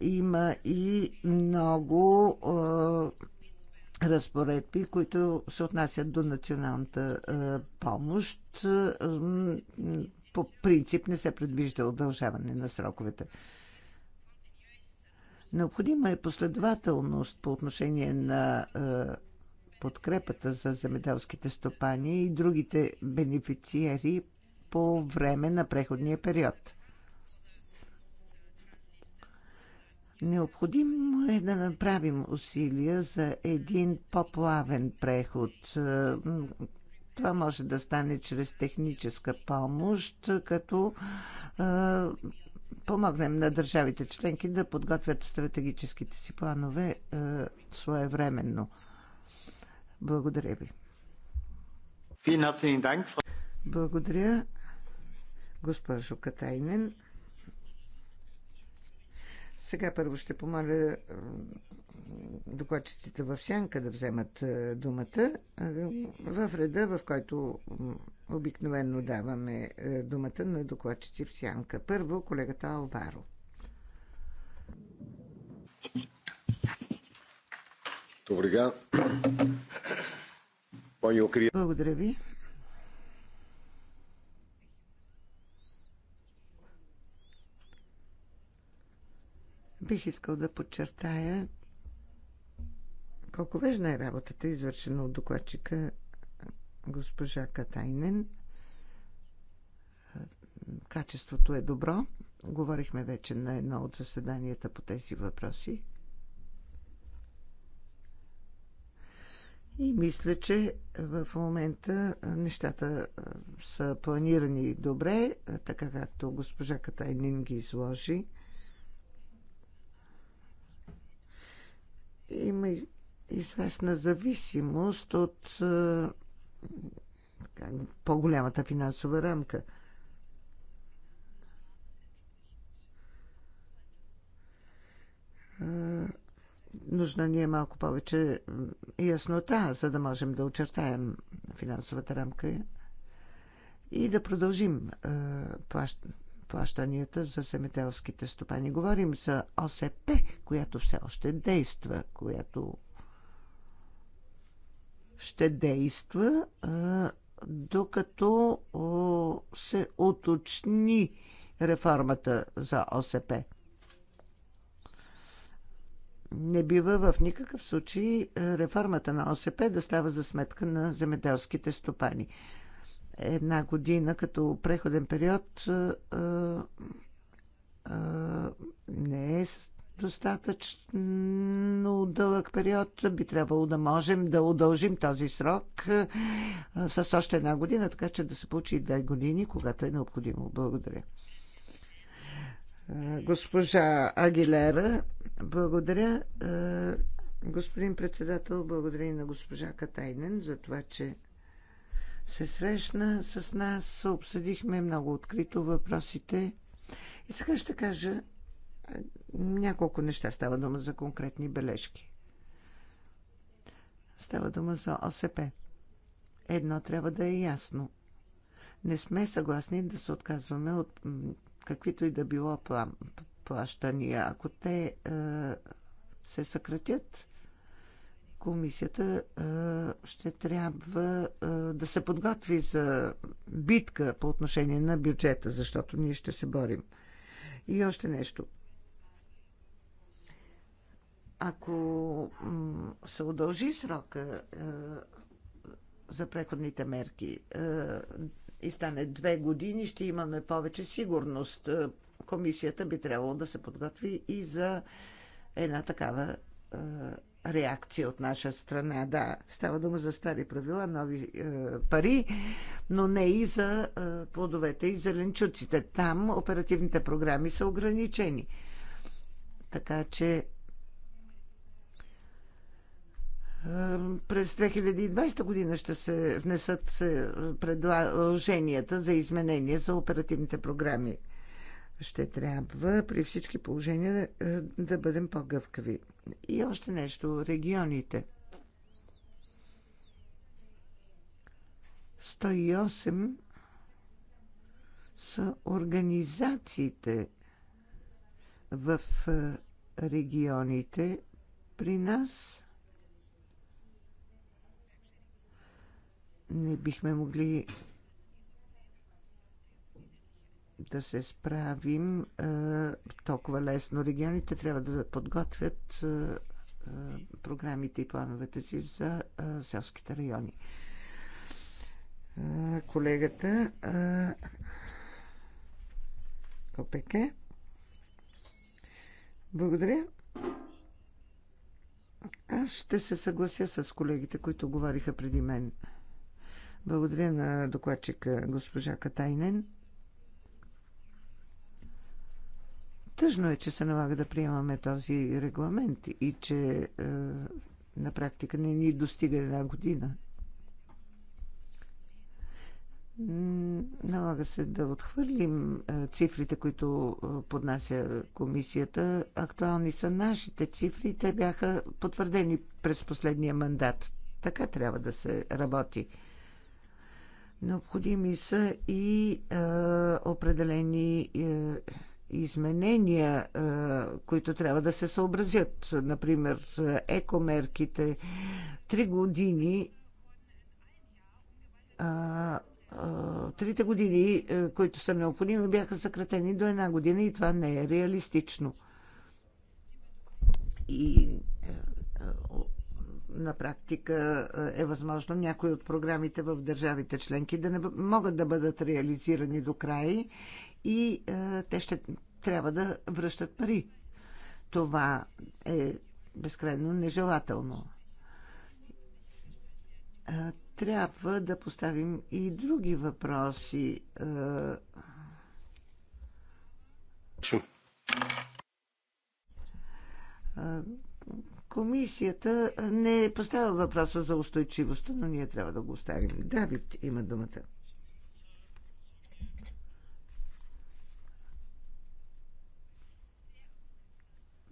има и много разпоредби, които се отнасят до националната помощ. По принцип не се предвижда удължаване на сроковете. Необходима е последователност по отношение на подкрепата за земеделските стопани и другите бенефициери по време на преходния период. Необходимо е да направим усилия за един по-плавен преход. Това може да стане чрез техническа помощ, като е, помогнем на държавите членки да подготвят стратегическите си планове е, своевременно. Благодаря ви. Благодаря, госпожо Катайнен. Сега първо ще помоля докладчиците в Сянка да вземат е, думата е, в реда, в който обикновенно даваме е, думата на докладчици в Сянка. Първо колегата Алваро. Благодаря. Благодаря ви. Бих искал да подчертая колко важна е работата, извършена от докладчика госпожа Катайнен. Качеството е добро. Говорихме вече на едно от заседанията по тези въпроси. И мисля, че в момента нещата са планирани добре, така както госпожа Катайнин ги изложи. има известна зависимост от по-голямата финансова рамка. Нужна ни е малко повече яснота, за да можем да очертаем финансовата рамка и да продължим плащането плащанията за земеделските стопани. Говорим за ОСП, която все още действа, която ще действа докато се уточни реформата за ОСП. Не бива в никакъв случай реформата на ОСП да става за сметка на земеделските стопани една година като преходен период не е достатъчно дълъг период. Би трябвало да можем да удължим този срок с още една година, така че да се получи и две години, когато е необходимо. Благодаря. Госпожа Агилера, благодаря. Господин председател, благодаря и на госпожа Катайнен за това, че се срещна с нас, обсъдихме много открито въпросите. И сега ще кажа е, няколко неща. Става дума за конкретни бележки. Става дума за ОСП. Едно трябва да е ясно. Не сме съгласни да се отказваме от каквито и да било плащания. Ако те е, се съкратят, комисията ще трябва да се подготви за битка по отношение на бюджета, защото ние ще се борим. И още нещо. Ако се удължи срока за преходните мерки и стане две години, ще имаме повече сигурност. Комисията би трябвало да се подготви и за една такава реакция от наша страна. Да, става дума за стари правила, нови е, пари, но не и за е, плодовете и зеленчуците. Там оперативните програми са ограничени. Така че е, през 2020 година ще се внесат е, предложенията за изменения за оперативните програми ще трябва при всички положения е, да бъдем по-гъвкави. И още нещо, регионите. 108 са организациите в е, регионите при нас. Не бихме могли да се справим толкова лесно. Регионите трябва да подготвят програмите и плановете си за селските райони. Колегата Копеке. Благодаря. Аз ще се съглася с колегите, които говориха преди мен. Благодаря на докладчика госпожа Катайнен. Тъжно е, че се налага да приемаме този регламент и че е, на практика не ни достига една година. Налага се да отхвърлим е, цифрите, които е, поднася комисията. Актуални са нашите цифри. Те бяха потвърдени през последния мандат. Така трябва да се работи. Необходими са и е, определени. Е, изменения, които трябва да се съобразят. Например, екомерките. Три години трите години, които са необходими, бяха съкратени до една година и това не е реалистично. И на практика е възможно някои от програмите в държавите членки да не могат да бъдат реализирани до край и е, те ще трябва да връщат пари. Това е безкрайно нежелателно. Е, трябва да поставим и други въпроси. Е, комисията не поставя въпроса за устойчивостта, но ние трябва да го оставим. Давид има думата.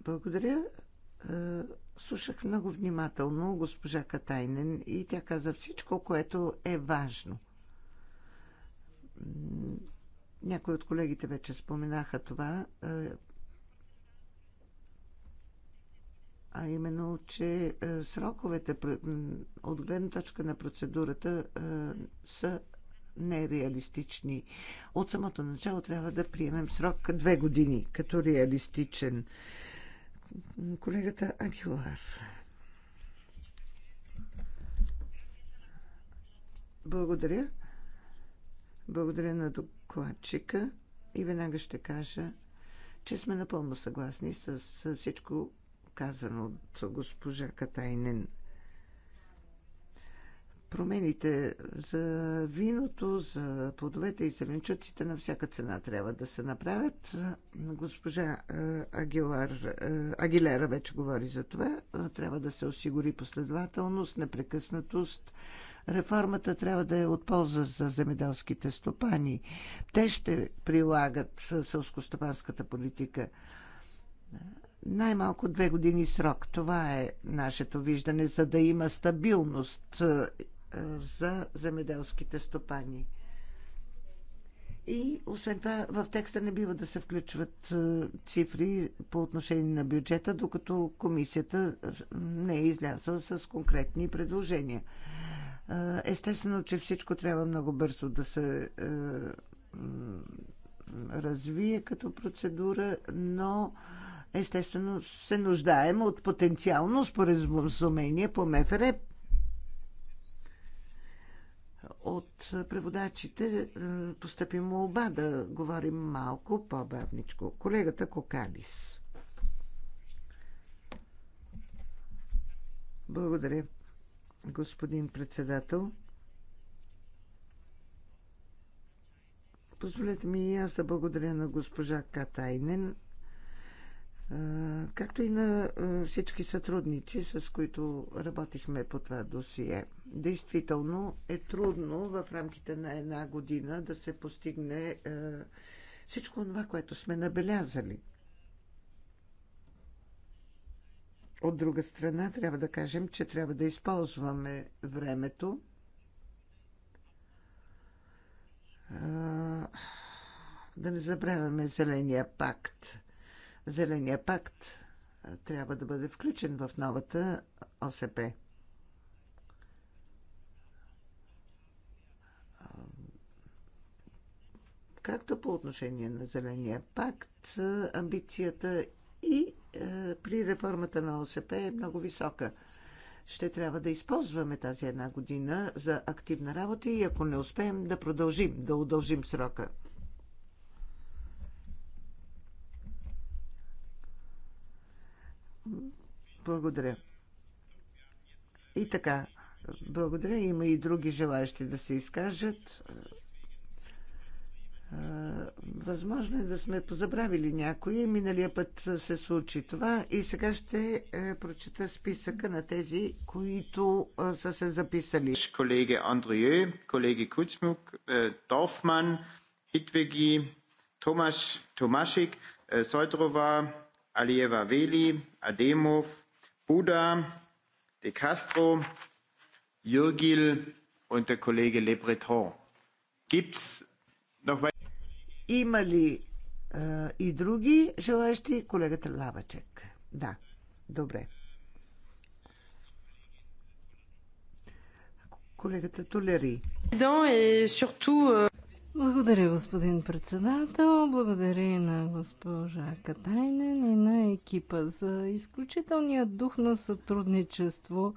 Благодаря. Е, слушах много внимателно госпожа Катайнен и тя каза всичко, което е важно. Някои от колегите вече споменаха това, е, а именно, че е, сроковете от гледна точка на процедурата са нереалистични. От самото начало трябва да приемем срок две години като реалистичен. Колегата Агилар. Благодаря. Благодаря на докладчика и веднага ще кажа, че сме напълно съгласни с всичко казано от госпожа Катайнен промените за виното, за плодовете и зеленчуците на всяка цена трябва да се направят. Госпожа е, Агилар, е, Агилера вече говори за това. Е, трябва да се осигури последователност, непрекъснатост. Реформата трябва да е от полза за земеделските стопани. Те ще прилагат сълскостопанската политика най-малко две години срок. Това е нашето виждане, за да има стабилност за земеделските стопани. И освен това, в текста не бива да се включват цифри по отношение на бюджета, докато комисията не е излязла с конкретни предложения. Естествено, че всичко трябва много бързо да се развие като процедура, но естествено се нуждаем от потенциално споразумение по МФР от преводачите е, постъпи молба да говорим малко по-бавничко. Колегата Кокалис. Благодаря, господин председател. Позволете ми и аз да благодаря на госпожа Катайнен, е, както и на е, всички сътрудници, с които работихме по това досие действително е трудно в рамките на една година да се постигне е, всичко това, което сме набелязали. От друга страна, трябва да кажем, че трябва да използваме времето. Е, да не забравяме Зеления пакт. Зеления пакт е, трябва да бъде включен в новата ОСП. както по отношение на Зеления пакт, амбицията и е, при реформата на ОСП е много висока. Ще трябва да използваме тази една година за активна работа и ако не успеем да продължим, да удължим срока. Благодаря. И така, благодаря. Има и други желаящи да се изкажат. Възможно е да сме позабравили някои. Миналия път се случи това. И сега ще е, прочета списъка на тези, които
е, са се записали. Колеги Андрие, колеги Куцмук, Дорфман, Хитвеги, Томаш, Томашик, Сойтрова, Алиева Вели, Адемов, Буда, Де Кастро, Юргил и колеги Лебретон. Le Breton. Gibt's
noch има ли а, и други желаещи Колегата Лавачек. Да, добре.
Колегата Толери. Благодаря, господин председател. Благодаря и на госпожа Катайнен и на екипа за изключителния дух на сътрудничество.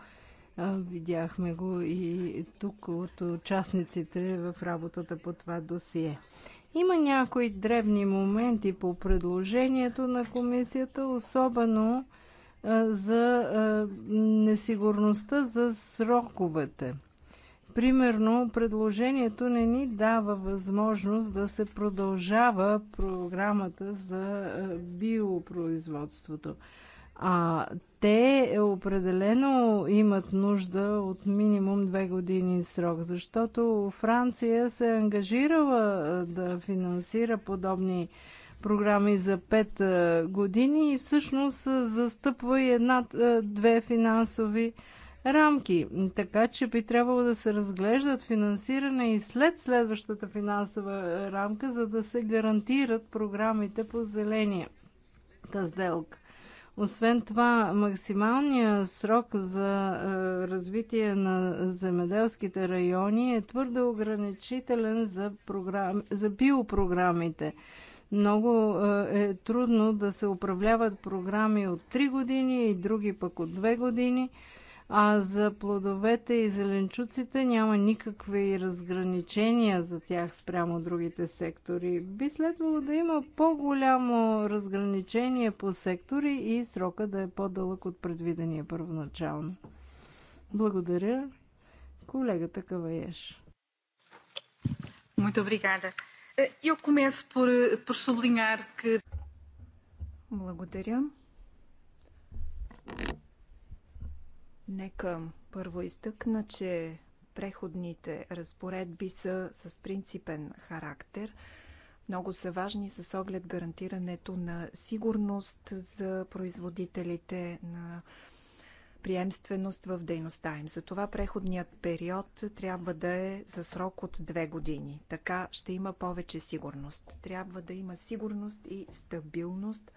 Видяхме го и тук от участниците в работата по това досие. Има някои дребни моменти по предложението на комисията, особено за несигурността за сроковете. Примерно, предложението не ни дава възможност да се продължава програмата за биопроизводството. А те определено имат нужда от минимум две години срок, защото Франция се е ангажирала да финансира подобни програми за пет години и всъщност застъпва и една-две финансови рамки. Така че би трябвало да се разглеждат финансиране и след следващата финансова рамка, за да се гарантират програмите по зеления сделка. Освен това, максималният срок за е, развитие на земеделските райони е твърде ограничителен за, програм... за биопрограмите. Много е, е трудно да се управляват програми от 3 години и други пък от 2 години – а за плодовете и зеленчуците няма никакви разграничения за тях спрямо другите сектори. Би следвало да има по-голямо разграничение по сектори и срока да е по-дълъг от предвидения първоначално. Благодаря. Колегата Каваеш.
Muito obrigada.
Eu começo por, por sublinhar que.
Благодаря. Нека първо изтъкна, че преходните разпоредби са с принципен характер. Много са важни с оглед гарантирането на сигурност за производителите на приемственост в дейността им. Затова преходният период трябва да е за срок от две години. Така ще има повече сигурност. Трябва да има сигурност и стабилност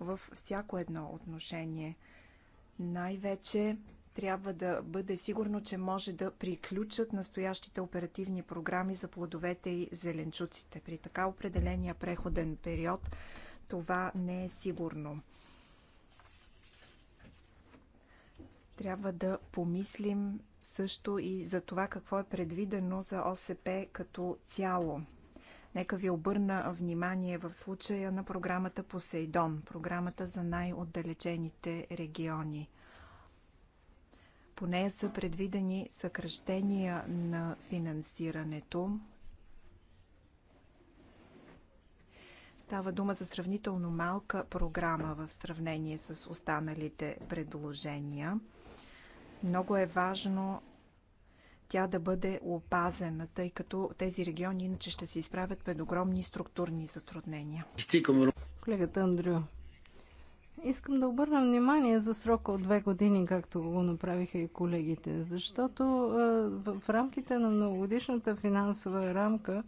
във всяко едно отношение. Най-вече трябва да бъде сигурно, че може да приключат настоящите оперативни програми за плодовете и зеленчуците. При така определения преходен период това не е сигурно. Трябва да помислим също и за това какво е предвидено за ОСП като цяло. Нека ви обърна внимание в случая на програмата Посейдон, програмата за най-отдалечените региони. По нея са предвидени съкръщения на финансирането. Става дума за сравнително малка програма в сравнение с останалите предложения. Много е важно тя да бъде опазена, тъй като тези региони иначе ще се изправят пред
огромни структурни затруднения. Колегата Андрю, Искам да обърна внимание за срока от две години, както го направиха и колегите, защото в рамките на многогодишната финансова рамка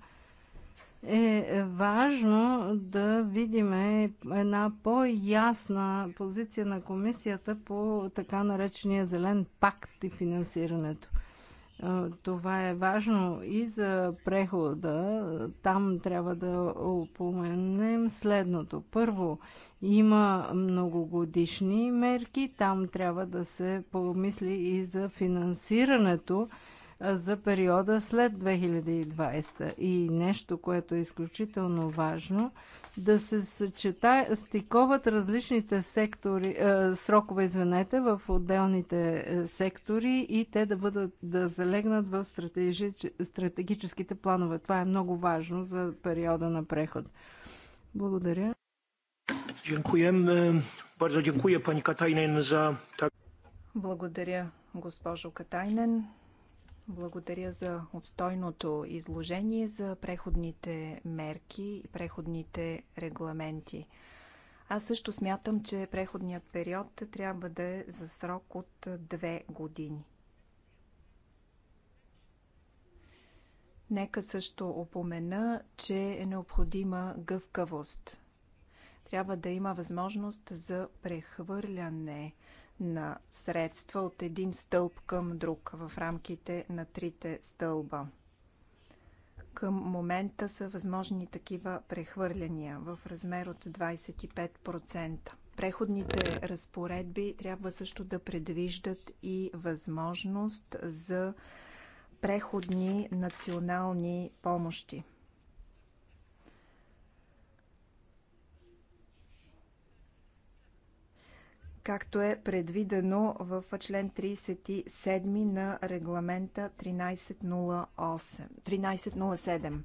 е важно да видим една по-ясна позиция на комисията по така наречения зелен пакт и финансирането. Това е важно и за прехода. Там трябва да упоменем следното. Първо, има многогодишни мерки. Там трябва да се помисли и за финансирането за периода след 2020. И нещо, което е изключително важно, да се съчета, стиковат различните сектори, срокове, извинете, в отделните сектори и те да бъдат да залегнат в стратегическите планове. Това е много важно за периода на преход. Благодаря. Благодаря, госпожо
Катайнен. Благодаря за обстойното изложение за преходните мерки и преходните регламенти. Аз също смятам, че преходният период трябва да е за срок от две години. Нека също опомена, че е необходима гъвкавост. Трябва да има възможност за прехвърляне – на средства от един стълб към друг в рамките на трите стълба. Към момента са възможни такива прехвърляния в размер от 25%. Преходните разпоредби трябва също да предвиждат и възможност за преходни национални помощи. както е предвидено в член 37 на регламента 1308, 1307.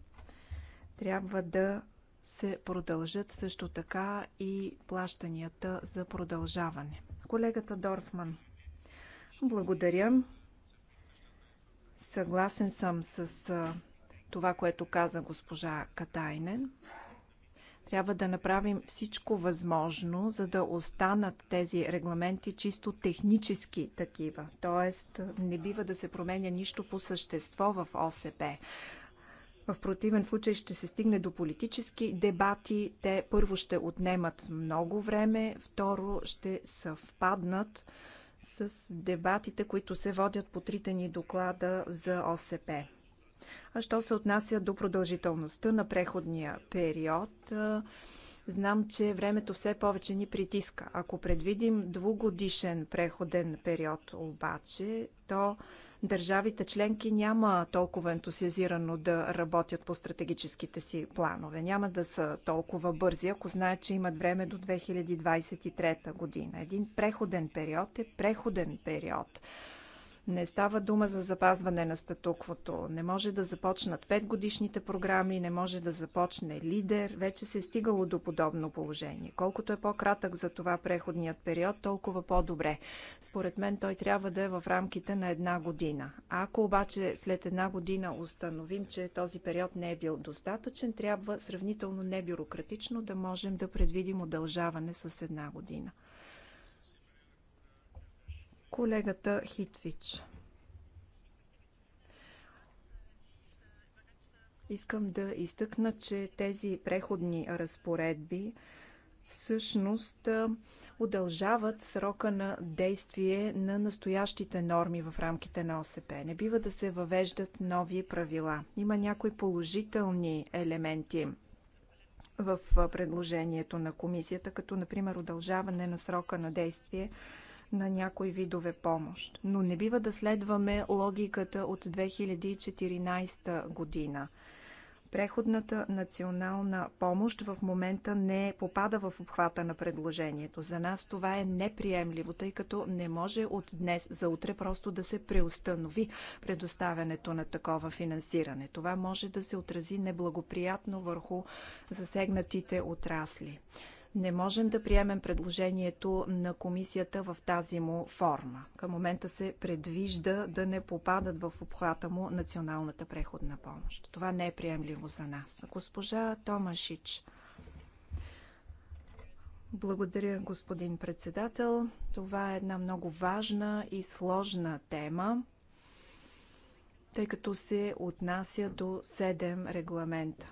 Трябва да се продължат също така и плащанията за продължаване. Колегата Дорфман. Благодаря. Съгласен съм с това, което каза госпожа Катайнен. Трябва да направим всичко възможно, за да останат тези регламенти чисто технически такива. Тоест, не бива да се променя нищо по същество в ОСП. В противен случай ще се стигне до политически дебати. Те първо ще отнемат много време, второ ще съвпаднат с дебатите, които се водят по трите ни доклада за ОСП. А що се отнася до продължителността на преходния период, знам, че времето все повече ни притиска. Ако предвидим двугодишен преходен период обаче, то държавите членки няма толкова ентусиазирано да работят по стратегическите си планове. Няма да са толкова бързи, ако знаят, че имат време до 2023 година. Един преходен период е преходен период. Не става дума за запазване на статуквото. Не може да започнат петгодишните програми, не може да започне лидер. Вече се е стигало до подобно положение. Колкото е по-кратък за това преходният период, толкова по-добре. Според мен той трябва да е в рамките на една година. Ако обаче след една година установим, че този период не е бил достатъчен, трябва сравнително небюрократично да можем да предвидим удължаване с една година колегата Хитвич. Искам да изтъкна, че тези преходни разпоредби всъщност удължават срока на действие на настоящите норми в рамките на ОСП. Не бива да се въвеждат нови правила. Има някои положителни елементи в предложението на комисията, като например удължаване на срока на действие на някои видове помощ. Но не бива да следваме логиката от 2014 година. Преходната национална помощ в момента не попада в обхвата на предложението. За нас това е неприемливо, тъй като не може от днес за утре просто да се преустанови предоставянето на такова финансиране. Това може да се отрази неблагоприятно върху засегнатите отрасли. Не можем да приемем предложението на комисията в тази му форма. Към момента се предвижда да не попадат в обхвата му националната преходна помощ. Това не е приемливо за нас. Госпожа Томашич. Благодаря, господин председател. Това е една много важна и сложна тема, тъй като се отнася до 7 регламента.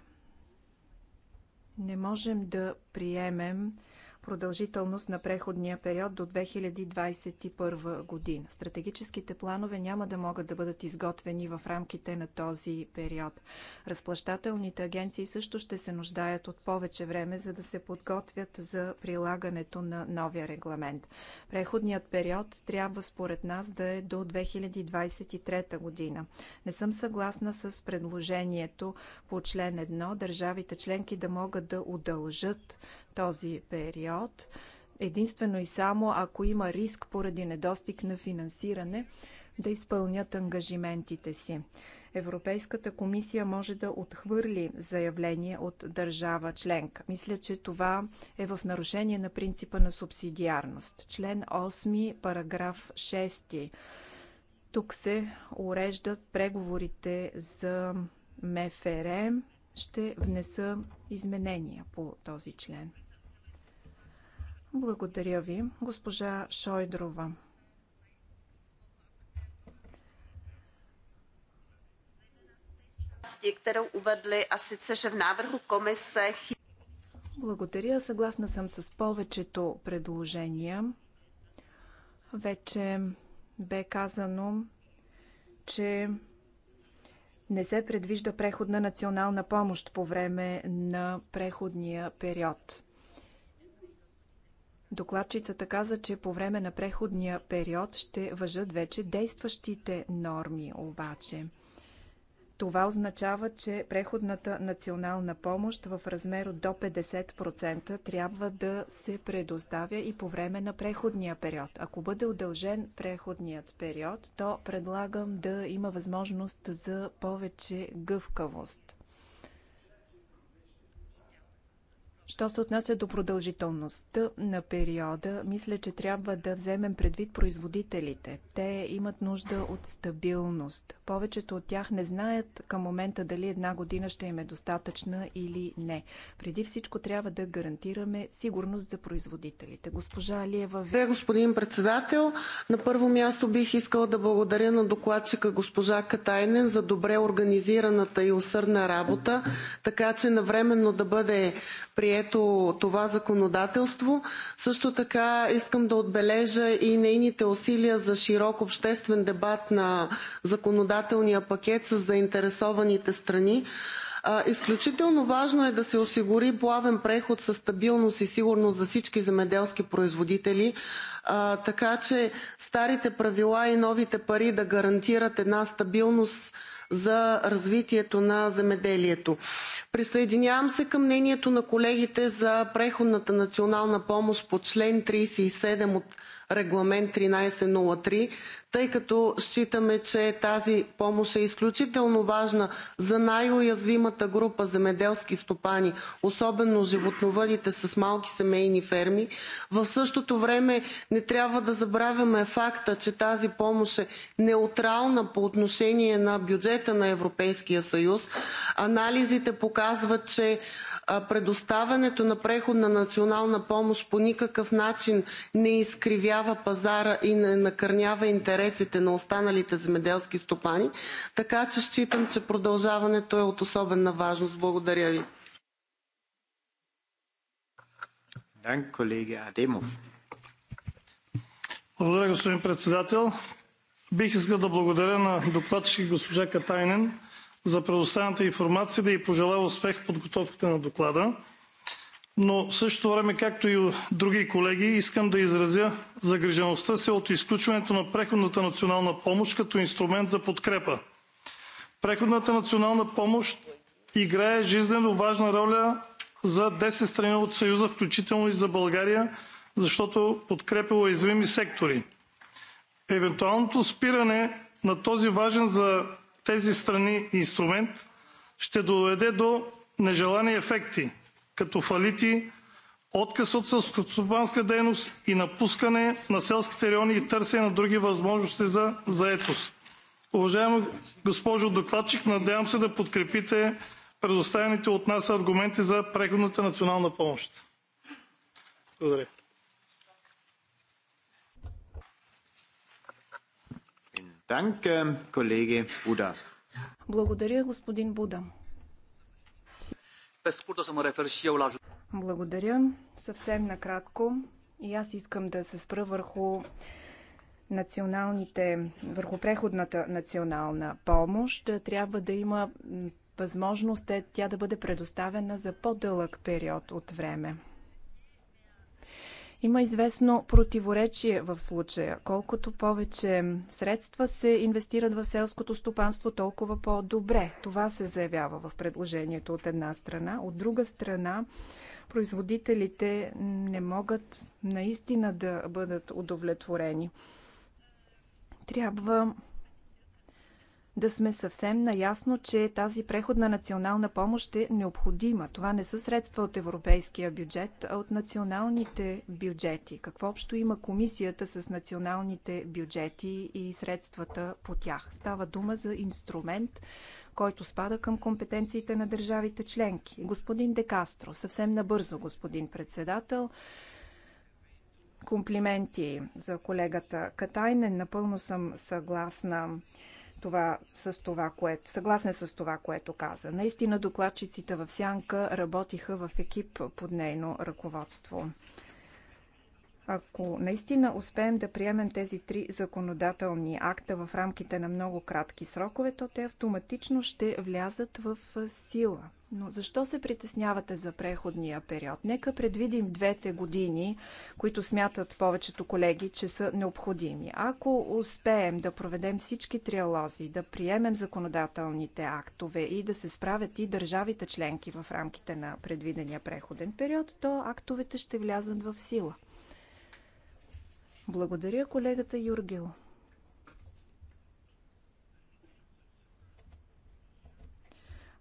Не можем да приемем продължителност на преходния период до 2021 година. Стратегическите планове няма да могат да бъдат изготвени в рамките на този период. Разплащателните агенции също ще се нуждаят от повече време, за да се подготвят за прилагането на новия регламент. Преходният период трябва според нас да е до 2023 година. Не съм съгласна с предложението по член 1 държавите членки да могат да удължат този период, единствено и само ако има риск поради недостиг на финансиране, да изпълнят ангажиментите си. Европейската комисия може да отхвърли заявление от държава членка. Мисля, че това е в нарушение на принципа на субсидиарност. Член 8, параграф 6. Тук се уреждат преговорите за МФР ще внеса изменения по този член. Благодаря ви, госпожа Шойдрова. Благодаря. Съгласна съм с повечето предложения. Вече бе казано, че не се предвижда преходна национална помощ по време на преходния период. Докладчицата каза, че по време на преходния период ще въжат вече действащите норми обаче – това означава, че преходната национална помощ в размер от до 50% трябва да се предоставя и по време на преходния период. Ако бъде удължен преходният период, то предлагам да има възможност за повече гъвкавост. Що се отнася до продължителността на периода, мисля, че трябва да вземем предвид производителите. Те имат нужда от стабилност. Повечето от тях не знаят към момента дали една година ще им е достатъчна или не. Преди всичко трябва да гарантираме сигурност за производителите. Госпожа
Алиева. Вие, господин председател, на първо място бих искала да благодаря на докладчика госпожа Катайнен за добре организираната и усърдна работа, така че навременно да бъде прият прието това законодателство. Също така искам да отбележа и нейните усилия за широк обществен дебат на законодателния пакет с заинтересованите страни. Изключително важно е да се осигури плавен преход със стабилност и сигурност за всички земеделски производители, така че старите правила и новите пари да гарантират една стабилност за развитието на земеделието. Присъединявам се към мнението на колегите за преходната национална помощ по член 37 от регламент 1303, тъй като считаме, че тази помощ е изключително важна за най-уязвимата група земеделски стопани, особено животновъдите с малки семейни ферми. В същото време не трябва да забравяме факта, че тази помощ е неутрална по отношение на бюджета на Европейския съюз. Анализите показват, че предоставянето на преходна национална помощ по никакъв начин не изкривява пазара и не накърнява интересите на останалите земеделски стопани, така че считам, че продължаването е от особена важност. Благодаря ви. Dank, Адемов.
Благодаря, господин председател. Бих искал да благодаря на докладчик госпожа Катайнен за предоставената информация, да ѝ пожелая успех в подготовката на доклада. Но в същото време, както и други колеги, искам да изразя загрижеността си от изключването на преходната национална помощ като инструмент за подкрепа. Преходната национална помощ играе жизнено важна роля за 10 страни от Съюза, включително и за България, защото подкрепя уязвими сектори. Евентуалното спиране на този важен за тези страни инструмент ще доведе до нежелани ефекти, като фалити, отказ от селскостопанска дейност и напускане на селските райони и търсене на други възможности за заетост. Уважаема госпожо докладчик, надявам се да подкрепите предоставените от нас аргументи за преходната национална помощ. Благодаря.
Danke, колеги Буда.
Благодаря, господин Буда. Благодаря. Съвсем накратко. И аз искам да се спра върху националните, върху преходната национална помощ. Трябва да има възможност тя да бъде предоставена за по-дълъг период от време. Има известно противоречие в случая. Колкото повече средства се инвестират в селското стопанство, толкова по-добре. Това се заявява в предложението от една страна. От друга страна, производителите не могат наистина да бъдат удовлетворени. Трябва да сме съвсем наясно, че тази преходна национална помощ е необходима. Това не са средства от европейския бюджет, а от националните бюджети. Какво общо има комисията с националните бюджети и средствата по тях? Става дума за инструмент, който спада към компетенциите на държавите членки. Господин Декастро, съвсем набързо, господин председател, комплименти за колегата Катайнен. Напълно съм съгласна това, с това, което, съгласен с това, което каза. Наистина докладчиците в Сянка работиха в екип под нейно ръководство. Ако наистина успеем да приемем тези три законодателни акта в рамките на много кратки срокове, то те автоматично ще влязат в сила. Но защо се притеснявате за преходния период? Нека предвидим двете години, които смятат повечето колеги, че са необходими. Ако успеем да проведем всички триалози, да приемем законодателните актове и да се справят и държавите членки в рамките на предвидения преходен период, то актовете ще влязат в сила. Благодаря колегата Юргил.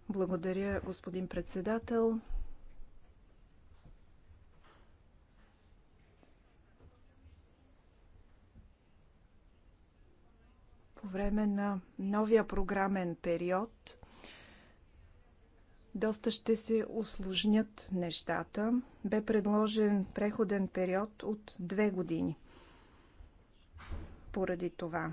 Благодаря, господин председател. По време на новия програмен период доста ще се усложнят нещата. Бе предложен преходен период от две години – поради това.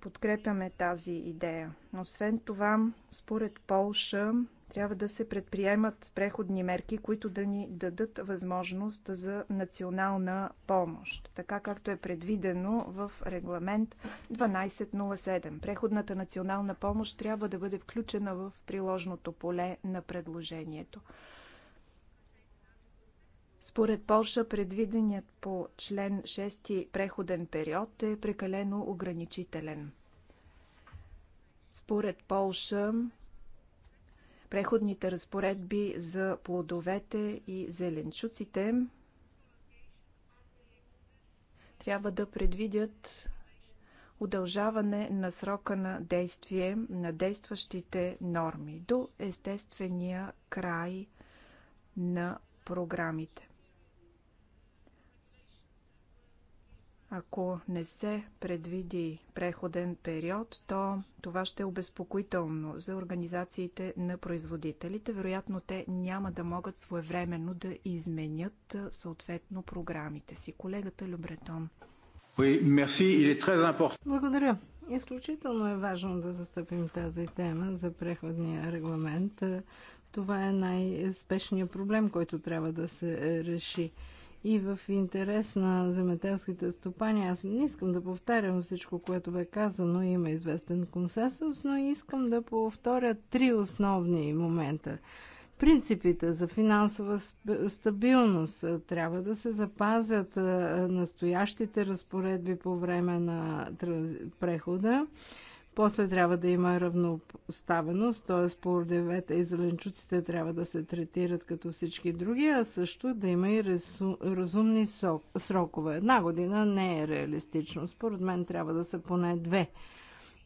Подкрепяме тази идея. Но Освен това, според Полша, трябва да се предприемат преходни мерки, които да ни дадат възможност за национална помощ, така както е предвидено в регламент 1207. Преходната национална помощ трябва да бъде включена в приложното поле на предложението. Според Полша, предвиденият по член 6 преходен период е прекалено ограничителен. Според Полша, преходните разпоредби за плодовете и зеленчуците трябва да предвидят удължаване на срока на действие на действащите норми до естествения край на програмите. Ако не се предвиди преходен период, то това ще е обезпокоително за организациите на производителите. Вероятно те няма да могат своевременно да изменят съответно програмите си. Колегата
Любретон. Благодаря. Изключително е важно да застъпим тази тема за преходния регламент. Това е най-спешният проблем, който трябва да се реши и в интерес на земеделските стопани. Аз не искам да повтарям всичко, което бе казано, има известен консенсус, но искам да повторя три основни момента. Принципите за финансова стабилност трябва да се запазят настоящите разпоредби по време на прехода после трябва да има равнопоставеност, т.е. плодовете и зеленчуците трябва да се третират като всички други, а също да има и разумни срокове. Една година не е реалистично. Според мен трябва да са поне две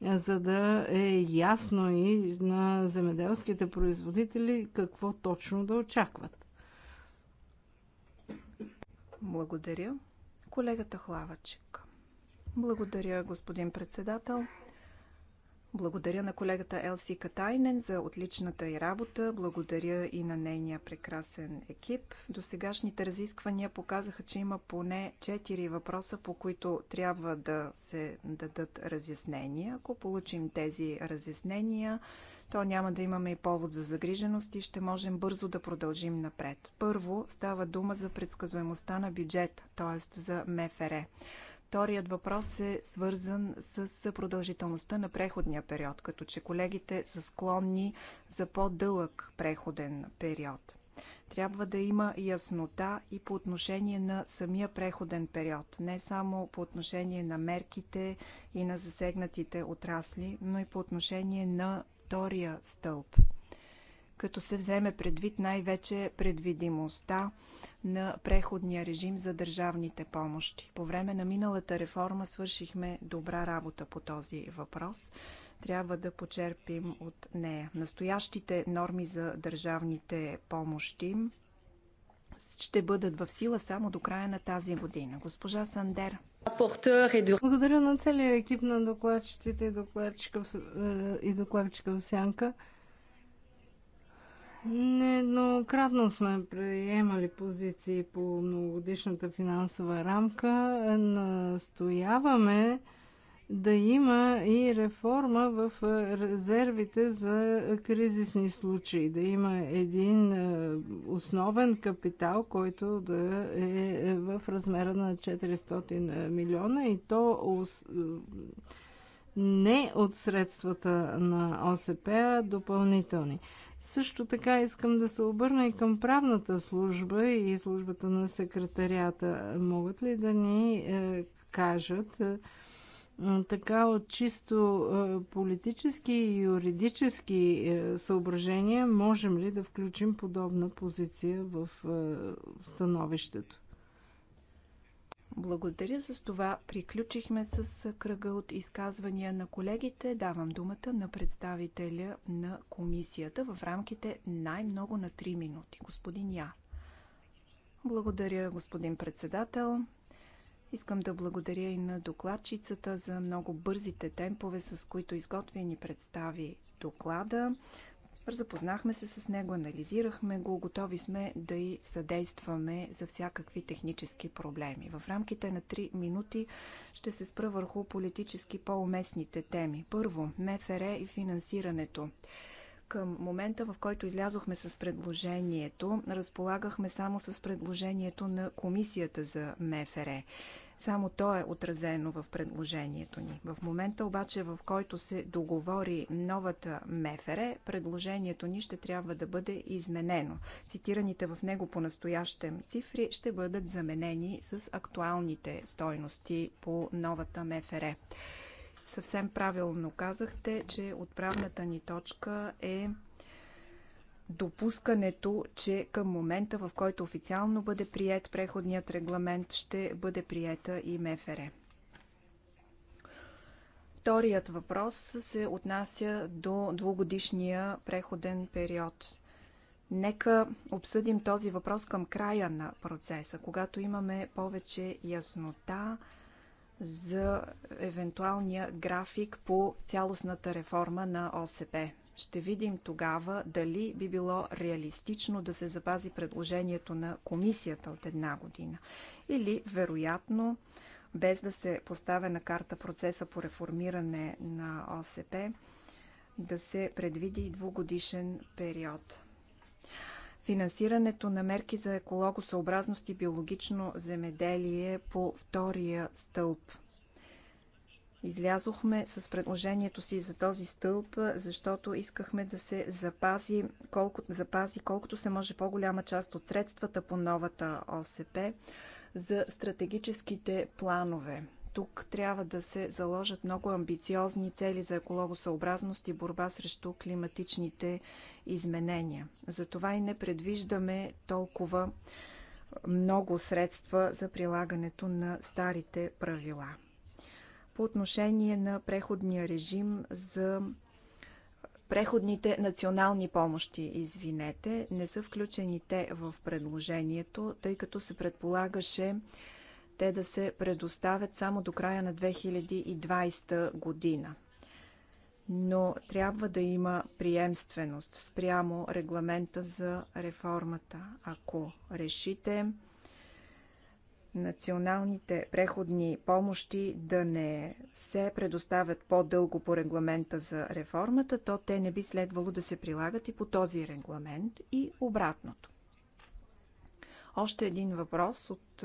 за да е ясно и на земеделските производители какво точно да очакват. Благодаря.
Колегата Хлавачик. Благодаря, господин председател. Благодаря на колегата Елси Катайнен за отличната й работа. Благодаря и на нейния прекрасен екип. До сегашните разисквания показаха, че има поне 4 въпроса, по които трябва да се дадат разяснения. Ако получим тези разяснения, то няма да имаме и повод за загриженост и ще можем бързо да продължим напред. Първо става дума за предсказуемостта на бюджет, т.е. за МФР. Вторият въпрос е свързан с продължителността на преходния период, като че колегите са склонни за по-дълъг преходен период. Трябва да има яснота и по отношение на самия преходен период, не само по отношение на мерките и на засегнатите отрасли, но и по отношение на втория стълб – като се вземе предвид най-вече предвидимостта на преходния режим за държавните помощи. По време на миналата реформа свършихме добра работа по този въпрос. Трябва да почерпим от нея. Настоящите норми за държавните помощи ще бъдат в сила само до края на тази година. Госпожа
Сандер. Е Благодаря на целия екип на докладчиците и докладчика в е, сянка. Нееднократно сме приемали позиции по многогодишната финансова рамка. Настояваме да има и реформа в резервите за кризисни случаи, да има един е, основен капитал, който да е в размера на 400 милиона и то не от средствата на ОСП, а допълнителни. Също така искам да се обърна и към правната служба и службата на секретарията. Могат ли да ни е, кажат е, така от чисто е, политически и юридически е, съображения, можем ли да включим подобна позиция в е, становището?
Благодаря. С това приключихме с кръга от изказвания на колегите. Давам думата на представителя на комисията в рамките най-много на 3 минути. Господин Я. Благодаря, господин председател. Искам да благодаря и на докладчицата за много бързите темпове, с които изготвя и ни представи доклада. Запознахме се с него, анализирахме го, готови сме да и съдействаме за всякакви технически проблеми. В рамките на 3 минути ще се спра върху политически по-уместните теми. Първо, МФР и финансирането към момента, в който излязохме с предложението, разполагахме само с предложението на комисията за МФР. Само то е отразено в предложението ни. В момента обаче, в който се договори новата МЕФЕРЕ, предложението ни ще трябва да бъде изменено. Цитираните в него по-настоящем цифри ще бъдат заменени с актуалните стойности по новата МЕФЕРЕ. Съвсем правилно казахте, че отправната ни точка е допускането, че към момента, в който официално бъде прият преходният регламент, ще бъде прията и МФР. Вторият въпрос се отнася до двугодишния преходен период. Нека обсъдим този въпрос към края на процеса, когато имаме повече яснота за евентуалния график по цялостната реформа на ОСП. Ще видим тогава дали би било реалистично да се запази предложението на комисията от една година. Или, вероятно, без да се поставя на карта процеса по реформиране на ОСП, да се предвиди двугодишен период. Финансирането на мерки за екологосъобразност и биологично земеделие по втория стълб – Излязохме с предложението си за този стълб, защото искахме да се запази, колко, запази колкото се може по-голяма част от средствата по новата ОСП за стратегическите планове. Тук трябва да се заложат много амбициозни цели за екологосъобразност и борба срещу климатичните изменения. Затова и не предвиждаме толкова много средства за прилагането на старите правила по отношение на преходния режим за преходните национални помощи, извинете, не са включени те в предложението, тъй като се предполагаше те да се предоставят само до края на 2020 година. Но трябва да има приемственост спрямо регламента за реформата. Ако решите националните преходни помощи да не се предоставят по-дълго по регламента за реформата, то те не би следвало да се прилагат и по този регламент и обратното. Още един въпрос от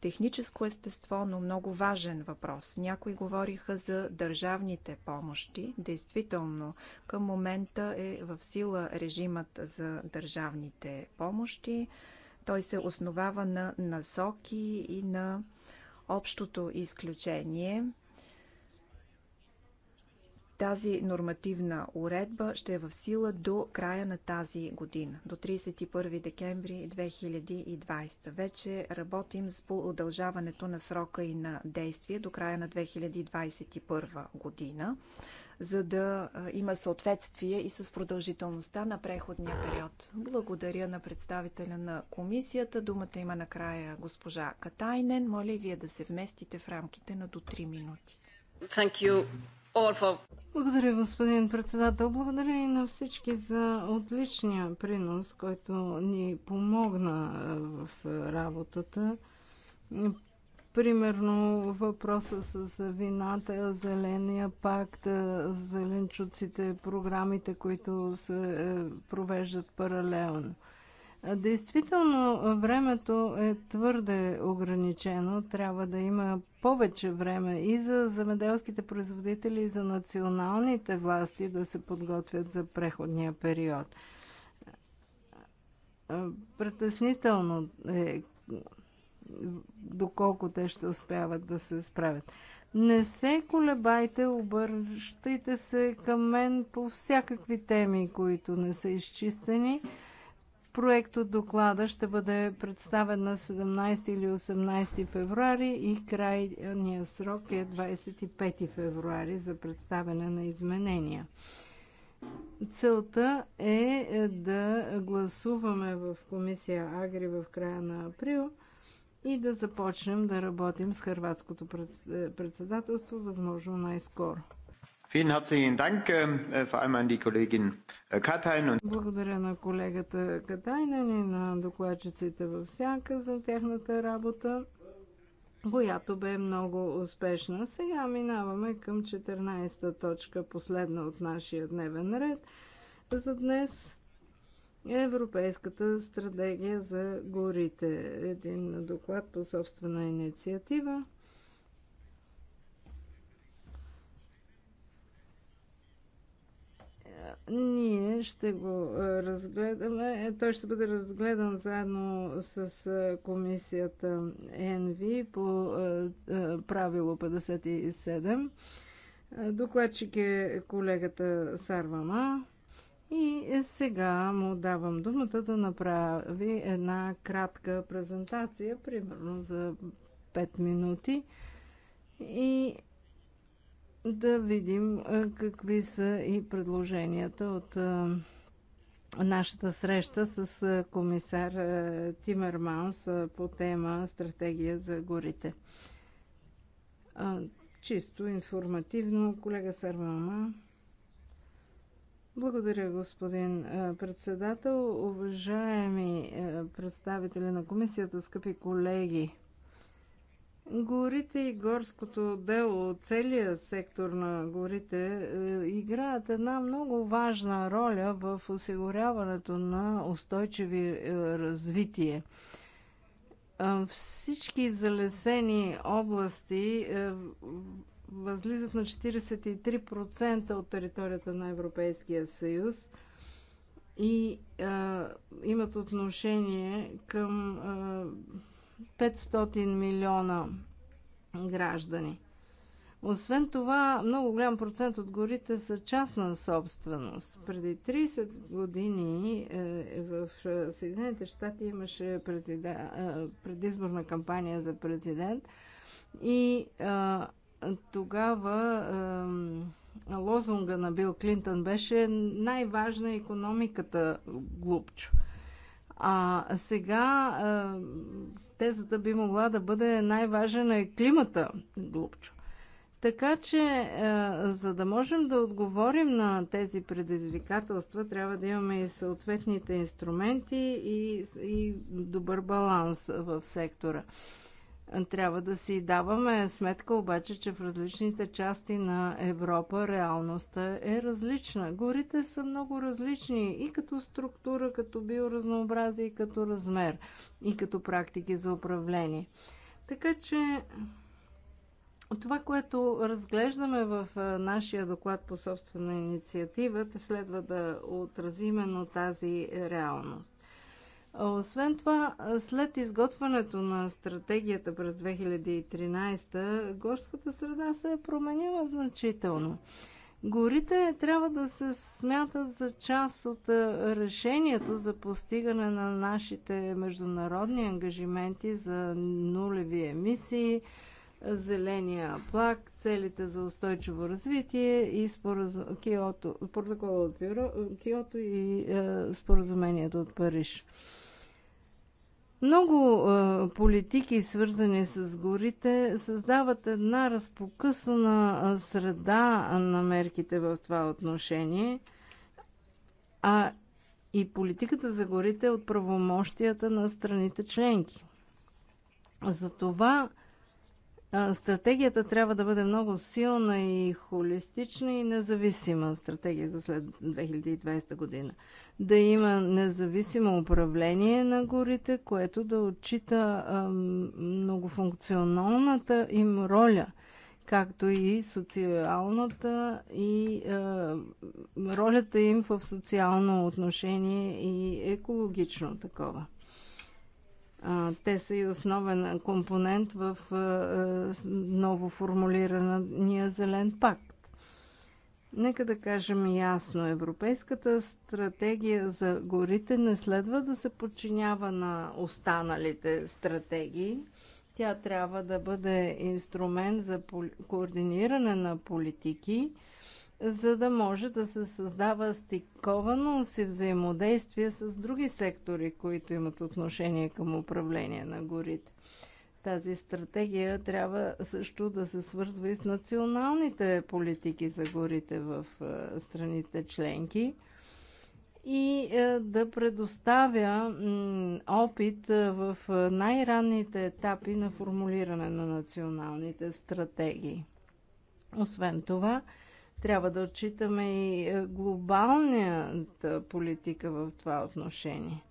техническо естество, но много важен въпрос. Някои говориха за държавните помощи. Действително, към момента е в сила режимът за държавните помощи. Той се основава на насоки и на общото изключение. Тази нормативна уредба ще е в сила до края на тази година, до 31 декември 2020. Вече работим с удължаването на срока и на действие до края на 2021 година за да има съответствие и с продължителността на преходния период. Благодаря на представителя на комисията. Думата има накрая госпожа Катайнен. Моля и вие
да се вместите в рамките на до 3 минути. Благодаря, господин председател. Благодаря и на всички за отличния принос, който ни помогна в работата Примерно въпроса с вината, зеления пакт, е, зеленчуците, програмите, които се е, провеждат паралелно. Действително времето е твърде ограничено. Трябва да има повече време и за земеделските производители, и за националните власти да се подготвят за преходния период. Претеснително. е доколко те ще успяват да се справят. Не се колебайте, обръщайте се към мен по всякакви теми, които не са изчистени. Проект от доклада ще бъде представен на 17 или 18 февруари и крайния срок е 25 февруари за представяне на изменения. Целта е да гласуваме в комисия Агри в края на април – и да започнем да работим с хърватското е, председателство възможно най-скоро.
Äh, äh,
Благодаря на колегата Катайнен и на докладчиците в Сянка за тяхната работа, която бе много успешна. Сега минаваме към 14-та точка, последна от нашия дневен ред за днес – Европейската стратегия за горите. Един доклад по собствена инициатива. Ние ще го разгледаме. Той ще бъде разгледан заедно с комисията НВ по правило 57. Докладчик е колегата Сарвама. И сега му давам думата да направи една кратка презентация, примерно за 5 минути. И да видим какви са и предложенията от нашата среща с комисар Тимерманс по тема Стратегия за горите. Чисто информативно, колега Сармама. Благодаря, господин председател. Уважаеми представители на комисията, скъпи колеги, горите и горското дело, целият сектор на горите е, играят една много важна роля в осигуряването на устойчиви е, развитие. Всички залесени области е, възлизат на 43% от територията на Европейския съюз и а, имат отношение към а, 500 милиона граждани. Освен това, много голям процент от горите са частна собственост. Преди 30 години е, е, в Съединените щати имаше е, предизборна кампания за президент и тогава е, лозунга на Бил Клинтън беше най-важна економиката, глупчо. А сега е, тезата би могла да бъде най-важен е климата, глупчо. Така че, е, за да можем да отговорим на тези предизвикателства, трябва да имаме и съответните инструменти и, и добър баланс в сектора. Трябва да си даваме сметка обаче, че в различните части на Европа реалността е различна. Горите са много различни и като структура, като биоразнообразие, и като размер, и като практики за управление. Така че това, което разглеждаме в нашия доклад по собствена инициатива, следва да отразиме на тази е, реалност. Освен това, след изготвянето на стратегията през 2013, горската среда се е променила значително. Горите трябва да се смятат за част от е, решението за постигане на нашите международни ангажименти за нулеви емисии, зеления плак, целите за устойчиво развитие и споразум... Киото, протокола от Киото и е, споразумението от Париж. Много е, политики, свързани с горите, създават една разпокъсана среда на мерките в това отношение, а и политиката за горите е от правомощията на страните членки. Затова Стратегията трябва да бъде много силна и холистична и независима стратегия за след 2020 година. Да има независимо управление на горите, което да отчита многофункционалната им роля, както и социалната и ролята им в социално отношение и екологично такова. Те са и основен компонент в ново формулирания зелен пакт. Нека да кажем ясно, Европейската стратегия за горите не следва да се подчинява на останалите стратегии. Тя трябва да бъде инструмент за координиране на политики – за да може да се създава стикованост и взаимодействие с други сектори, които имат отношение към управление на горите. Тази стратегия трябва също да се свързва и с националните политики за горите в е, страните членки и е, да предоставя опит е, в най-ранните етапи на формулиране на националните стратегии. Освен това, трябва да отчитаме и е, глобалната е, политика в това отношение.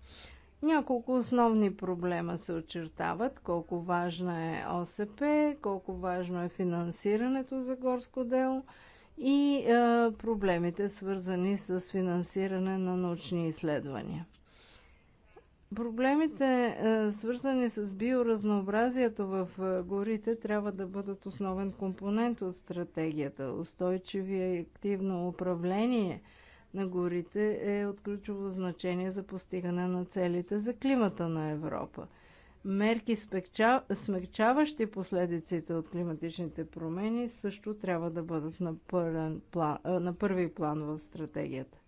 Няколко основни проблема се очертават. Колко важна е ОСП, колко важно е финансирането за горско дело и е, проблемите свързани с финансиране на научни изследвания. Проблемите, е, свързани с биоразнообразието в е, горите, трябва да бъдат основен компонент от стратегията. Устойчивия и активно управление на горите е от ключово значение за постигане на целите за климата на Европа. Мерки, смягчаващи последиците от климатичните промени, също трябва да бъдат на, е, на първи план в стратегията.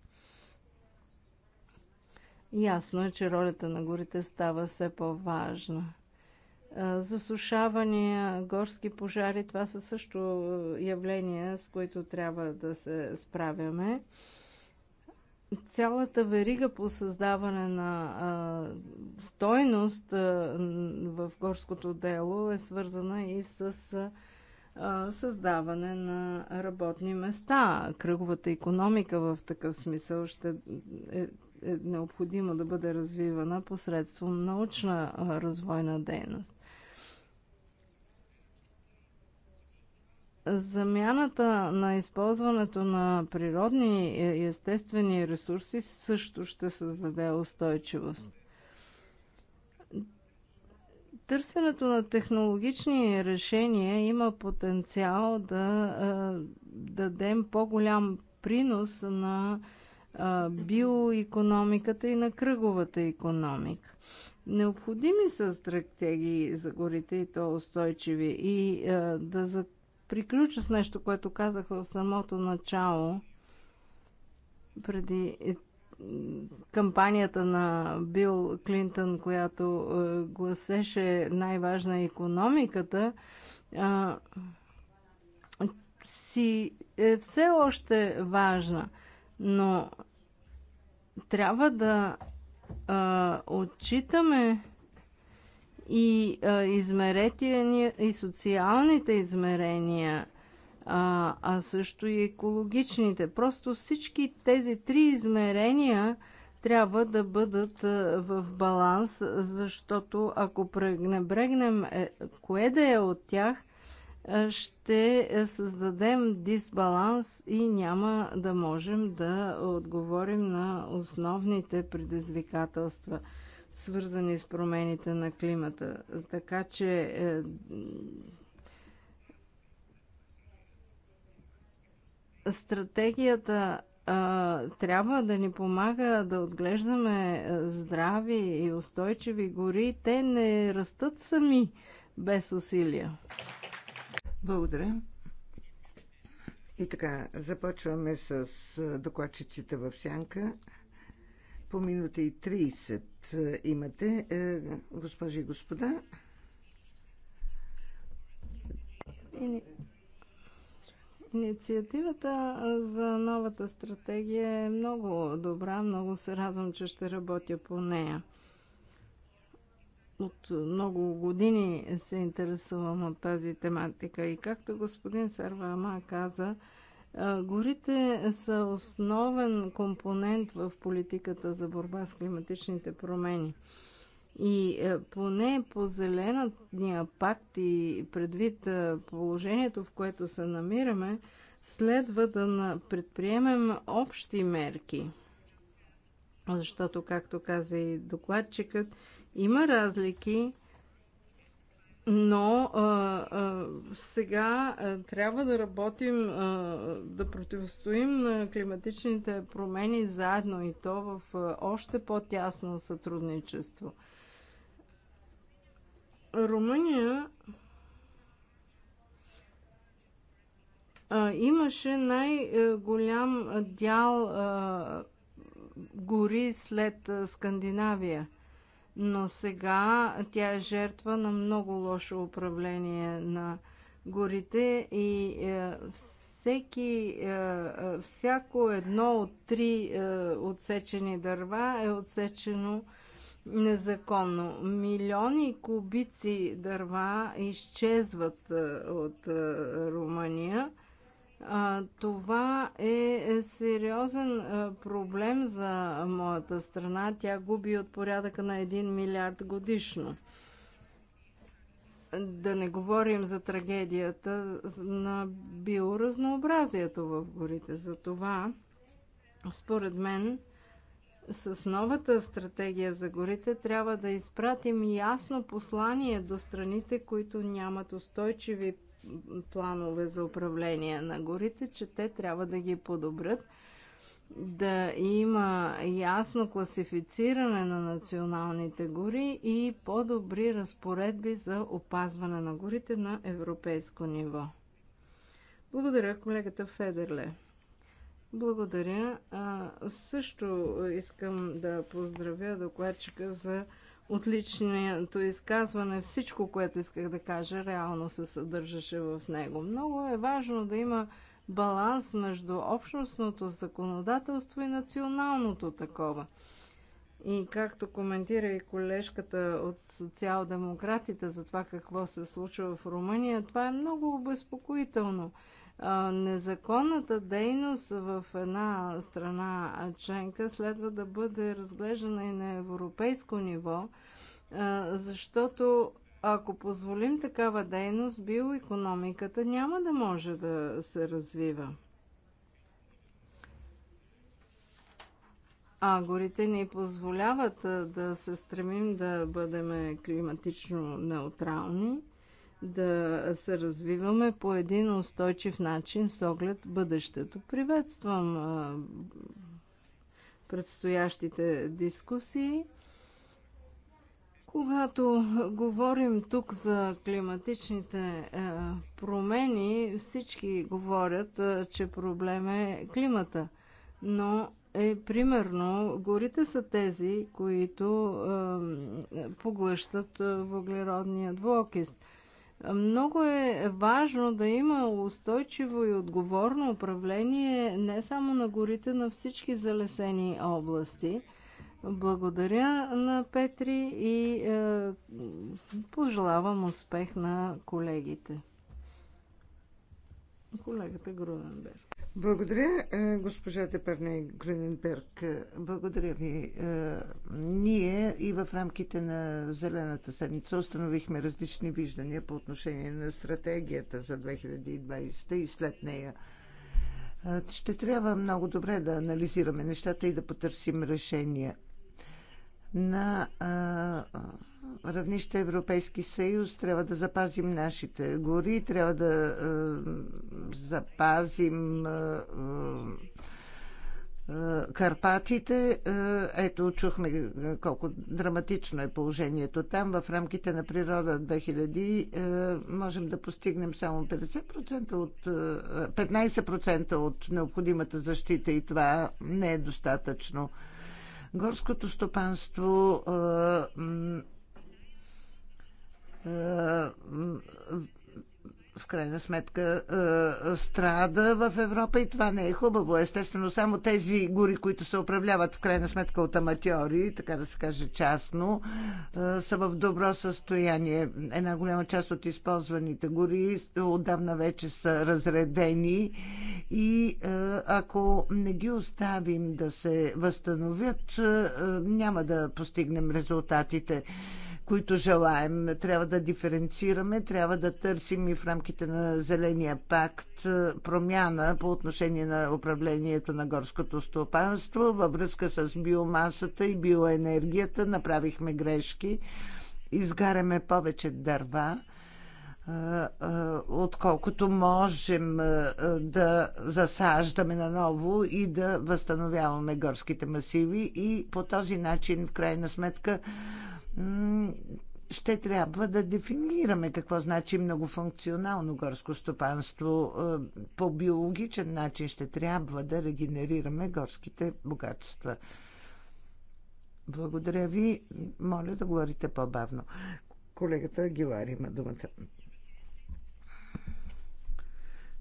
Ясно е, че ролята на горите става все по-важна. Засушавания, горски пожари, това са също явления, с които трябва да се справяме. Цялата верига по създаване на а, стойност а, в горското дело е свързана и с а, създаване на работни места. Кръговата економика в такъв смисъл ще е е необходимо да бъде развивана посредством научна развойна дейност. Замяната на използването на природни и естествени ресурси също ще създаде устойчивост. Търсенето на технологични решения има потенциал да дадем по-голям принос на биоекономиката и на кръговата економика. Необходими са стратегии за горите и то устойчиви. И а, да за... приключа с нещо, което казах в самото начало, преди е, кампанията на Бил Клинтън, която а, гласеше най-важна е економиката, а, си е все още важна – но трябва да а, отчитаме и а, измерения, и социалните измерения, а, а също и екологичните. Просто всички тези три измерения трябва да бъдат в баланс, защото ако пренебрегнем е, кое да е от тях, е, ще е, създадем дисбаланс и няма да можем да отговорим на основните предизвикателства, свързани с промените на климата. Така че е, стратегията е, трябва да ни помага да отглеждаме здрави и устойчиви гори. Те не растат сами без усилия. Благодаря. И така, започваме
с докладчиците в сянка. По минута и 30 имате, е, госпожи и господа.
Инициативата за новата стратегия е много добра. Много се радвам, че ще работя по нея от много години се интересувам от тази тематика и както господин Сарвама каза, горите са основен компонент в политиката за борба с климатичните промени. И поне по зеления пакт и предвид положението, в което се намираме, следва да предприемем общи мерки. Защото, както каза и докладчикът, има разлики, но а, а, сега а, трябва да работим, а, да противостоим на климатичните промени заедно и то в а, още по-тясно сътрудничество. Румъния а, имаше най-голям дял а, гори след Скандинавия – но сега тя е жертва на много лошо управление на горите и е, всеки, е, е, всяко едно от три отсечени дърва е отсечено незаконно. Милиони кубици дърва изчезват от Румъния това е сериозен проблем за моята страна. Тя губи от порядъка на 1 милиард годишно. Да не говорим за трагедията на биоразнообразието в горите. За това, според мен, с новата стратегия за горите трябва да изпратим ясно послание до страните, които нямат устойчиви планове за управление на горите, че те трябва да ги подобрят, да има ясно класифициране на националните гори и по-добри разпоредби за опазване на горите на европейско ниво. Благодаря, колегата Федерле. Благодаря. А, също искам да поздравя докладчика за отличното изказване, всичко, което исках да кажа, реално се съдържаше в него. Много е важно да има баланс между общностното законодателство и националното такова. И както коментира и колежката от социал-демократите за това какво се случва в Румъния, това е много обезпокоително незаконната дейност в една страна членка следва да бъде разглеждана и на европейско ниво, защото ако позволим такава дейност, биоекономиката няма да може да се развива. А горите ни позволяват да се стремим да бъдем климатично неутрални – да се развиваме по един устойчив начин с оглед бъдещето. Приветствам предстоящите дискусии. Когато говорим тук за климатичните промени, всички говорят, че проблем е климата. Но е примерно горите са тези, които е, поглъщат въглеродният двуокис. Много е важно да има устойчиво и отговорно управление не само на горите, на всички залесени области. Благодаря на Петри и е, пожелавам успех на колегите. Колегата Груденберг. Благодаря, е, госпожа
Тепарне Грюненберг. Благодаря ви. Е, ние и в рамките на Зелената седмица установихме различни виждания по отношение на стратегията за 2020 и след нея. Е, ще трябва много добре да анализираме нещата и да потърсим решения на равнище Европейски съюз трябва да запазим нашите гори, трябва да е, запазим. Е, е Карпатите. Е, ето, чухме колко драматично е положението там. В рамките на природа 2000 е, можем да постигнем само 50% от, 15% от необходимата защита и това не е достатъчно. Горското стопанство е, в крайна сметка э, страда в Европа и това не е хубаво. Естествено, само тези гори, които се управляват в крайна сметка от аматьори, така да се каже частно, э, са в добро състояние. Една голяма част от използваните гори отдавна вече са разредени и э, ако не ги оставим да се възстановят, няма да постигнем резултатите които желаем. Трябва да диференцираме, трябва да търсим и в рамките на Зеления пакт е, промяна по отношение на управлението на горското стопанство във връзка с биомасата и биоенергията. Направихме грешки. Изгаряме повече дърва е, е, отколкото можем да засаждаме наново и да възстановяваме горските масиви и по този начин в крайна сметка ще трябва да дефинираме какво значи многофункционално горско стопанство. Е, по биологичен начин ще трябва да регенерираме горските богатства. Благодаря ви. Моля да говорите по-бавно. Колегата Гилари има думата.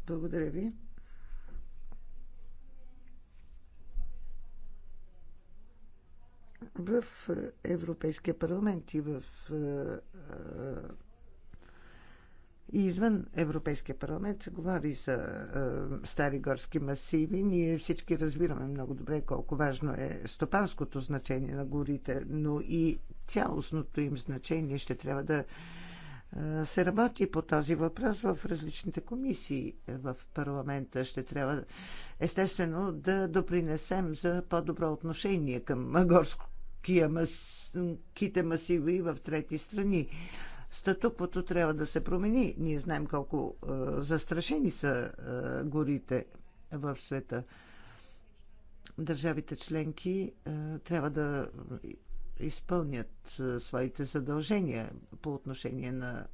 Благодаря ви. в Европейския парламент и в е, е, и извън Европейския парламент се говори за а, е, стари горски масиви. Ние всички разбираме много добре колко важно е стопанското значение на горите, но и цялостното им значение ще трябва да а, се работи по този въпрос в различните комисии в парламента. Ще трябва естествено да допринесем за по-добро отношение към горско, ките масиви в трети страни. Статуквото трябва да се промени. Ние знаем колко е, застрашени са е, горите в света. Държавите членки е, трябва да изпълнят е, своите задължения по отношение на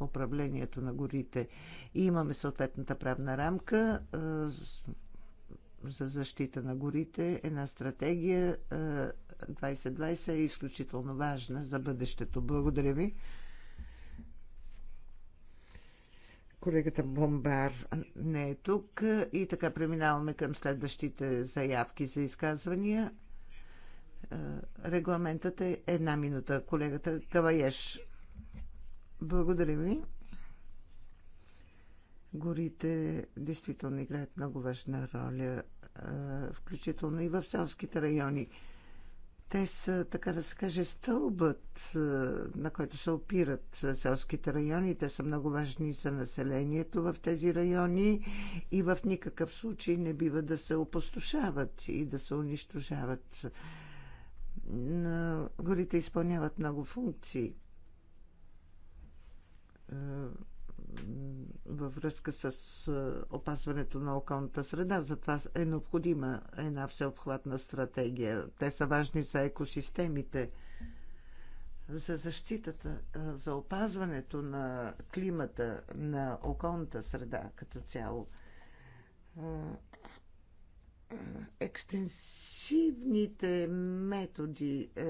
управлението на горите. И имаме съответната правна рамка е, за защита на горите, една стратегия е, 2020 е изключително важна за бъдещето. Благодаря ви. Колегата Бомбар не е тук и така преминаваме към следващите заявки за изказвания. Е, регламентът е една минута. Колегата Каваеш. Благодаря ви. Горите действително играят много важна роля, е, включително и в селските райони. Те са, така да се каже, стълбът, е, на който се опират селските райони. Те са много важни за населението в тези райони и в никакъв случай не бива да се опустошават и да се унищожават. Е, горите изпълняват много функции е, във връзка с опазването на околната среда. Затова е необходима една всеобхватна стратегия. Те са важни за екосистемите, за защитата, за опазването на климата, на околната среда като цяло екстенсивните методи е,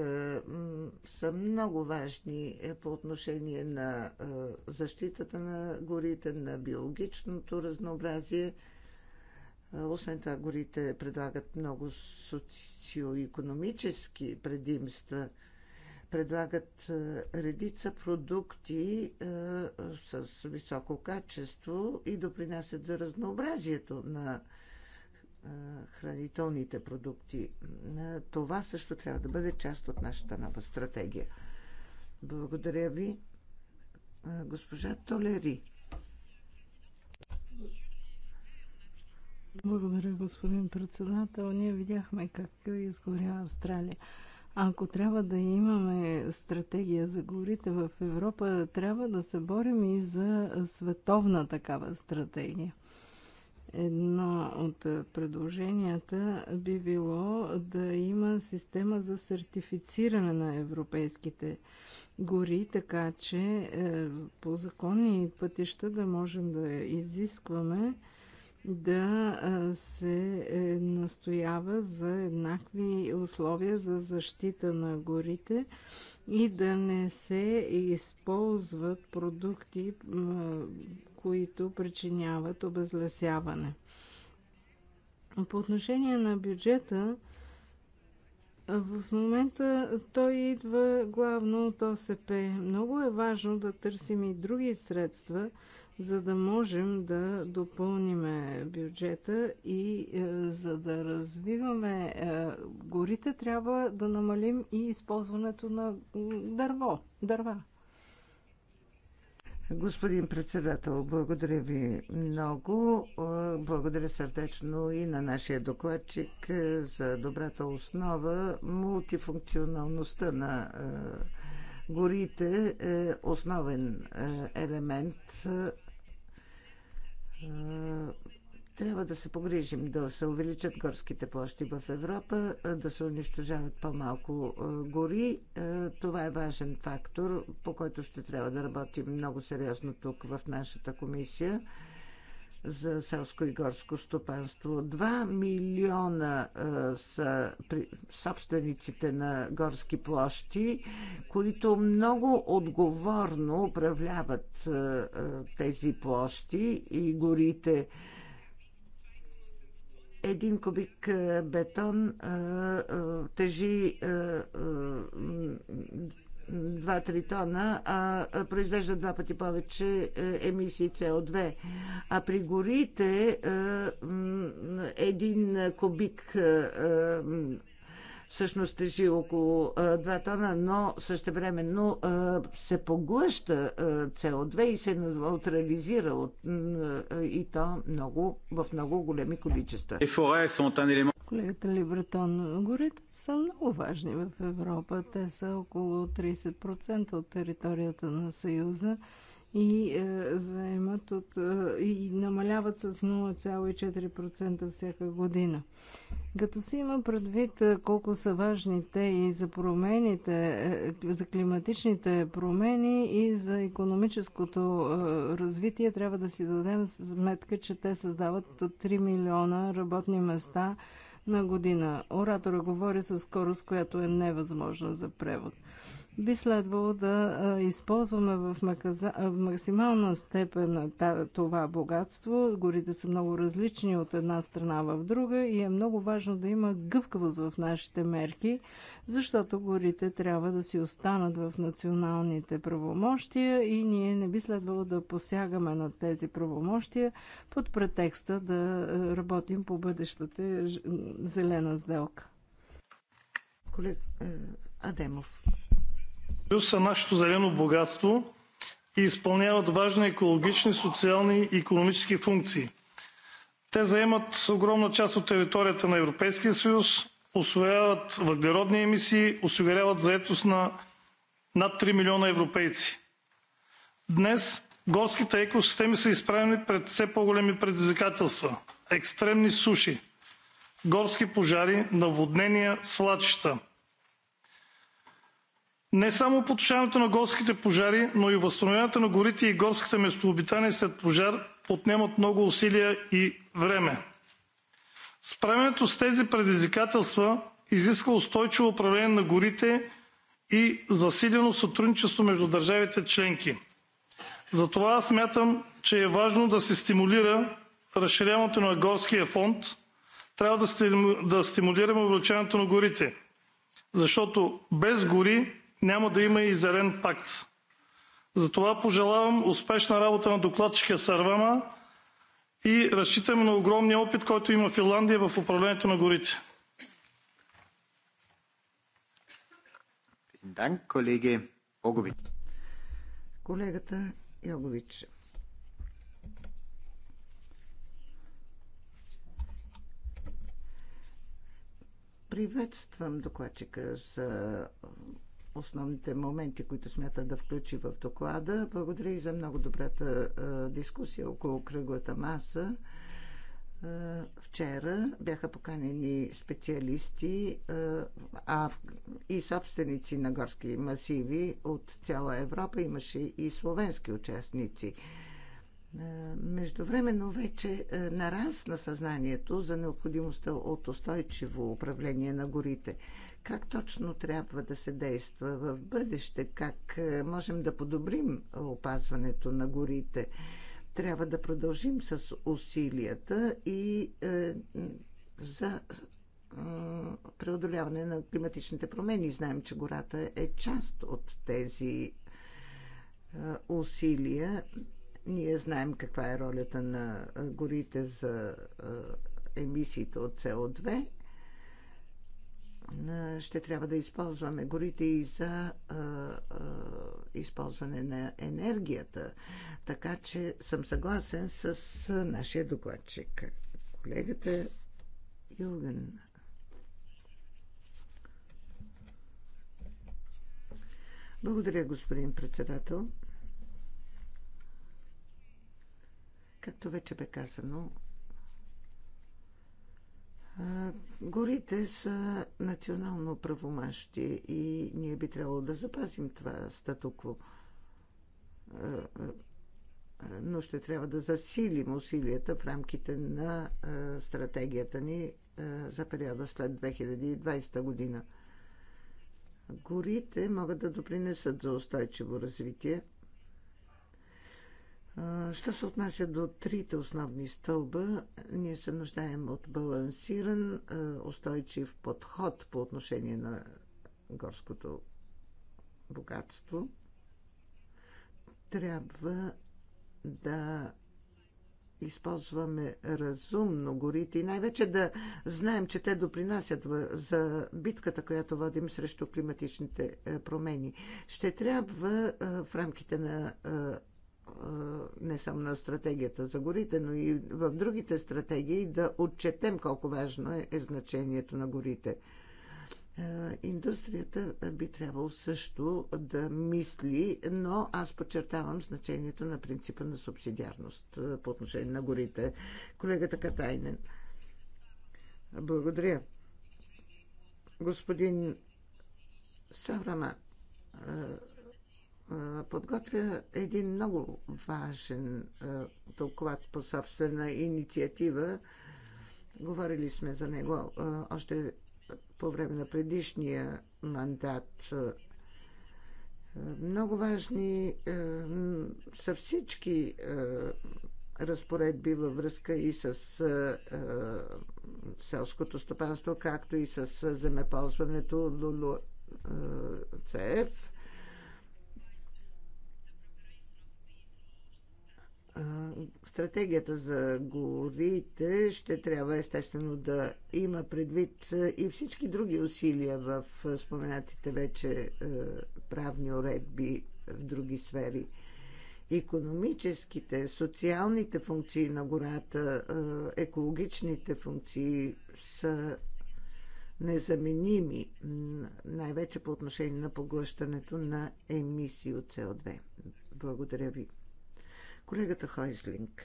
са много важни е, по отношение на е, защитата на горите, на биологичното разнообразие. Е, освен това, горите предлагат много социо-економически предимства. Предлагат е, редица продукти е, с високо качество и допринасят за разнообразието на е, хранителните продукти. Това също трябва да бъде част от нашата нова стратегия. Благодаря ви, госпожа Толери.
Благодаря, господин председател. Ние видяхме как изгоря Австралия. Ако трябва да имаме стратегия за горите в Европа, трябва да се борим и за световна такава стратегия. Едно от е, предложенията би било да има система за сертифициране на европейските гори, така че е, по законни пътища да можем да изискваме да е, се настоява за еднакви условия за защита на горите и да не се използват продукти, които причиняват обезлесяване. По отношение на бюджета, в момента той идва главно от ОСП. Много е важно да търсим и други средства, за да можем да допълним бюджета и е, за да развиваме е, горите, трябва да намалим и използването на дърво, дърва.
Господин председател, благодаря ви много. Е, благодаря сърдечно и на нашия докладчик е, за добрата основа. Мултифункционалността на е, горите е основен елемент трябва да се погрижим да се увеличат горските площи в Европа, да се унищожават по-малко гори. Това е важен фактор, по който ще трябва да работим много сериозно тук в нашата комисия за селско и горско стопанство. Два милиона а, са при, собствениците на горски площи, които много отговорно управляват а, а, тези площи и горите. А, един кубик е, бетон е, е, тежи 2-3 тона, а произвежда два пъти повече емисии CO2. А при горите един кубик всъщност тежи около 2 тона, но също но, се поглъща CO2 и се неутрализира
от, и то много, в много големи количества. Колегата Либретон, горите са много важни в Европа. Те са около 30% от територията на Съюза и е, заемат от, е, и намаляват с 0,4% всяка година. Като си има предвид е, колко са важни те и за промените, е, е, за климатичните промени и за економическото развитие, трябва да си дадем сметка, че те създават от 3 милиона работни места на година. Оратора говори със скорост, която е невъзможна за превод би следвало да използваме в максимална степен това богатство. Горите са много различни от една страна в друга и е много важно да има гъвкавост в нашите мерки, защото горите трябва да си останат в националните правомощия и ние не би следвало да посягаме на тези правомощия под претекста да работим по бъдещата зелена сделка. Колег Адемов.
Плюс са нашето зелено богатство и изпълняват важни екологични, социални и економически функции. Те заемат огромна част от територията на Европейския съюз, освояват въглеродни емисии, осигуряват заетост на над 3 милиона европейци. Днес горските екосистеми са изправени пред все по-големи предизвикателства – екстремни суши, горски пожари, наводнения, свлачища. Не само потушаването на горските пожари, но и възстановяването на горите и горските местообитания след пожар отнемат много усилия и време. Справянето с тези предизвикателства изисква устойчиво управление на горите и засилено сътрудничество между държавите членки. Затова аз смятам, че е важно да се стимулира разширяването на горския фонд. Трябва да стимулираме увеличаването на горите, защото без гори няма да има и зелен пакт. Затова пожелавам успешна работа на докладчика Сървама и разчитам на огромния опит, който има Финландия в управлението на горите.
Dank, колеги Богович.
Колегата Йогович. Приветствам докладчика за основните моменти, които смята да включи в доклада. Благодаря и за много добрата дискусия около кръглата маса. Вчера бяха поканени специалисти а и собственици на горски масиви от цяла Европа. Имаше и словенски участници. Междувременно вече нарасна съзнанието за необходимостта от устойчиво управление на горите. Как точно трябва да се действа в бъдеще? Как е, можем да подобрим опазването на горите? Трябва да продължим с усилията и е, за преодоляване на климатичните промени. Знаем, че гората е част от тези е, усилия. Ние знаем каква е ролята на е, горите за емисиите от СО2 ще трябва да използваме горите и за а, а, използване на енергията. Така че съм съгласен с нашия докладчик. Колегата Юген. Благодаря, господин председател. Както вече бе казано, Горите са национално правомащи и ние би трябвало да запазим това статукво. Но ще трябва да засилим усилията в рамките на стратегията ни за периода след 2020 година. Горите могат да допринесат за устойчиво развитие – Що се отнася до трите основни стълба, ние се нуждаем от балансиран, устойчив подход по отношение на горското богатство. Трябва да използваме разумно горите и най-вече да знаем, че те допринасят за битката, която водим срещу климатичните промени. Ще трябва в рамките на е, не само на стратегията за горите, но и в другите стратегии да отчетем колко важно е, е значението на горите. Е, индустрията би трябвало също да мисли, но аз подчертавам значението на принципа на субсидиарност е, по отношение на горите. Колегата Катайнен. Благодаря. Господин Саврама, подготвя един много важен доклад по собствена инициатива. Говорили сме за него още по време на предишния мандат. Много важни са всички разпоредби във връзка и с селското стопанство, както и с земеползването ЛУЛУ Стратегията за горите ще трябва естествено да има предвид и всички други усилия в споменатите вече правни уредби в други сфери. Економическите, социалните функции на гората, екологичните функции са незаменими, най-вече по отношение на поглъщането на емисии от СО2. Благодаря ви колегата Хойзлинг.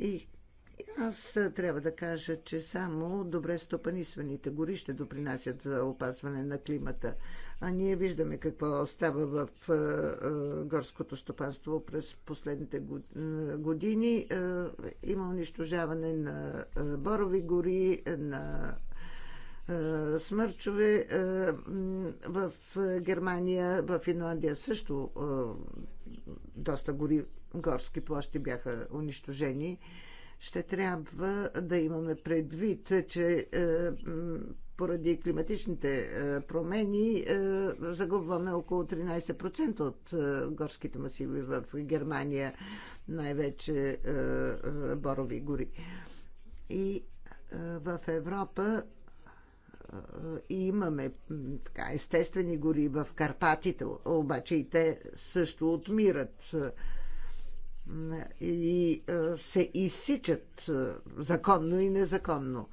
И аз трябва да кажа, че само добре стопанисваните гори ще допринасят за опазване на климата. А ние виждаме какво става в горското стопанство през последните години. Има унищожаване на борови гори, на е, смърчове е, в Германия, в Финландия също е, доста гори, горски площи бяха унищожени. Ще трябва да имаме предвид, че поради климатичните промени загубваме около 13% от горските масиви в Германия, най-вече борови гори. И в Европа и имаме така, естествени гори в Карпатите, обаче и те също отмират и се изсичат законно и незаконно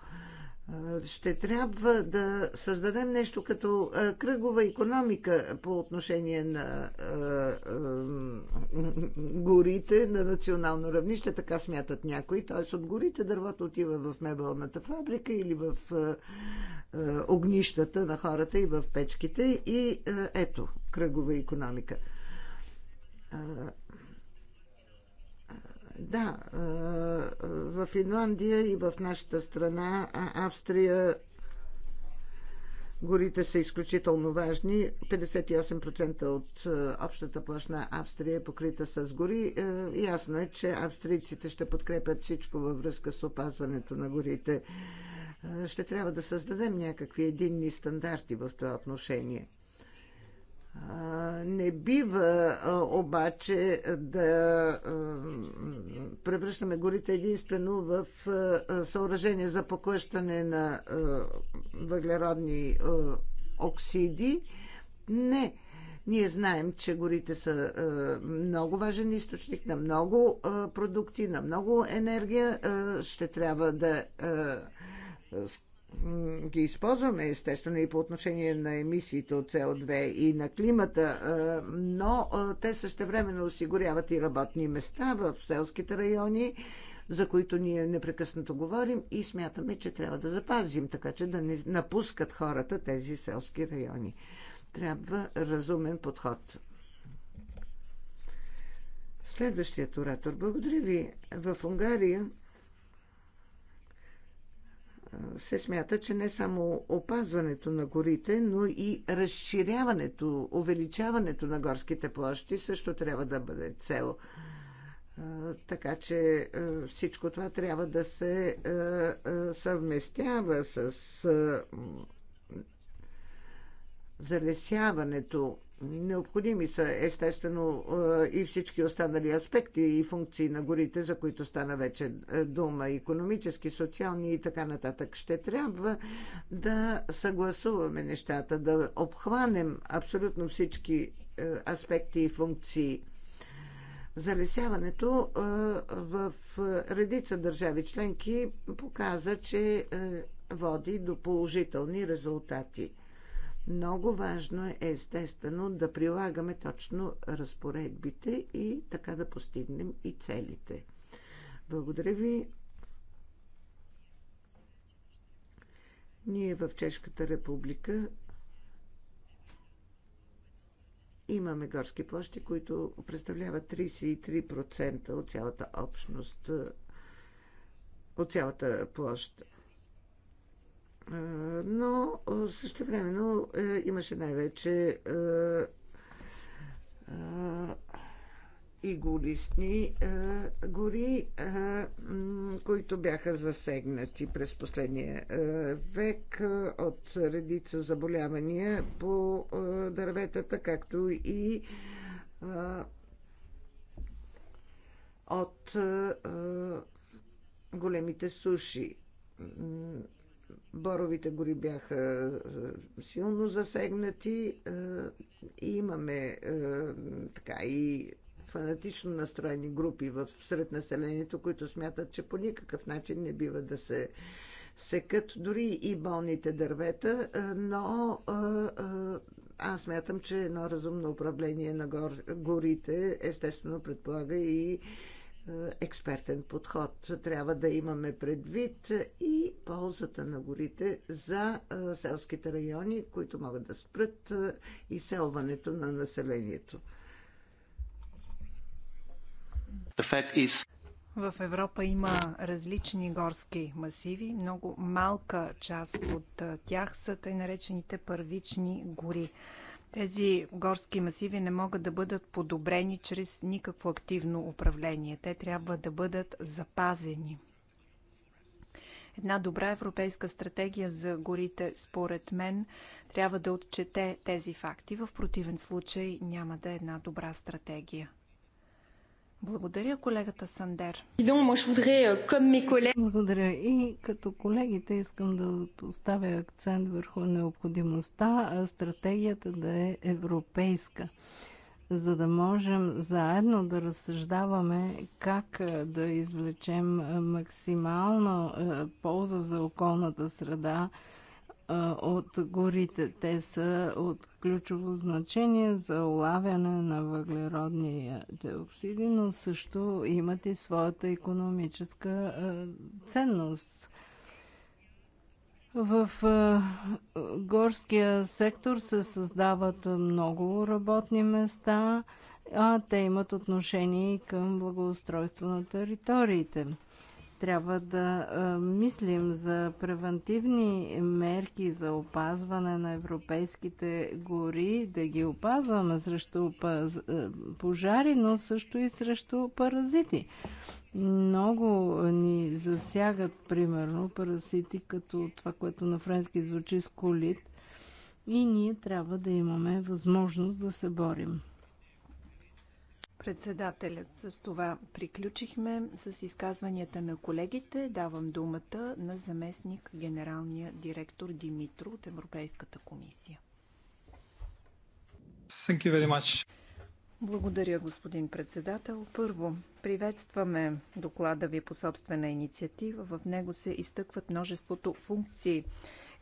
ще трябва да създадем нещо като кръгова економика по отношение на горите на национално равнище, така смятат някои. Т.е. от горите дървото отива в мебелната фабрика или в огнищата на хората и в печките. И ето, кръгова економика. Да, в Финландия и в нашата страна, Австрия, горите са изключително важни. 58% от общата площ на Австрия е покрита с гори. Ясно е, че австрийците ще подкрепят всичко във връзка с опазването на горите. Ще трябва да създадем някакви единни стандарти в това отношение. Не бива обаче да превръщаме горите единствено в съоръжение за поклъщане на въглеродни оксиди. Не. Ние знаем, че горите са много важен източник на много продукти, на много енергия. ще трябва да е, ги използваме естествено и по отношение на емисиите от СО2 и на климата, но те същевременно осигуряват и работни места в селските райони, за които ние непрекъснато говорим и смятаме, че трябва да запазим, така че да не напускат хората тези селски райони. Трябва разумен подход. Следващият оратор. Благодаря ви. В Унгария се смята, че не само опазването на горите, но и разширяването, увеличаването на горските площи също трябва да бъде цел. Така че всичко това трябва да се съвместява с залесяването Необходими са естествено е, и всички останали аспекти и функции на горите, за които стана вече е, дума, економически, социални и така нататък. Ще трябва да съгласуваме нещата, да обхванем абсолютно всички е, аспекти и функции. Залесяването в редица държави членки показа, че води до положителни резултати – много важно е естествено да прилагаме точно разпоредбите и така да постигнем и целите. Благодаря ви. Ние в Чешката република имаме горски площи, които представляват 33% от цялата общност, от цялата площ но също времено е, имаше най-вече и е, иголистни е, гори, които бяха засегнати през последния век от редица заболявания по дърветата, както и от големите суши Боровите гори бяха е, силно засегнати е, и имаме е, така и фанатично настроени групи в сред населението, които смятат, че по никакъв начин не бива да се секат дори и болните дървета, но аз смятам, че едно разумно управление на горите естествено предполага и е, експертен подход. Трябва да имаме предвид и ползата на горите за е, селските райони, които могат да спрат е, изселването на населението.
В Европа има различни горски масиви. Много малка част от тях са тъй наречените първични гори. Тези горски масиви не могат да бъдат подобрени чрез никакво активно управление. Те трябва да бъдат запазени. Една добра европейска стратегия за горите, според мен, трябва да отчете тези факти. В противен случай няма да е една добра стратегия. Благодаря, колегата Сандер.
Euh, Благодаря. И като колегите искам да поставя акцент върху необходимостта стратегията да е европейска, за да можем заедно да разсъждаваме как да извлечем максимална полза за околната среда от горите. Те са от ключово значение за улавяне на въглеродния диоксиди, но също имат и своята економическа ценност. В горския сектор се създават много работни места, а те имат отношение и към благоустройство на териториите. Трябва да мислим за превентивни мерки за опазване на европейските гори, да ги опазваме срещу пожари, но също и срещу паразити. Много ни засягат, примерно, паразити, като това, което на френски звучи с колит. И ние трябва да имаме възможност да се борим.
Председателят с това приключихме с изказванията на колегите. Давам думата на заместник генералния директор Димитро от Европейската комисия.
Thank you very much.
Благодаря, господин председател. Първо, приветстваме доклада ви по собствена инициатива. В него се изтъкват множеството функции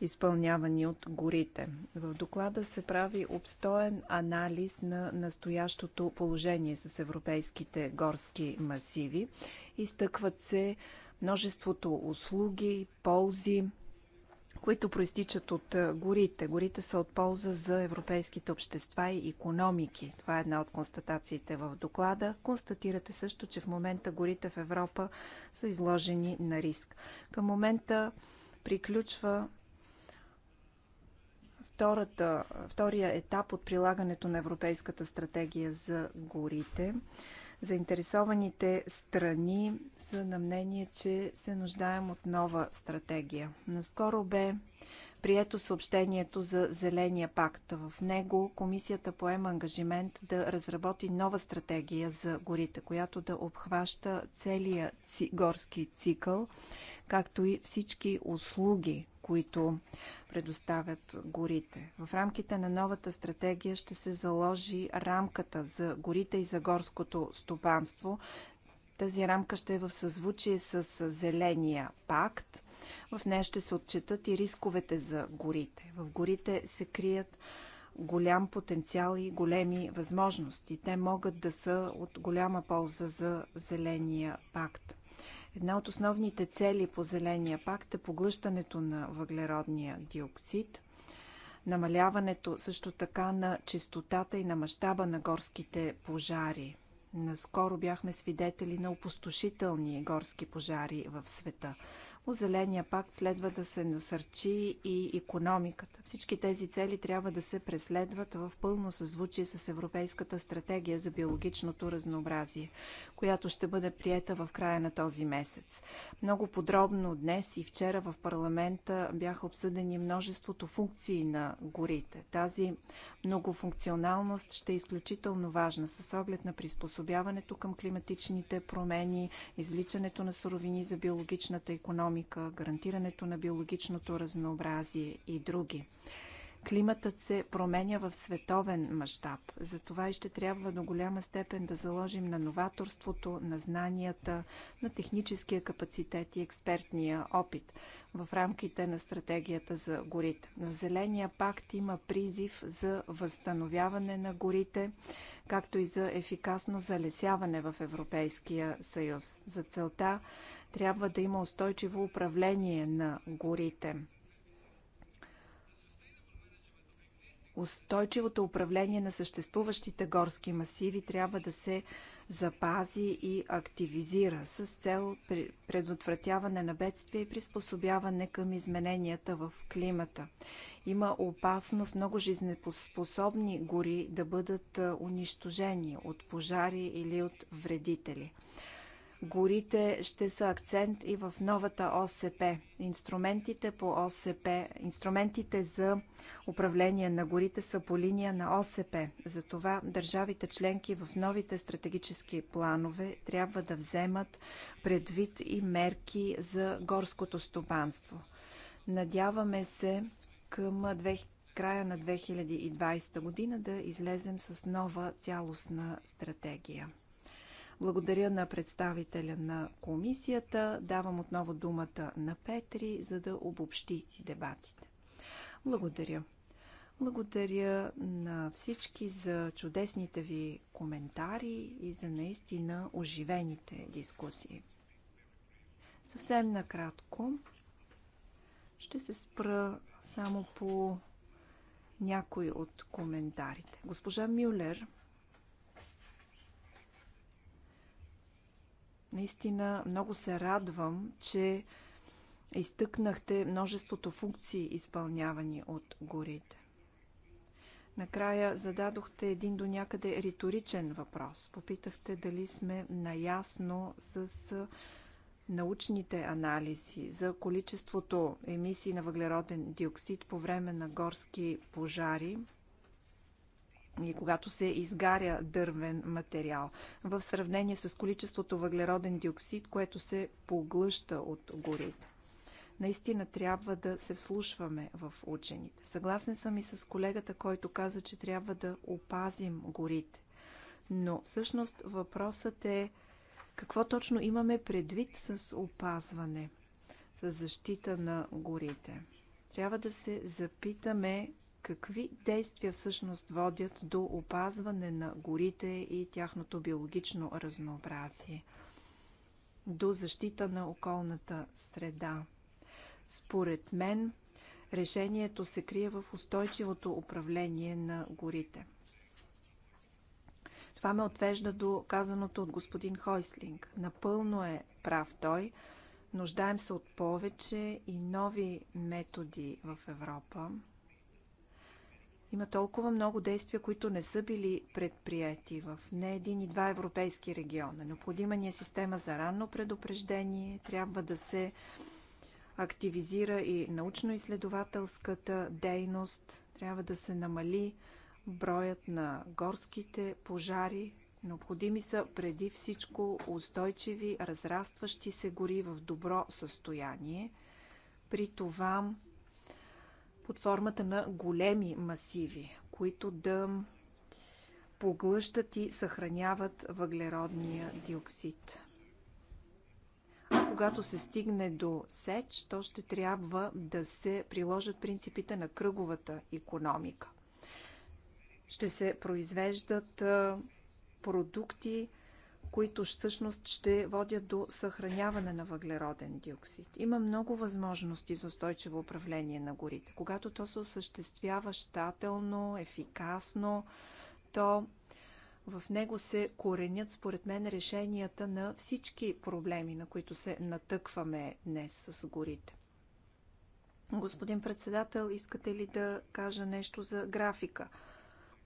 изпълнявани от горите. В доклада се прави обстоен анализ на настоящото положение с европейските горски масиви. Изтъкват се множеството услуги, ползи, които проистичат от горите. Горите са от полза за европейските общества и економики. Това е една от констатациите в доклада. Констатирате също, че в момента горите в Европа са изложени на риск. Към момента приключва втората, втория етап от прилагането на Европейската стратегия за горите. Заинтересованите страни са на мнение, че се нуждаем от нова стратегия. Наскоро бе прието съобщението за Зеления пакт. В него комисията поема ангажимент да разработи нова стратегия за горите, която да обхваща целия горски цикъл както и всички услуги, които предоставят горите. В рамките на новата стратегия ще се заложи рамката за горите и за горското стопанство. Тази рамка ще е в съзвучие с Зеления пакт. В нея ще се отчитат и рисковете за горите. В горите се крият голям потенциал и големи възможности. Те могат да са от голяма полза за Зеления пакт. Една от основните цели по Зеления пакт е поглъщането на въглеродния диоксид, намаляването също така на чистотата и на мащаба на горските пожари. Наскоро бяхме свидетели на опустошителни горски пожари в света. По Зеления пакт следва да се насърчи и економиката. Всички тези цели трябва да се преследват в пълно съзвучие с Европейската стратегия за биологичното разнообразие, която ще бъде приета в края на този месец. Много подробно днес и вчера в парламента бяха обсъдени множеството функции на горите. Тази многофункционалност ще е изключително важна с оглед на приспособяването към климатичните промени, извличането на суровини за биологичната економика, гарантирането на биологичното разнообразие и други. Климатът се променя в световен мащаб. Затова и ще трябва до голяма степен да заложим на новаторството, на знанията, на техническия капацитет и експертния опит в рамките на стратегията за горите. На Зеления пакт има призив за възстановяване на горите, както и за ефикасно залесяване в Европейския съюз. За целта трябва да има устойчиво управление на горите устойчивото управление на съществуващите горски масиви трябва да се запази и активизира с цел предотвратяване на бедствия и приспособяване към измененията в климата. Има опасност много жизнеспособни гори да бъдат унищожени от пожари или от вредители горите ще са акцент и в новата ОСП. Инструментите по ОСП, инструментите за управление на горите са по линия на ОСП. Затова държавите членки в новите стратегически планове трябва да вземат предвид и мерки за горското стопанство. Надяваме се към края на 2020 година да излезем с нова цялостна стратегия. Благодаря на представителя на комисията. Давам отново думата на Петри, за да обобщи дебатите. Благодаря. Благодаря на всички за чудесните ви коментари и за наистина оживените дискусии. Съвсем накратко ще се спра само по някой от коментарите. Госпожа Мюлер Наистина много се радвам, че изтъкнахте множеството функции, изпълнявани от горите. Накрая зададохте един до някъде риторичен въпрос. Попитахте дали сме наясно с научните анализи за количеството емисии на въглероден диоксид по време на горски пожари и когато се изгаря дървен материал, в сравнение с количеството въглероден диоксид, което се поглъща от горите. Наистина трябва да се вслушваме в учените. Съгласен съм и с колегата, който каза, че трябва да опазим горите. Но всъщност въпросът е какво точно имаме предвид с опазване, с защита на горите. Трябва да се запитаме Какви действия всъщност водят до опазване на горите и тяхното биологично разнообразие? До защита на околната среда? Според мен, решението се крие в устойчивото управление на горите. Това ме отвежда до казаното от господин Хойслинг. Напълно е прав той. Нуждаем се от повече и нови методи в Европа, има толкова много действия, които не са били предприяти в не един и два европейски региона. Необходима ни е система за ранно предупреждение. Трябва да се активизира и научно-изследователската дейност. Трябва да се намали броят на горските пожари. Необходими са преди всичко устойчиви, разрастващи се гори в добро състояние. При това под формата на големи масиви, които да поглъщат и съхраняват въглеродния диоксид. А когато се стигне до сеч, то ще трябва да се приложат принципите на кръговата економика. Ще се произвеждат продукти, които всъщност ще водят до съхраняване на въглероден диоксид. Има много възможности за устойчиво управление на горите. Когато то се осъществява щателно, ефикасно, то в него се коренят, според мен, решенията на всички проблеми, на които се натъкваме днес с горите. Господин председател, искате ли да кажа нещо за графика?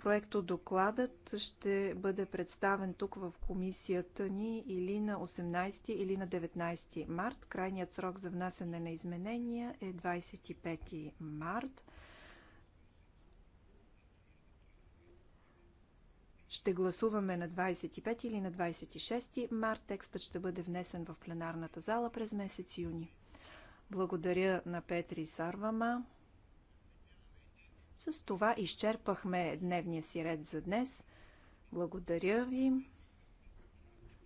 Проекто докладът ще бъде представен тук в комисията ни или на 18 или на 19 март. Крайният срок за внасяне на изменения е 25 март. Ще гласуваме на 25 или на 26 март. Текстът ще бъде внесен в пленарната зала през месец юни. Благодаря на Петри Сарвама. С това изчерпахме дневния си ред за днес. Благодаря ви.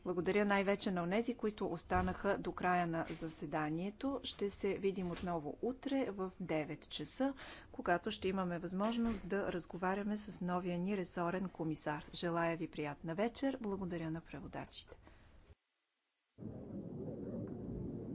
Благодаря най-вече на онези, които останаха до края на заседанието. Ще се видим отново утре в 9 часа, когато ще имаме възможност да разговаряме с новия ни ресорен комисар. Желая ви приятна вечер. Благодаря на преводачите.